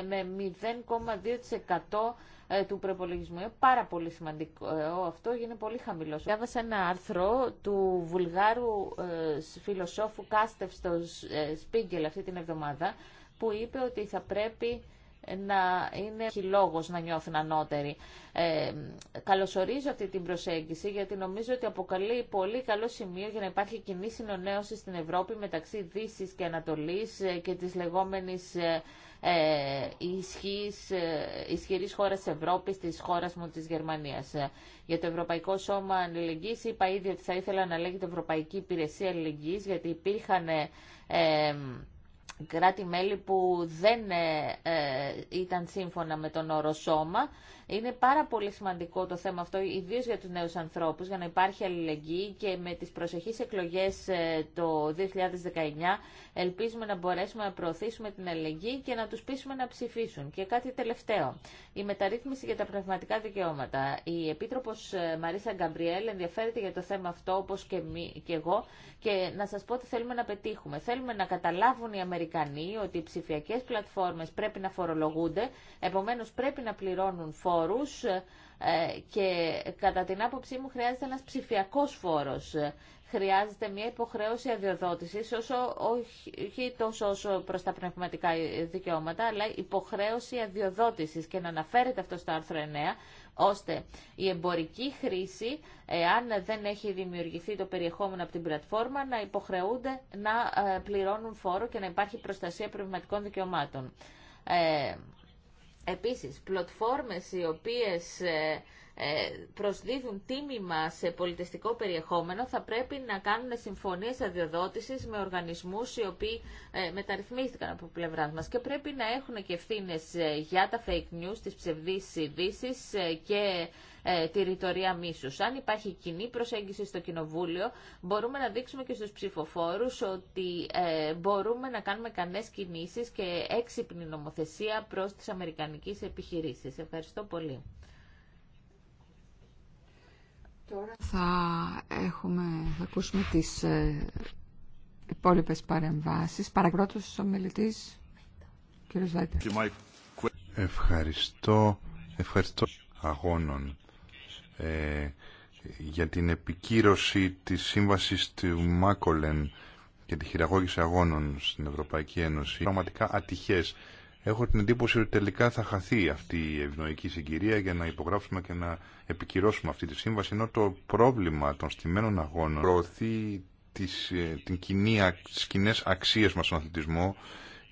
B: με 0,2% ε, του προπολογισμού. Είναι πάρα πολύ σημαντικό ε, αυτό, είναι πολύ χαμηλό. Διάβασα ένα άρθρο του βουλγάρου ε, φιλοσόφου Κάστευστο Σπίγκελ αυτή την εβδομάδα που είπε ότι θα πρέπει να είναι λόγος να νιώθουν ανώτεροι. Ε, καλωσορίζω αυτή την προσέγγιση γιατί νομίζω ότι αποκαλεί πολύ καλό σημείο για να υπάρχει κοινή συνονέωση στην Ευρώπη μεταξύ Δύσης και Ανατολής ε, και της λεγόμενης ε, ε, ισχύς, ε, ισχυρής χώρας της Ευρώπης, της χώρας μου της Γερμανίας. Ε, για το Ευρωπαϊκό Σώμα Αλληλεγγύης είπα ήδη ότι θα ήθελα να λέγεται Ευρωπαϊκή Υπηρεσία Αλληλεγγύης γιατί υπήρχαν κράτη-μέλη που δεν ε, ε, ήταν σύμφωνα με τον όρο σώμα είναι πάρα πολύ σημαντικό το θέμα αυτό, ιδίω για του νέου ανθρώπου, για να υπάρχει αλληλεγγύη και με τι προσεχεί εκλογέ ε, το 2019 ελπίζουμε να μπορέσουμε να προωθήσουμε την αλληλεγγύη και να του πείσουμε να ψηφίσουν. Και κάτι τελευταίο. Η μεταρρύθμιση για τα πνευματικά δικαιώματα. Η Επίτροπο ε, Μαρίσα Γκαμπριέλ ενδιαφέρεται για το θέμα αυτό όπω και, και εγώ και να σα πω ότι θέλουμε να πετύχουμε. Θέλουμε να καταλάβουν οι Αμερικανοί ότι οι ψηφιακέ πλατφόρμε πρέπει να φορολογούνται, επομένω πρέπει να πληρώνουν φόρους ε, και κατά την άποψή μου χρειάζεται ένας ψηφιακός φόρος. Χρειάζεται μια υποχρέωση αδειοδότησης, όσο, όχι τόσο όσο προς τα πνευματικά δικαιώματα, αλλά υποχρέωση αδειοδότησης και να αναφέρεται αυτό στο άρθρο 9, ώστε η εμπορική χρήση, αν δεν έχει δημιουργηθεί το περιεχόμενο από την πλατφόρμα, να υποχρεούνται να ε, πληρώνουν φόρο και να υπάρχει προστασία πνευματικών δικαιωμάτων. Ε, Επίσης, πλατφόρμες οι οποίες ε, ε, προσδίδουν τίμημα σε πολιτιστικό περιεχόμενο θα πρέπει να κάνουν συμφωνίες αδειοδότησης με οργανισμούς οι οποίοι ε, μεταρρυθμίστηκαν από πλευράς μας και πρέπει να έχουν και ευθύνε για τα fake news, τις ψευδείς ειδήσει και ε, τη ρητορία μίσους. Αν υπάρχει κοινή προσέγγιση στο Κοινοβούλιο, μπορούμε να δείξουμε και στους ψηφοφόρους ότι ε, μπορούμε να κάνουμε κανές κινήσεις και έξυπνη νομοθεσία προς τις αμερικανικές επιχειρήσεις. Ευχαριστώ πολύ.
A: Τώρα θα έχουμε, θα ακούσουμε τις ε, υπόλοιπες παρεμβάσεις. Παρακρότω, ο
D: Ευχαριστώ, ευχαριστώ αγώνων ε, για την επικύρωση της σύμβασης του Μάκολεν και τη χειραγώγηση αγώνων στην Ευρωπαϊκή Ένωση. Πραγματικά ατυχές. Έχω την εντύπωση ότι τελικά θα χαθεί αυτή η ευνοϊκή συγκυρία για να υπογράψουμε και να επικυρώσουμε αυτή τη σύμβαση, ενώ το πρόβλημα των στημένων αγώνων προωθεί τις, ε, την κοινή, τις κοινές αξίες μας στον αθλητισμό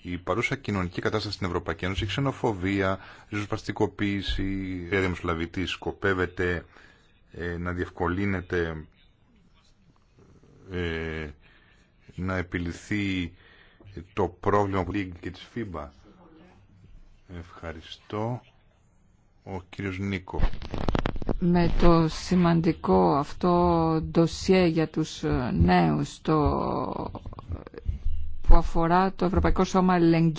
D: η παρούσα κοινωνική κατάσταση στην Ευρωπαϊκή Ένωση, η ξενοφοβία, η ζωσπαστικοποίηση, η δημοσιολαβητή σκοπεύεται ε, να διευκολύνεται, ε, να επιληθεί το πρόβλημα που και της ΦΥΜΠΑ. Ευχαριστώ. Ο κύριος Νίκο.
A: Με το σημαντικό αυτό ντοσιέ για τους ε, νέους, το που αφορά το Ευρωπαϊκό Σώμα Αλληλεγγύη.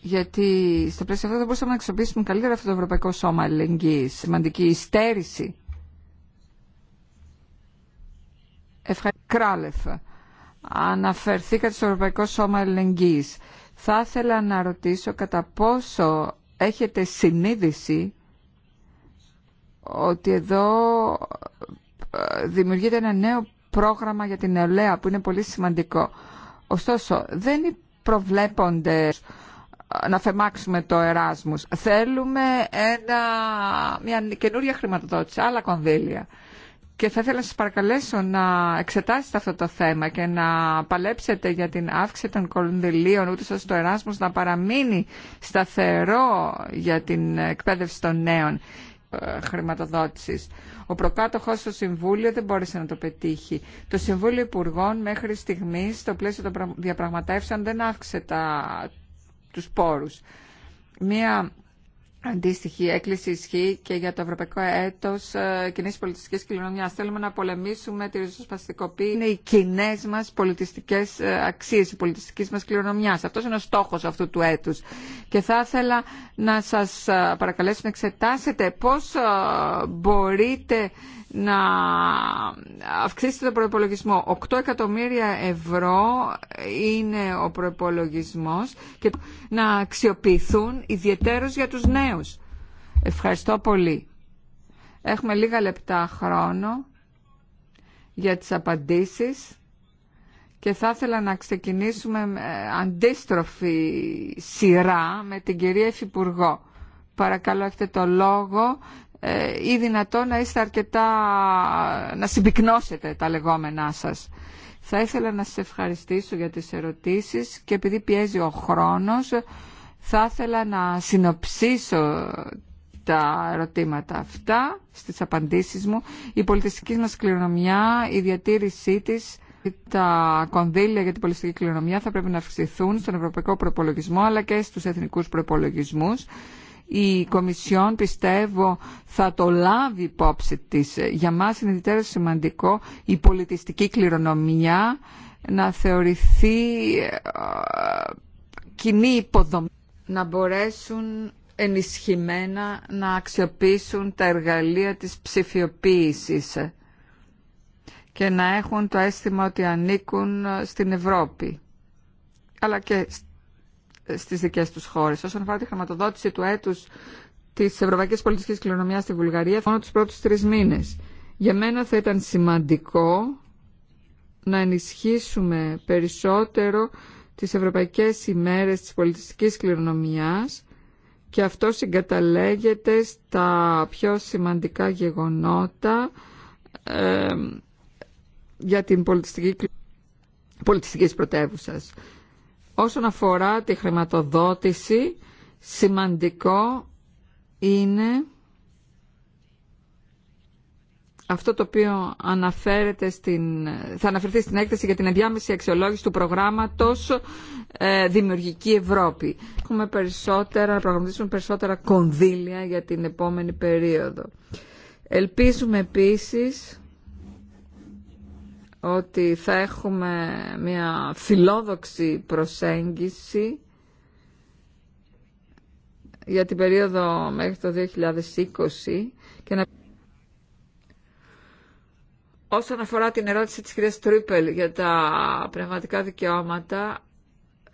A: Γιατί στο πλαίσιο αυτό θα μπορούσαμε να αξιοποιήσουμε καλύτερα αυτό το Ευρωπαϊκό Σώμα Αλληλεγγύη. Σημαντική υστέρηση. Ευχαριστώ. Κράλεφ. Αναφερθήκατε στο Ευρωπαϊκό Σώμα Αλληλεγγύη. Θα ήθελα να ρωτήσω κατά πόσο έχετε συνείδηση ότι εδώ δημιουργείται ένα νέο πρόγραμμα για την νεολαία που είναι πολύ σημαντικό. Ωστόσο, δεν προβλέπονται να φεμάξουμε το Εράσμους. Θέλουμε ένα, μια καινούρια χρηματοδότηση, άλλα κονδύλια. Και θα ήθελα να σας παρακαλέσω να εξετάσετε αυτό το θέμα και να παλέψετε για την αύξηση των κονδυλίων, ούτως ώστε το Εράσμος να παραμείνει σταθερό για την εκπαίδευση των νέων ε, χρηματοδότησης. Ο προκάτοχος στο Συμβούλιο δεν μπόρεσε να το πετύχει. Το Συμβούλιο Υπουργών μέχρι στιγμής στο πλαίσιο των διαπραγματεύσεων δεν αύξησε τα, τους πόρους. Μία Αντίστοιχη έκκληση ισχύει και για το Ευρωπαϊκό Έτο ε, Κοινή Πολιτιστική Κληρονομιά. Θέλουμε να πολεμήσουμε τη ριζοσπαστικοποίηση. Είναι οι κοινέ μα πολιτιστικέ ε, αξίε, η πολιτιστική μα κληρονομιά. Αυτό είναι ο στόχο αυτού του έτου. Και θα ήθελα να σα ε, παρακαλέσω να εξετάσετε πώ μπορείτε να αυξήσετε το προπολογισμό. 8 εκατομμύρια ευρώ είναι ο προπολογισμό και να αξιοποιηθούν ιδιαίτερω για τους νέους. Ευχαριστώ πολύ. Έχουμε λίγα λεπτά χρόνο για τις απαντήσεις και θα ήθελα να ξεκινήσουμε αντίστροφη σειρά με την κυρία Υφυπουργό. Παρακαλώ έχετε το λόγο ε, ή δυνατόν να είστε αρκετά, να συμπυκνώσετε τα λεγόμενά σας. Θα ήθελα να σας ευχαριστήσω για τις ερωτήσεις και επειδή πιέζει ο χρόνος, θα ήθελα να συνοψίσω τα ερωτήματα αυτά στις απαντήσεις μου. Η πολιτιστική μας κληρονομιά, η διατήρησή της, τα κονδύλια για την πολιτιστική κληρονομιά θα πρέπει να αυξηθούν στον ευρωπαϊκό προπολογισμό αλλά και στους εθνικούς προπολογισμούς η Κομισιόν πιστεύω θα το λάβει υπόψη της. Για μας είναι ιδιαίτερα σημαντικό η πολιτιστική κληρονομιά να θεωρηθεί ε, κοινή υποδομή, να μπορέσουν ενισχυμένα να αξιοποιήσουν τα εργαλεία της ψηφιοποίησης και να έχουν το αίσθημα ότι ανήκουν ε, στην Ευρώπη αλλά και στις δικές τους χώρες. Όσον αφορά τη χρηματοδότηση του έτους της Ευρωπαϊκής Πολιτικής Κληρονομιάς στη Βουλγαρία, μόνο τους πρώτους τρεις μήνες. Για μένα θα ήταν σημαντικό να ενισχύσουμε περισσότερο τις Ευρωπαϊκές ημέρες της πολιτιστικής κληρονομιάς και αυτό συγκαταλέγεται στα πιο σημαντικά γεγονότα ε, για την πολιτιστική πολιτιστικής πρωτεύουσας. Όσον αφορά τη χρηματοδότηση, σημαντικό είναι αυτό το οποίο αναφέρεται στην, θα αναφερθεί στην έκθεση για την ενδιάμεση αξιολόγηση του προγράμματος ε, Δημιουργική Ευρώπη. Έχουμε περισσότερα, προγραμματίσουμε περισσότερα κονδύλια για την επόμενη περίοδο. Ελπίζουμε επίσης ότι θα έχουμε μια φιλόδοξη προσέγγιση για την περίοδο μέχρι το 2020 και να... Όσον αφορά την ερώτηση της κυρίας Τρίπελ για τα πνευματικά δικαιώματα,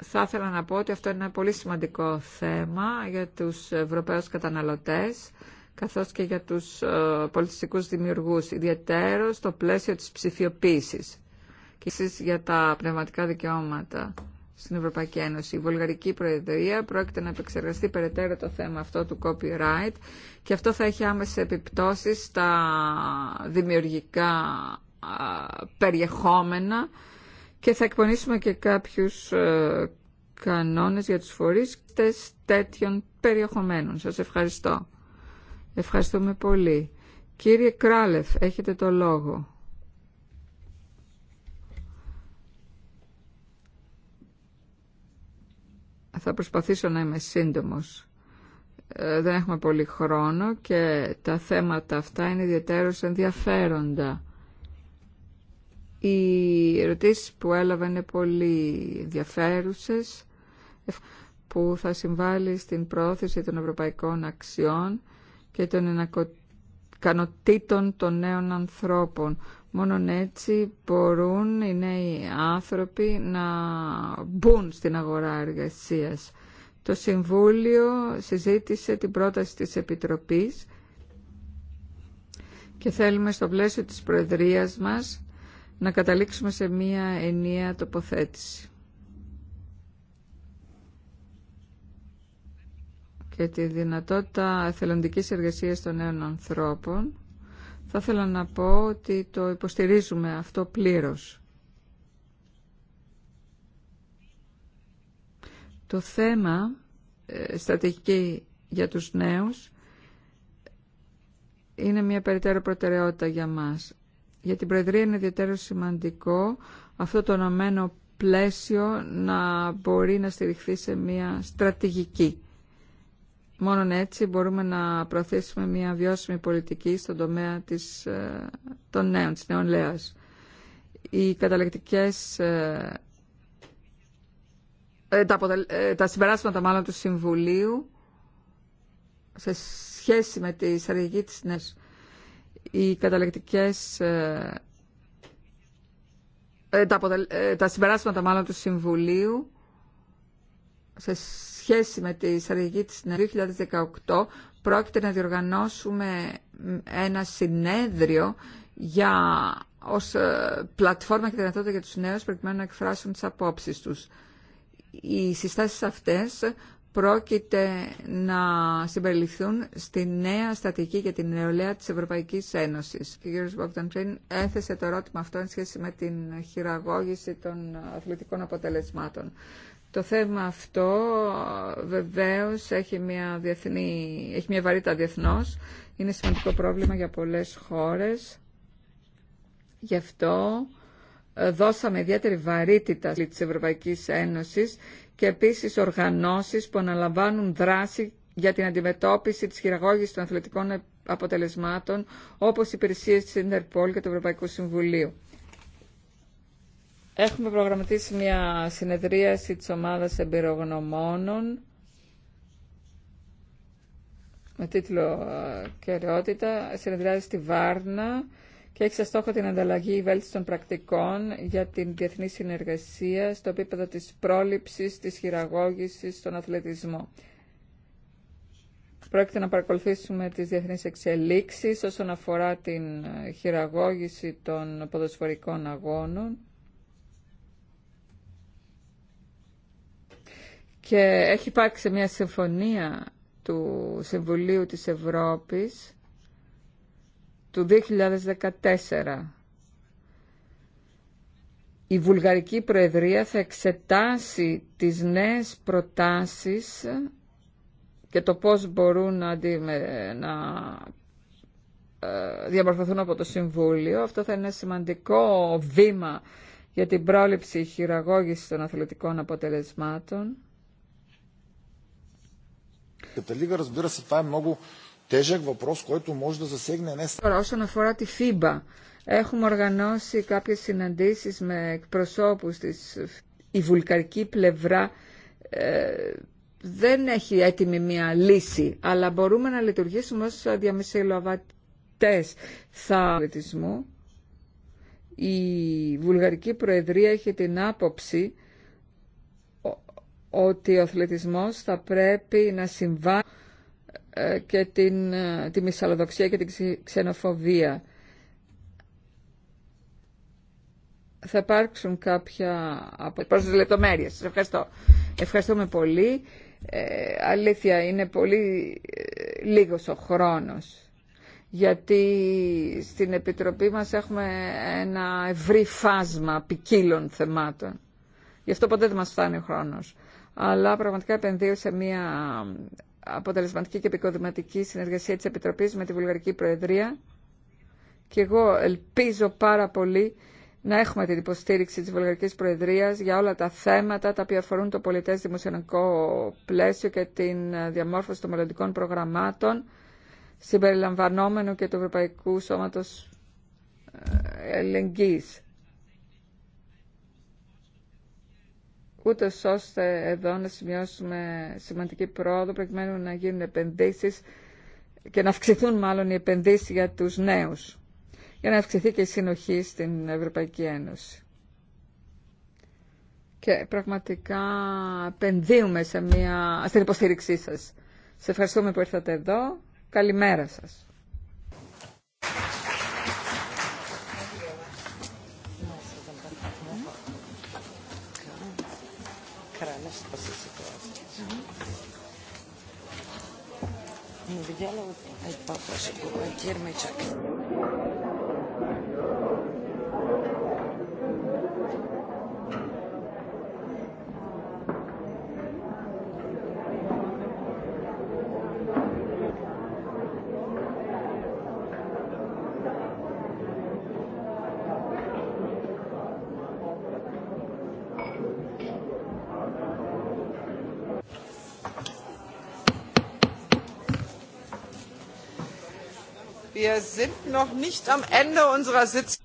A: θα ήθελα να πω ότι αυτό είναι ένα πολύ σημαντικό θέμα για τους Ευρωπαίους καταναλωτές καθώς και για τους ε, πολιτιστικούς δημιουργούς, ιδιαίτερο στο πλαίσιο της ψηφιοποίησης και εσείς για τα πνευματικά δικαιώματα στην Ευρωπαϊκή Ένωση. Η Βουλγαρική Προεδρία πρόκειται να επεξεργαστεί περαιτέρω το θέμα αυτό του copyright και αυτό θα έχει άμεσες επιπτώσεις στα δημιουργικά περιεχόμενα και θα εκπονήσουμε και κάποιους ε, κανόνες για τους φορείς τέτοιων περιεχομένων. Σας ευχαριστώ. Ευχαριστούμε πολύ. Κύριε Κράλεφ, έχετε το λόγο. Θα προσπαθήσω να είμαι σύντομος. Ε, δεν έχουμε πολύ χρόνο και τα θέματα αυτά είναι ιδιαίτερως ενδιαφέροντα. Οι ερωτήσεις που έλαβα είναι πολύ ενδιαφέρουσες που θα συμβάλλει στην πρόθεση των ευρωπαϊκών αξιών και των ικανοτήτων των νέων ανθρώπων. Μόνον έτσι μπορούν οι νέοι άνθρωποι να μπουν στην αγορά εργασίας. Το Συμβούλιο συζήτησε την πρόταση της Επιτροπής και θέλουμε στο πλαίσιο της Προεδρίας μας να καταλήξουμε σε μία ενιαία τοποθέτηση. και τη δυνατότητα εθελοντικής εργασίας των νέων ανθρώπων, θα ήθελα να πω ότι το υποστηρίζουμε αυτό πλήρως. Το θέμα ε, στρατηγική για τους νέους είναι μια περιττέρω προτεραιότητα για μας. Για την Προεδρία είναι ιδιαίτερο σημαντικό αυτό το ονομένο πλαίσιο να μπορεί να στηριχθεί σε μια στρατηγική. Μόνον έτσι μπορούμε να προωθήσουμε μια βιώσιμη πολιτική στον τομέα της, ε, των νέων, της νεολαίας. Οι καταλεκτικές ε, ε, τα, τα συμπεράσματα μάλλον του Συμβουλίου σε σχέση με τη στρατηγική της νέας οι καταλεκτικές τα, τα συμπεράσματα μάλλον του Συμβουλίου σε σχέση με τη στρατηγική της 2018 πρόκειται να διοργανώσουμε ένα συνέδριο για, ως ε, πλατφόρμα και δυνατότητα για τους νέους προκειμένου να εκφράσουν τις απόψεις τους. Οι συστάσεις αυτές πρόκειται να συμπεριληφθούν στη νέα στατική για την νεολαία της Ευρωπαϊκής Ένωσης. Και ο κ. Μποκτανπρίν έθεσε το ερώτημα αυτό εν σχέση με την χειραγώγηση των αθλητικών αποτελεσμάτων. Το θέμα αυτό βεβαίως έχει μια, διεθνή, έχει μια βαρύτητα διεθνώς. Είναι σημαντικό πρόβλημα για πολλές χώρες. Γι' αυτό ε, δώσαμε ιδιαίτερη βαρύτητα τη Ευρωπαϊκή Ένωση και επίσης οργανώσεις που αναλαμβάνουν δράση για την αντιμετώπιση της χειραγώγησης των αθλητικών ε, αποτελεσμάτων όπως οι υπηρεσίες της Ιντερπόλ και του Ευρωπαϊκού Συμβουλίου. Έχουμε προγραμματίσει μια συνεδρίαση της ομάδας εμπειρογνωμόνων με τίτλο ε, «Καιρεότητα», συνεδριάζει στη Βάρνα και έχει σε στόχο την ανταλλαγή βέλτιστων πρακτικών για την διεθνή συνεργασία στο επίπεδο της πρόληψης, της χειραγώγησης στον αθλητισμό. Πρόκειται να παρακολουθήσουμε τις διεθνείς εξελίξεις όσον αφορά την ε, χειραγώγηση των ποδοσφορικών αγώνων Και έχει υπάρξει μια συμφωνία του Συμβουλίου της Ευρώπης του 2014. Η Βουλγαρική Προεδρία θα εξετάσει τις νέες προτάσεις και το πώς μπορούν να, να ε, διαμορφωθούν από το Συμβούλιο. Αυτό θα είναι σημαντικό βήμα για την πρόληψη χειραγώγηση των αθλητικών αποτελεσμάτων. Европейската лига. Разбира се, това е много тежък въпрос, който може да засегне не само. Όσον αφορά τη ФИБА, έχουμε οργανώσει κάποιε συναντήσει με εκπροσώπου τη. Η βουλκαρική πλευρά δεν έχει έτοιμη μία λύση, αλλά μπορούμε να λειτουργήσουμε ως διαμεσολαβητές. θα Η Βουλγαρική Προεδρία έχει την άποψη ότι ο αθλητισμός θα πρέπει να συμβάλλει ε, και την, ε, τη μυσαλλοδοξία και την ξενοφοβία. Θα υπάρξουν κάποια από τις λεπτομέρειες. Σας ευχαριστώ. Ευχαριστούμε πολύ. Ε, αλήθεια, είναι πολύ ε, λίγος ο χρόνος. Γιατί στην Επιτροπή μας έχουμε ένα ευρύ φάσμα ποικίλων θεμάτων. Γι' αυτό ποτέ δεν μας φτάνει ο χρόνος αλλά πραγματικά επενδύω σε μια αποτελεσματική και επικοδηματική συνεργασία της Επιτροπής με τη Βουλγαρική Προεδρία και εγώ ελπίζω πάρα πολύ να έχουμε την υποστήριξη της Βουλγαρικής Προεδρίας για όλα τα θέματα τα οποία αφορούν το πολιτές δημοσιονομικό πλαίσιο και την διαμόρφωση των μελλοντικών προγραμμάτων συμπεριλαμβανόμενου και του Ευρωπαϊκού Σώματος ε, Ελεγγύης. ούτω ώστε εδώ να σημειώσουμε σημαντική πρόοδο προκειμένου να γίνουν επενδύσεις και να αυξηθούν μάλλον οι επενδύσεις για τους νέους για να αυξηθεί και η συνοχή στην Ευρωπαϊκή Ένωση. Και πραγματικά επενδύουμε σε μια... στην υποστήριξή σας. Σε ευχαριστούμε που ήρθατε εδώ. Καλημέρα σας. Не
B: видела, вот этот
A: папа, чтобы блокировать.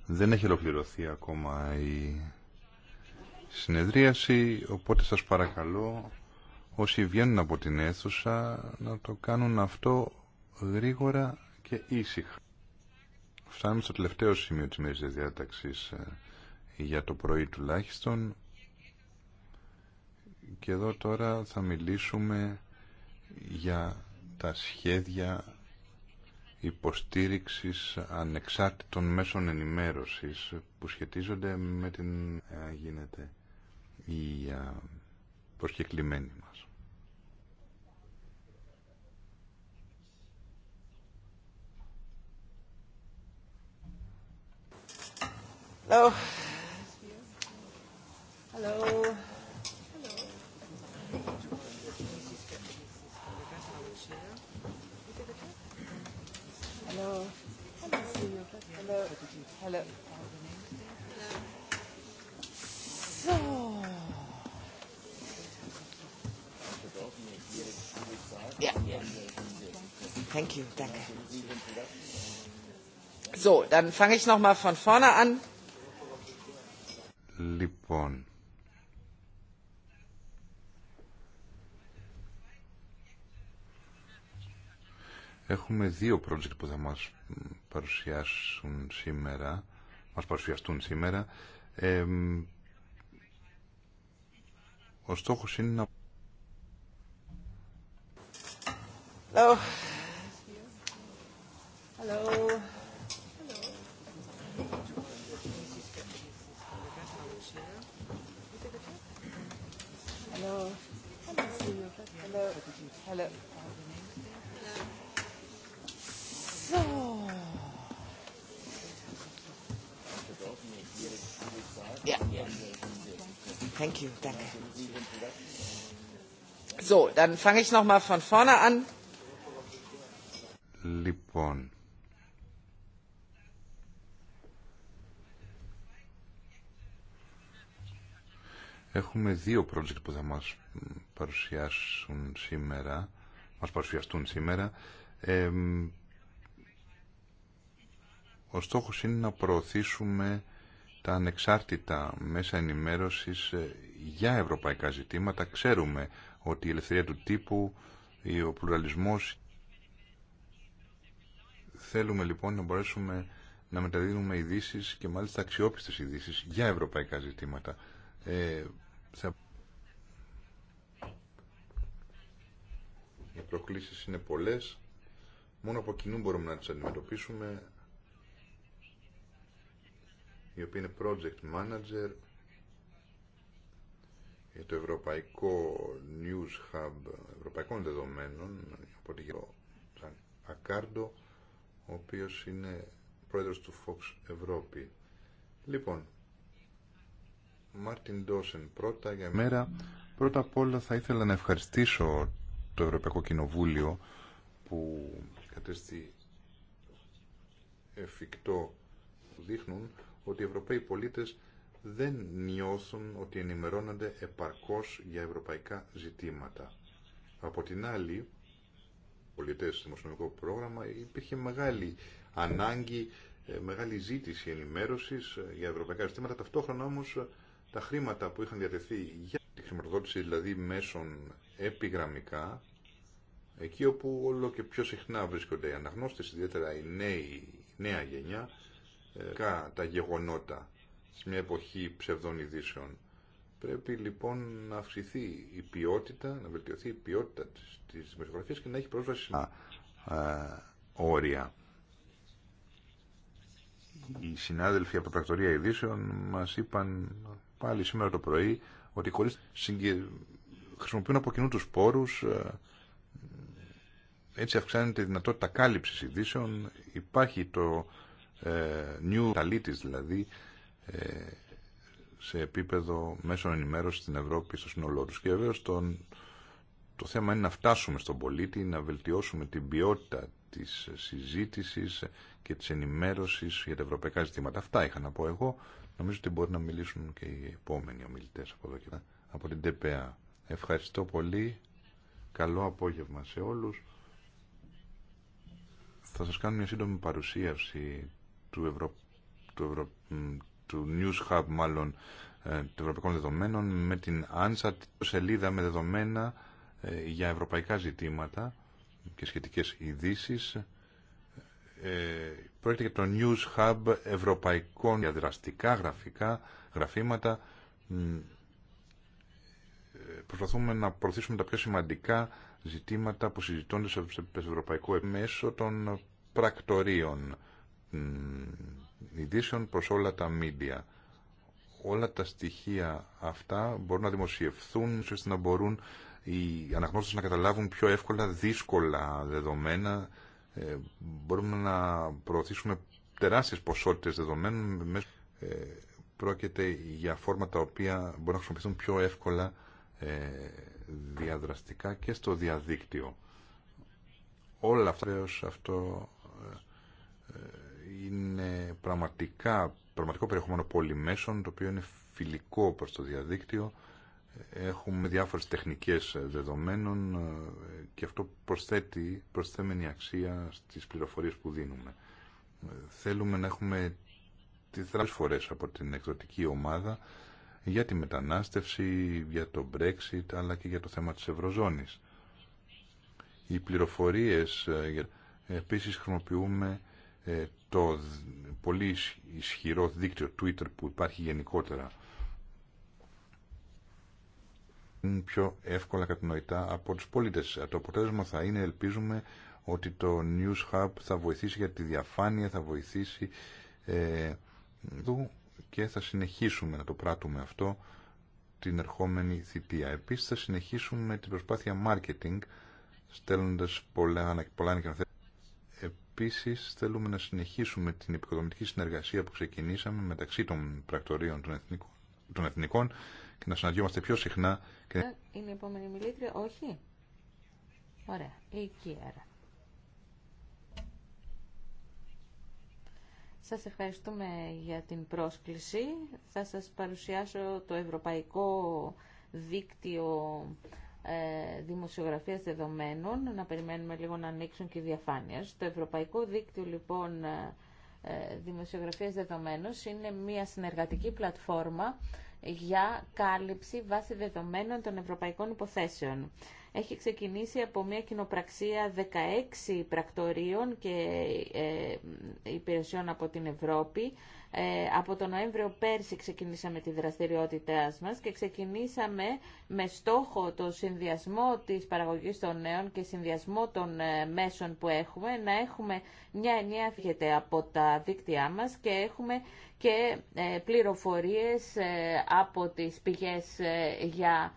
D: Δεν έχει ολοκληρωθεί ακόμα η συνεδρίαση, οπότε σας παρακαλώ όσοι βγαίνουν από την αίθουσα να το κάνουν αυτό γρήγορα και ήσυχα. Φτάνουμε στο τελευταίο σημείο της μέρης διάταξης ε, για το πρωί τουλάχιστον και εδώ τώρα θα μιλήσουμε για τα σχέδια υποστήριξης ανεξάρτητων μέσων ενημέρωσης που σχετίζονται με την ε, γίνεται η ε, προσκεκλημένη μας.
B: Hello. Hello.
C: Hello. Hello. Hello.
B: So. Ja. Thank you. Danke.
A: So, dann fange ich
D: noch mal von vorne an. Λοιπόν, Έχουμε δύο project που θα μας παρουσιάσουν σήμερα, μας παρουσιαστούν σήμερα. Ε, ο στόχος είναι να... Λοιπόν. Έχουμε δύο project που θα μας παρουσιάσουν σήμερα, μας παρουσιαστούν σήμερα. Ε, ο στόχος είναι να προωθήσουμε τα ανεξάρτητα μέσα ενημέρωσης ε, για ευρωπαϊκά ζητήματα. Ξέρουμε ότι η ελευθερία του τύπου, ο πλουραλισμός... Θέλουμε λοιπόν να μπορέσουμε να μεταδίδουμε ειδήσει και μάλιστα αξιόπιστες ειδήσει για ευρωπαϊκά ζητήματα. Ε, θα... Οι προκλήσεις είναι πολλές. Μόνο από κοινού μπορούμε να τις αντιμετωπίσουμε. Η οποία είναι project manager, για το Ευρωπαϊκό News Hub Ευρωπαϊκών Δεδομένων από την Ακάρντο ο οποίος είναι πρόεδρος του Fox Ευρώπη. Λοιπόν, Μάρτιν Ντόσεν πρώτα για μέρα. Πρώτα απ' όλα θα ήθελα να ευχαριστήσω το Ευρωπαϊκό Κοινοβούλιο που κατέστη εφικτό δείχνουν ότι οι Ευρωπαίοι πολίτες δεν νιώθουν ότι ενημερώνονται επαρκώς για ευρωπαϊκά ζητήματα. Από την άλλη, πολιτές στο δημοσιονομικό πρόγραμμα υπήρχε μεγάλη ανάγκη, ε, μεγάλη ζήτηση ενημέρωσης ε, για ευρωπαϊκά ζητήματα. Ταυτόχρονα όμως ε, τα χρήματα που είχαν διατεθεί για τη χρηματοδότηση δηλαδή μέσων επιγραμμικά, εκεί όπου όλο και πιο συχνά βρίσκονται οι αναγνώστες, ιδιαίτερα η νέα γενιά, τα γεγονότα σε μια εποχή ψευδών ειδήσεων. Πρέπει λοιπόν να αυξηθεί η ποιότητα, να βελτιωθεί η ποιότητα της, δημοσιογραφία και να έχει πρόσβαση σε όρια. Οι συνάδελφοι από τα πρακτορία ειδήσεων μας είπαν πάλι σήμερα το πρωί ότι χρησιμοποιούν από κοινού τους πόρους έτσι αυξάνεται η δυνατότητα κάλυψης ειδήσεων υπάρχει το ε, new δηλαδή ε, σε επίπεδο μέσων ενημέρωση στην Ευρώπη στο σύνολό του. Και βεβαίω το θέμα είναι να φτάσουμε στον πολίτη, να βελτιώσουμε την ποιότητα της συζήτησης και της ενημέρωσης για τα ευρωπαϊκά ζητήματα. Αυτά είχα να πω εγώ. Νομίζω ότι μπορεί να μιλήσουν και οι επόμενοι ομιλητές από εδώ και από την ΤΠΑ. Ευχαριστώ πολύ. Καλό απόγευμα σε όλους. Θα σας κάνω μια σύντομη παρουσίαση του, Ευρω... του, του News Hub μάλλον ε, των Ευρωπαϊκών Δεδομένων με την ANSA σελίδα με δεδομένα ε, για ευρωπαϊκά ζητήματα και σχετικές ειδήσει. Ε, πρόκειται για το News Hub ευρωπαϊκών δραστικά γραφικά, γραφήματα προσπαθούμε να προωθήσουμε τα πιο σημαντικά ζητήματα που συζητώνται σε ευρωπαϊκό μέσο των πρακτορείων ειδήσεων προς όλα τα μίντια. Όλα τα στοιχεία αυτά μπορούν να δημοσιευθούν, ώστε να μπορούν οι αναγνώστες να καταλάβουν πιο εύκολα δύσκολα δεδομένα. Ε, μπορούμε να προωθήσουμε τεράστιες ποσότητες δεδομένων. Ε, πρόκειται για φόρμα τα οποία μπορούν να χρησιμοποιηθούν πιο εύκολα ε, διαδραστικά και στο διαδίκτυο. Όλα αυτά, αυτό ε, είναι πραγματικά, πραγματικό περιεχόμενο πολυμέσων, το οποίο είναι φιλικό προς το διαδίκτυο. Έχουμε διάφορες τεχνικές δεδομένων ε, και αυτό προσθέτει προσθέμενη αξία στις πληροφορίες που δίνουμε. Θέλουμε να έχουμε τις φορές από την εκδοτική ομάδα για τη μετανάστευση, για το Brexit, αλλά και για το θέμα της Ευρωζώνης. Οι πληροφορίες, ε, επίσης χρησιμοποιούμε ε, το πολύ ισχυρό δίκτυο Twitter που υπάρχει γενικότερα είναι πιο εύκολα κατανοητά από τους πολίτες. Το αποτέλεσμα θα είναι, ελπίζουμε, ότι το News Hub θα βοηθήσει για τη διαφάνεια, θα βοηθήσει ε, και θα συνεχίσουμε να το πράττουμε αυτό την ερχόμενη θητεία. Επίσης θα συνεχίσουμε την προσπάθεια marketing στέλνοντας πολλά, πολλά Επίσης θέλουμε να συνεχίσουμε την υποδομητική συνεργασία που ξεκινήσαμε μεταξύ των πρακτορείων των εθνικών, των εθνικών και να συναντιόμαστε πιο συχνά. Και... Ε,
B: είναι η επόμενη μιλήτρια, όχι. Ωραία, η Κιέρα. Σας ευχαριστούμε για την πρόσκληση. Θα σας παρουσιάσω το Ευρωπαϊκό Δίκτυο ε, δημοσιογραφίας δεδομένων, να περιμένουμε λίγο να ανοίξουν και οι διαφάνειες. Το Ευρωπαϊκό Δίκτυο λοιπόν ε, ε, Δημοσιογραφίας Δεδομένων είναι μια συνεργατική πλατφόρμα για κάλυψη βάση δεδομένων των ευρωπαϊκών υποθέσεων. Έχει ξεκινήσει από μια κοινοπραξία 16 πρακτορείων και υπηρεσιών από την Ευρώπη ε, από τον Νοέμβριο πέρσι ξεκινήσαμε τη δραστηριότητά μας και ξεκινήσαμε με στόχο το συνδυασμό της παραγωγής των νέων και συνδυασμό των ε, μέσων που έχουμε, να έχουμε μια ενιαία φύγεται από τα δίκτυά μας και έχουμε και ε, πληροφορίες από τις πηγές για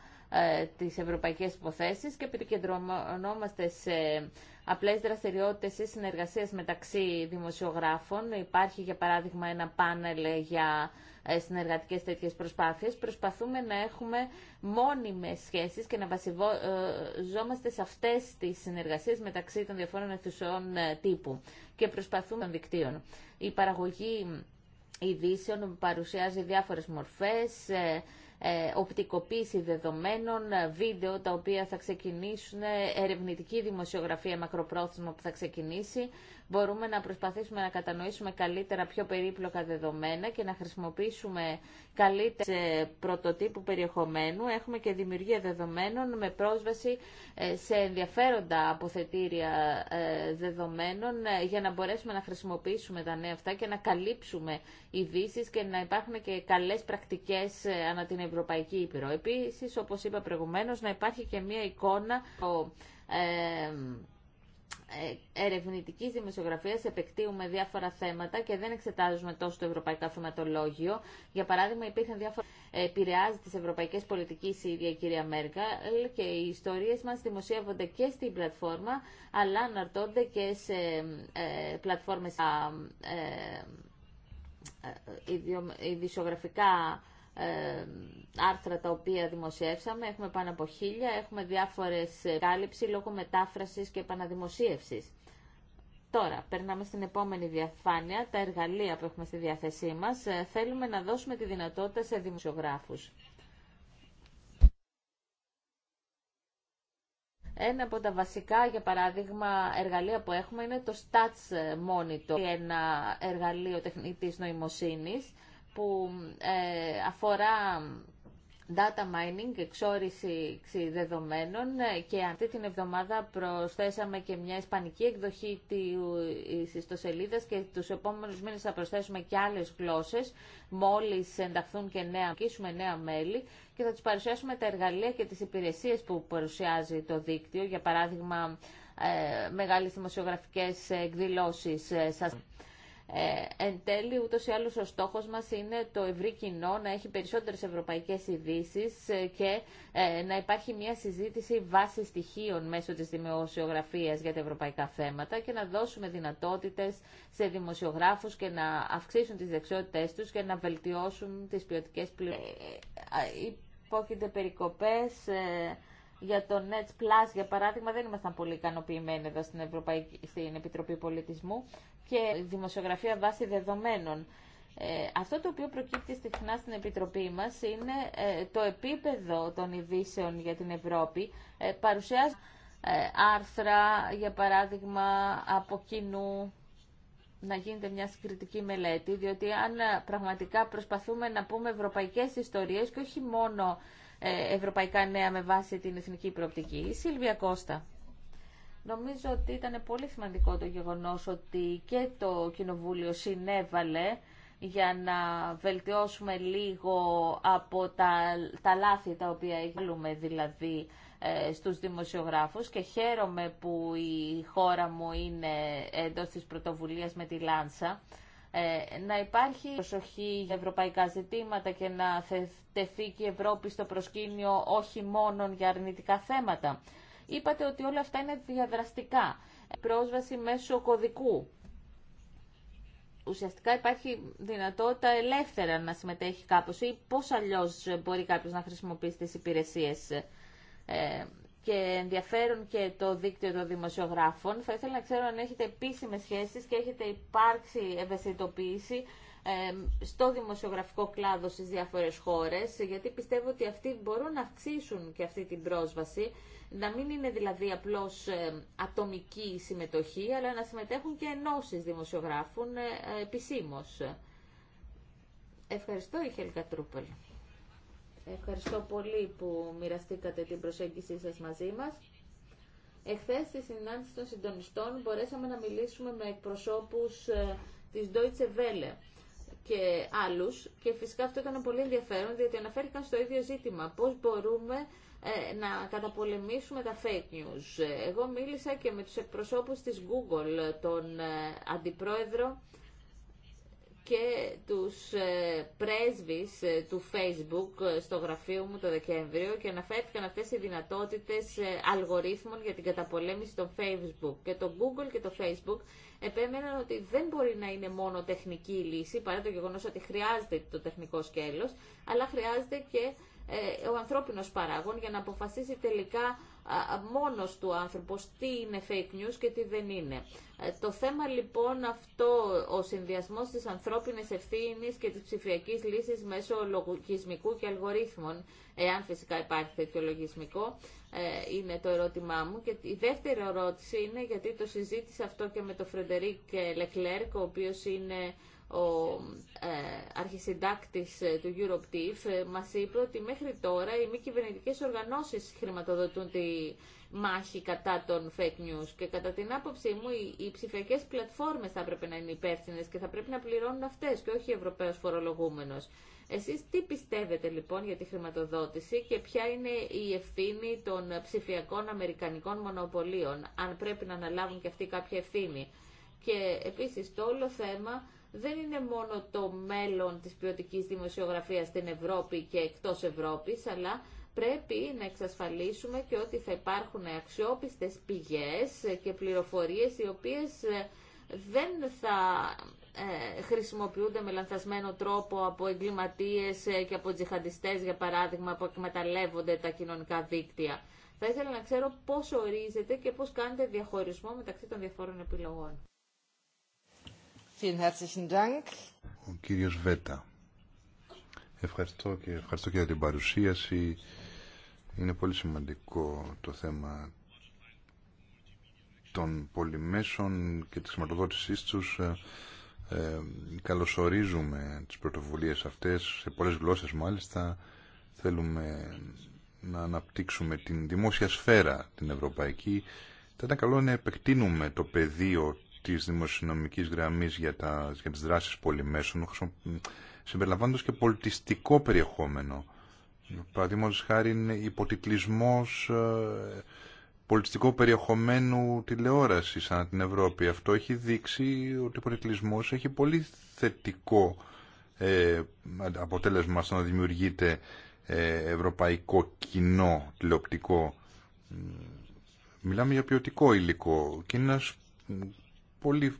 B: τις ευρωπαϊκές υποθέσεις και επικεντρωνόμαστε σε απλές δραστηριότητες ή συνεργασίες μεταξύ δημοσιογράφων. Υπάρχει, για παράδειγμα, ένα πάνελ για ε, συνεργατικές τέτοιες προσπάθειες. Προσπαθούμε να έχουμε μόνιμες σχέσεις και να βασιζόμαστε ε, σε αυτές τις συνεργασίες μεταξύ των διαφόρων αιθουσών ε, τύπου και προσπαθούμε των δικτύων. Η παραγωγή ειδήσεων παρουσιάζει διάφορες μορφές, ε, οπτικοποίηση δεδομένων, βίντεο τα οποία θα ξεκινήσουν, ε, ερευνητική δημοσιογραφία μακροπρόθεσμα που θα ξεκινήσει, μπορούμε να προσπαθήσουμε να κατανοήσουμε καλύτερα πιο περίπλοκα δεδομένα και να χρησιμοποιήσουμε καλύτερα πρωτοτύπου περιεχομένου. Έχουμε και δημιουργία δεδομένων με πρόσβαση ε, σε ενδιαφέροντα αποθετήρια ε, δεδομένων ε, για να μπορέσουμε να χρησιμοποιήσουμε τα νέα αυτά και να καλύψουμε ειδήσει και να υπάρχουν και καλές πρακτικές ανά την Ευρωπαϊκή Ήπειρο. Επίσης, όπως είπα προηγουμένως, να υπάρχει και μία εικόνα ερευνητικής δημοσιογραφίας επεκτείουμε διάφορα θέματα και δεν εξετάζουμε τόσο το ευρωπαϊκό θεματολόγιο. Για παράδειγμα, υπήρχαν διάφορα... Επηρεάζει τις ευρωπαϊκές πολιτικές η ίδια η κυρία Μέρκαλ και οι ιστορίες μας δημοσιεύονται και στην πλατφόρμα, αλλά αναρτώνται και σε πλατφόρμες ε, άρθρα τα οποία δημοσιεύσαμε. Έχουμε πάνω από χίλια, έχουμε διάφορες κάλυψη λόγω μετάφρασης και επαναδημοσίευσης. Τώρα, περνάμε στην επόμενη διαφάνεια, τα εργαλεία που έχουμε στη διάθεσή μας. Ε, θέλουμε να δώσουμε τη δυνατότητα σε δημοσιογράφους. Ένα από τα βασικά, για παράδειγμα, εργαλεία που έχουμε είναι το Stats Monitor, ένα εργαλείο τεχνητής νοημοσύνης, που ε, αφορά data mining, εξόριση δεδομένων ε, και αυτή την εβδομάδα προσθέσαμε και μια ισπανική εκδοχή της ιστοσελίδας και τους επόμενους μήνες θα προσθέσουμε και άλλες γλώσσες μόλις ενταχθούν και νέα, νέα μέλη και θα τους παρουσιάσουμε τα εργαλεία και τις υπηρεσίες που παρουσιάζει το δίκτυο, για παράδειγμα ε, μεγάλες δημοσιογραφικές εκδηλώσεις ε, σας. Ε, εν τέλει, ούτως ή άλλως ο στόχος μας είναι το ευρύ κοινό να έχει περισσότερες ευρωπαϊκές ειδήσει ε, και ε, να υπάρχει μια συζήτηση βάση στοιχείων μέσω της δημοσιογραφίας για τα ευρωπαϊκά θέματα και να δώσουμε δυνατότητες σε δημοσιογράφους και να αυξήσουν τις δεξιότητές τους και να βελτιώσουν τις ποιοτικές πληροφορίες. Ε, περικοπές για το Nets Plus, για παράδειγμα, δεν ήμασταν πολύ ικανοποιημένοι εδώ στην, Ευρωπαϊκή, στην Επιτροπή Πολιτισμού και δημοσιογραφία βάση δεδομένων. Ε, αυτό το οποίο προκύπτει συχνά στην Επιτροπή μας είναι ε, το επίπεδο των ειδήσεων για την Ευρώπη. Ε, ε, άρθρα, για παράδειγμα, από κοινού να γίνεται μια συγκριτική μελέτη, διότι αν πραγματικά προσπαθούμε να πούμε ευρωπαϊκές ιστορίες και όχι μόνο ε, ευρωπαϊκά νέα με βάση την εθνική προοπτική. Σίλβια Κώστα. Νομίζω ότι ήταν πολύ σημαντικό το γεγονός ότι και το Κοινοβούλιο συνέβαλε για να βελτιώσουμε λίγο από τα, τα λάθη τα οποία έχουμε δηλαδή ε, στους δημοσιογράφους και χαίρομαι που η χώρα μου είναι εντός της πρωτοβουλίας με τη Λάνσα ε, να υπάρχει προσοχή για ευρωπαϊκά ζητήματα και να τεθεί και η Ευρώπη στο προσκήνιο όχι μόνο για αρνητικά θέματα. Είπατε ότι όλα αυτά είναι διαδραστικά. Πρόσβαση μέσω κωδικού. Ουσιαστικά υπάρχει δυνατότητα ελεύθερα να συμμετέχει κάπως ή πώς αλλιώς μπορεί κάποιος να χρησιμοποιήσει τις υπηρεσίες. Ε, και ενδιαφέρουν και το δίκτυο των δημοσιογράφων. Θα ήθελα να ξέρω αν έχετε επίσημες σχέσεις και έχετε υπάρξει ευαισθητοποίηση στο δημοσιογραφικό κλάδο στις διάφορες χώρες, γιατί πιστεύω ότι αυτοί μπορούν να αυξήσουν και αυτή την πρόσβαση, να μην είναι δηλαδή απλώς ατομική συμμετοχή, αλλά να συμμετέχουν και ενώσεις δημοσιογράφων ε, ε, επισήμως. Ευχαριστώ, η Χέλκα Ευχαριστώ πολύ που μοιραστήκατε την προσέγγιση σας μαζί μας. Εχθές στη συνάντηση των συντονιστών μπορέσαμε να μιλήσουμε με εκπροσώπους ε, της Deutsche Welle και άλλους και φυσικά αυτό ήταν πολύ ενδιαφέρον διότι αναφέρθηκαν στο ίδιο ζήτημα πώς μπορούμε ε, να καταπολεμήσουμε τα fake news. Εγώ μίλησα και με τους εκπροσώπους της Google, τον ε, αντιπρόεδρο και τους ε, πρέσβεις ε, του Facebook ε, στο γραφείο μου το Δεκέμβριο και αναφέρθηκαν αυτές οι δυνατότητες αλγορίθμων για την καταπολέμηση των Facebook. Και το Google και το Facebook επέμεναν ότι δεν μπορεί να είναι μόνο τεχνική λύση, παρά το γεγονός ότι χρειάζεται το τεχνικό σκέλος, αλλά χρειάζεται και ο ανθρώπινος παράγων για να αποφασίσει τελικά μόνος του άνθρωπος τι είναι fake news και τι δεν είναι. Ε, το θέμα λοιπόν αυτό, ο συνδυασμός της ανθρώπινης ευθύνης και της ψηφιακής λύσης μέσω λογισμικού και αλγορίθμων, εάν φυσικά υπάρχει τέτοιο λογισμικό, ε, είναι το ερώτημά μου. Και η δεύτερη ερώτηση είναι, γιατί το συζήτησα αυτό και με τον Φρεντερίκ Λεκλέρκ, ο οποίος είναι ο ε, αρχισυντάκτης ε, του EuroPTIF ε, μας είπε ότι μέχρι τώρα οι μη κυβερνητικέ οργανώσεις χρηματοδοτούν τη μάχη κατά των fake news και κατά την άποψή μου οι, οι ψηφιακές πλατφόρμες θα πρέπει να είναι υπεύθυνε και θα πρέπει να πληρώνουν αυτές και όχι ο Ευρωπαίος φορολογούμενος. Εσείς τι πιστεύετε λοιπόν για τη χρηματοδότηση και ποια είναι η ευθύνη των ψηφιακών αμερικανικών μονοπωλίων, αν πρέπει να αναλάβουν και αυτοί κάποια ευθύνη. Και επίσης το όλο θέμα δεν είναι μόνο το μέλλον της ποιοτική δημοσιογραφίας στην Ευρώπη και εκτός Ευρώπης, αλλά πρέπει να εξασφαλίσουμε και ότι θα υπάρχουν αξιόπιστες πηγές και πληροφορίες οι οποίες ε, δεν θα ε, χρησιμοποιούνται με λανθασμένο τρόπο από εγκληματίες ε, και από τζιχαντιστές, για παράδειγμα, που εκμεταλλεύονται τα κοινωνικά δίκτυα. Θα ήθελα να ξέρω πώς ορίζετε και πώς κάνετε διαχωρισμό μεταξύ των διαφόρων επιλογών.
A: Ο κύριος
D: Βέτα. Ευχαριστώ και ευχαριστώ και για την παρουσίαση. Είναι πολύ σημαντικό το θέμα των πολυμέσων και της χρηματοδότησής τους. Ε, ε, καλωσορίζουμε τις πρωτοβουλίες αυτές σε πολλές γλώσσες μάλιστα. Θέλουμε να αναπτύξουμε την δημόσια σφαίρα την ευρωπαϊκή. Θα ήταν καλό να επεκτείνουμε το πεδίο Τη δημοσιονομικής γραμμής για, τα, για τις δράσεις πολυμέσων, συμπεριλαμβάνοντας και πολιτιστικό περιεχόμενο. Παραδείγματο χάρη είναι υποτιτλισμός ε, πολιτιστικού περιεχομένου τηλεόρασης ανά την Ευρώπη. Αυτό έχει δείξει ότι ο υποτιτλισμός έχει πολύ θετικό ε, αποτέλεσμα στο να δημιουργείται ε, ευρωπαϊκό κοινό τηλεοπτικό. Μιλάμε για ποιοτικό υλικό και είναι πολύ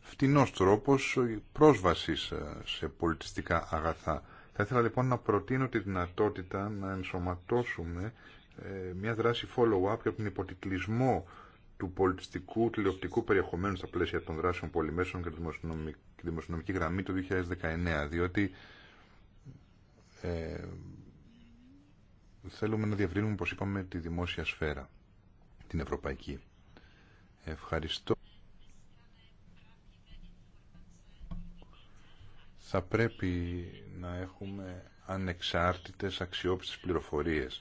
D: φτηνός τρόπος πρόσβασης ε, σε πολιτιστικά αγαθά. Θα ήθελα λοιπόν να προτείνω τη δυνατότητα να ενσωματώσουμε ε, μια δράση follow-up για τον υποτιτλισμό του πολιτιστικού τηλεοπτικού περιεχομένου στα πλαίσια των δράσεων πολυμέσων και τη δημοσιονομική, γραμμή του 2019, διότι ε, θέλουμε να διαβρύνουμε όπως είπαμε, τη δημόσια σφαίρα, την ευρωπαϊκή. Ευχαριστώ. θα πρέπει να έχουμε ανεξάρτητες αξιόπιστες πληροφορίες.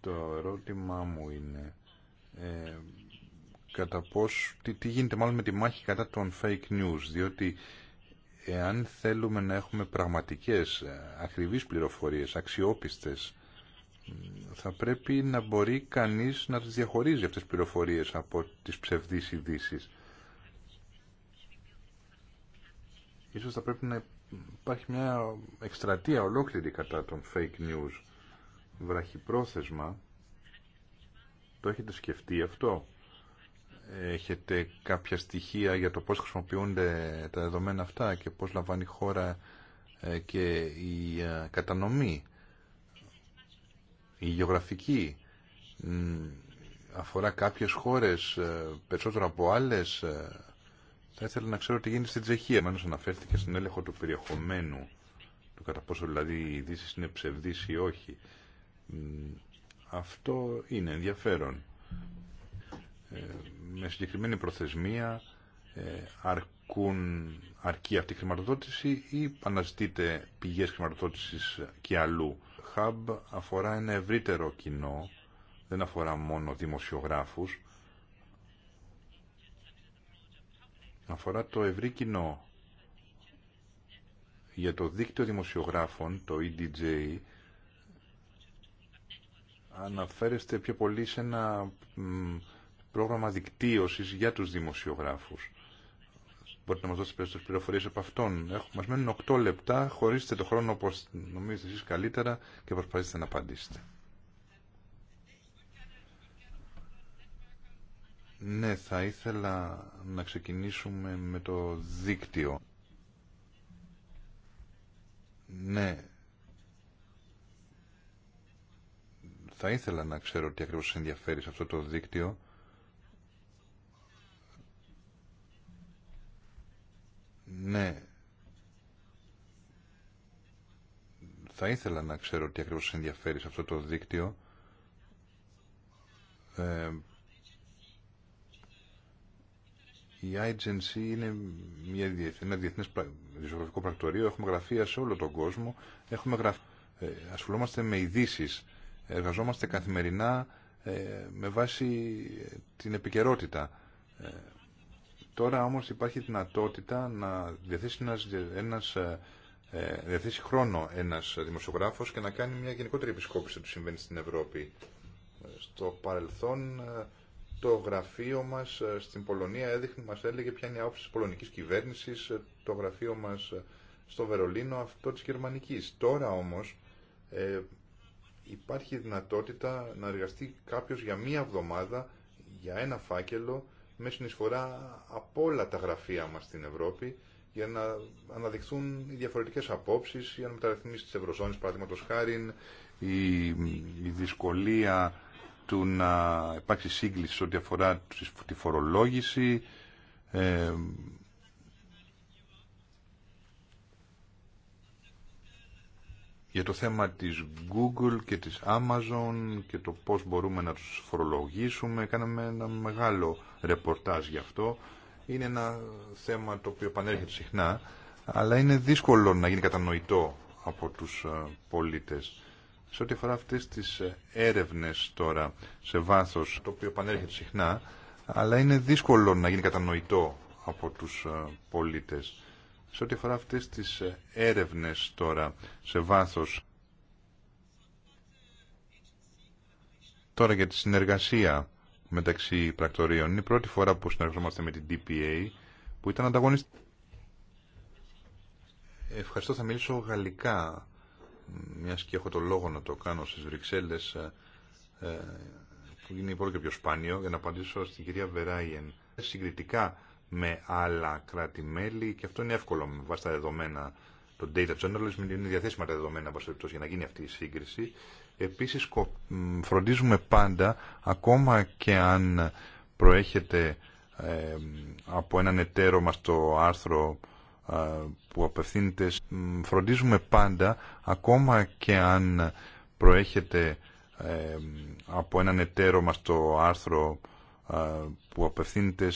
D: Το ερώτημά μου είναι ε, κατά πώς, τι, γίνεται μάλλον με τη μάχη κατά των fake news, διότι εάν θέλουμε να έχουμε πραγματικές, ε, ακριβείς πληροφορίες, αξιόπιστες, θα πρέπει να μπορεί κανείς να τις διαχωρίζει αυτές τις πληροφορίες από τις ψευδείς ειδήσει. Ίσως θα πρέπει να υπάρχει μια εκστρατεία ολόκληρη κατά των fake news. Βραχυπρόθεσμα. Το έχετε σκεφτεί αυτό. Έχετε κάποια στοιχεία για το πώς χρησιμοποιούνται τα δεδομένα αυτά και πώς λαμβάνει η χώρα ε, και η ε, κατανομή, η γεωγραφική. Αφορά κάποιες χώρες ε, περισσότερο από άλλες θα ήθελα να ξέρω τι γίνεται στη Τσεχία. Μάλλον αναφέρθηκε στον έλεγχο του περιεχομένου, του κατά πόσο δηλαδή οι ειδήσει είναι ψευδεί ή όχι. Αυτό είναι ενδιαφέρον. Ε, με συγκεκριμένη προθεσμία ε, αρκούν, αρκεί αυτή η χρηματοδότηση ή αναζητείτε πηγές χρηματοδότησης και αλλού. Hub αφορά ένα ευρύτερο κοινό, δεν αφορά μόνο δημοσιογράφους αφορά το ευρύ κοινό. Για το δίκτυο δημοσιογράφων, το EDJ, αναφέρεστε πιο πολύ σε ένα πρόγραμμα δικτύωσης για τους δημοσιογράφους. Μπορείτε να μας δώσετε περισσότερες πληροφορίες από αυτόν. Έχουμε, μας μένουν 8 λεπτά, χωρίστε το χρόνο όπως νομίζετε εσείς καλύτερα και προσπαθήστε να απαντήσετε. Ναι, θα ήθελα να ξεκινήσουμε με το δίκτυο. Ναι, θα ήθελα να ξέρω τι ακριβώς ενδιαφέρει σε αυτό το δίκτυο. Ναι, θα ήθελα να ξέρω τι ακριβώς ενδιαφέρει σε αυτό το δίκτυο. Ε, Η IGNC είναι μια διεθνή, ένα διεθνές ζωγραφικό πρακτορείο. Έχουμε γραφεία σε όλο τον κόσμο. Έχουμε γραφ... Ε, ασχολούμαστε με ειδήσει. Εργαζόμαστε καθημερινά ε, με βάση ε, την επικαιρότητα. τώρα όμως υπάρχει δυνατότητα να διαθέσει ένας, ένας διαθέσει χρόνο ένας δημοσιογράφος και να κάνει μια γενικότερη επισκόπηση του συμβαίνει στην Ευρώπη. Στο παρελθόν το γραφείο μας ε, στην Πολωνία έδειχνε, μας έλεγε ποια είναι η άποψη πολωνικής κυβέρνησης, ε, το γραφείο μας ε, στο Βερολίνο αυτό της γερμανικής. Τώρα όμως ε, υπάρχει δυνατότητα να εργαστεί κάποιος για μία εβδομάδα, για ένα φάκελο, με συνεισφορά από όλα τα γραφεία μας στην Ευρώπη, για να αναδειχθούν οι διαφορετικές απόψεις, για να μεταρρυθμίσει τη Ευρωζώνης, παραδείγματος χάρη, η δυσκολία του να υπάρξει σύγκληση ό,τι αφορά τη φορολόγηση, ε, για το θέμα της Google και της Amazon και το πώς μπορούμε να τους φορολογήσουμε. Κάναμε ένα μεγάλο ρεπορτάζ γι' αυτό. Είναι ένα θέμα το οποίο πανέρχεται συχνά, αλλά είναι δύσκολο να γίνει κατανοητό από τους ε, πολίτες. Σε ό,τι αφορά αυτέ τι ε, έρευνε τώρα σε βάθο, το οποίο πανέρχεται συχνά, αλλά είναι δύσκολο να γίνει κατανοητό από τους ε, πολίτε. Σε ό,τι αφορά αυτέ τι ε, έρευνες τώρα σε βάθο, τώρα για τη συνεργασία μεταξύ πρακτορείων. Είναι η πρώτη φορά που συνεργαζόμαστε με την DPA, που ήταν ανταγωνιστή. Ευχαριστώ, θα μιλήσω γαλλικά μιας και έχω το λόγο να το κάνω στις Βρυξέλλες ε, ε, που είναι πολύ και πιο σπάνιο για να απαντήσω στην κυρία Βεράιεν συγκριτικά με άλλα κράτη-μέλη και αυτό είναι εύκολο με βάση τα δεδομένα το data journalism είναι διαθέσιμα τα δεδομένα για να γίνει αυτή η σύγκριση επίσης φροντίζουμε πάντα ακόμα και αν προέρχεται ε, από έναν εταίρο μας το άρθρο που απευθύνεται φροντίζουμε πάντα ακόμα και αν προέρχεται ε, από έναν εταίρο μας το άρθρο που απευθύνεται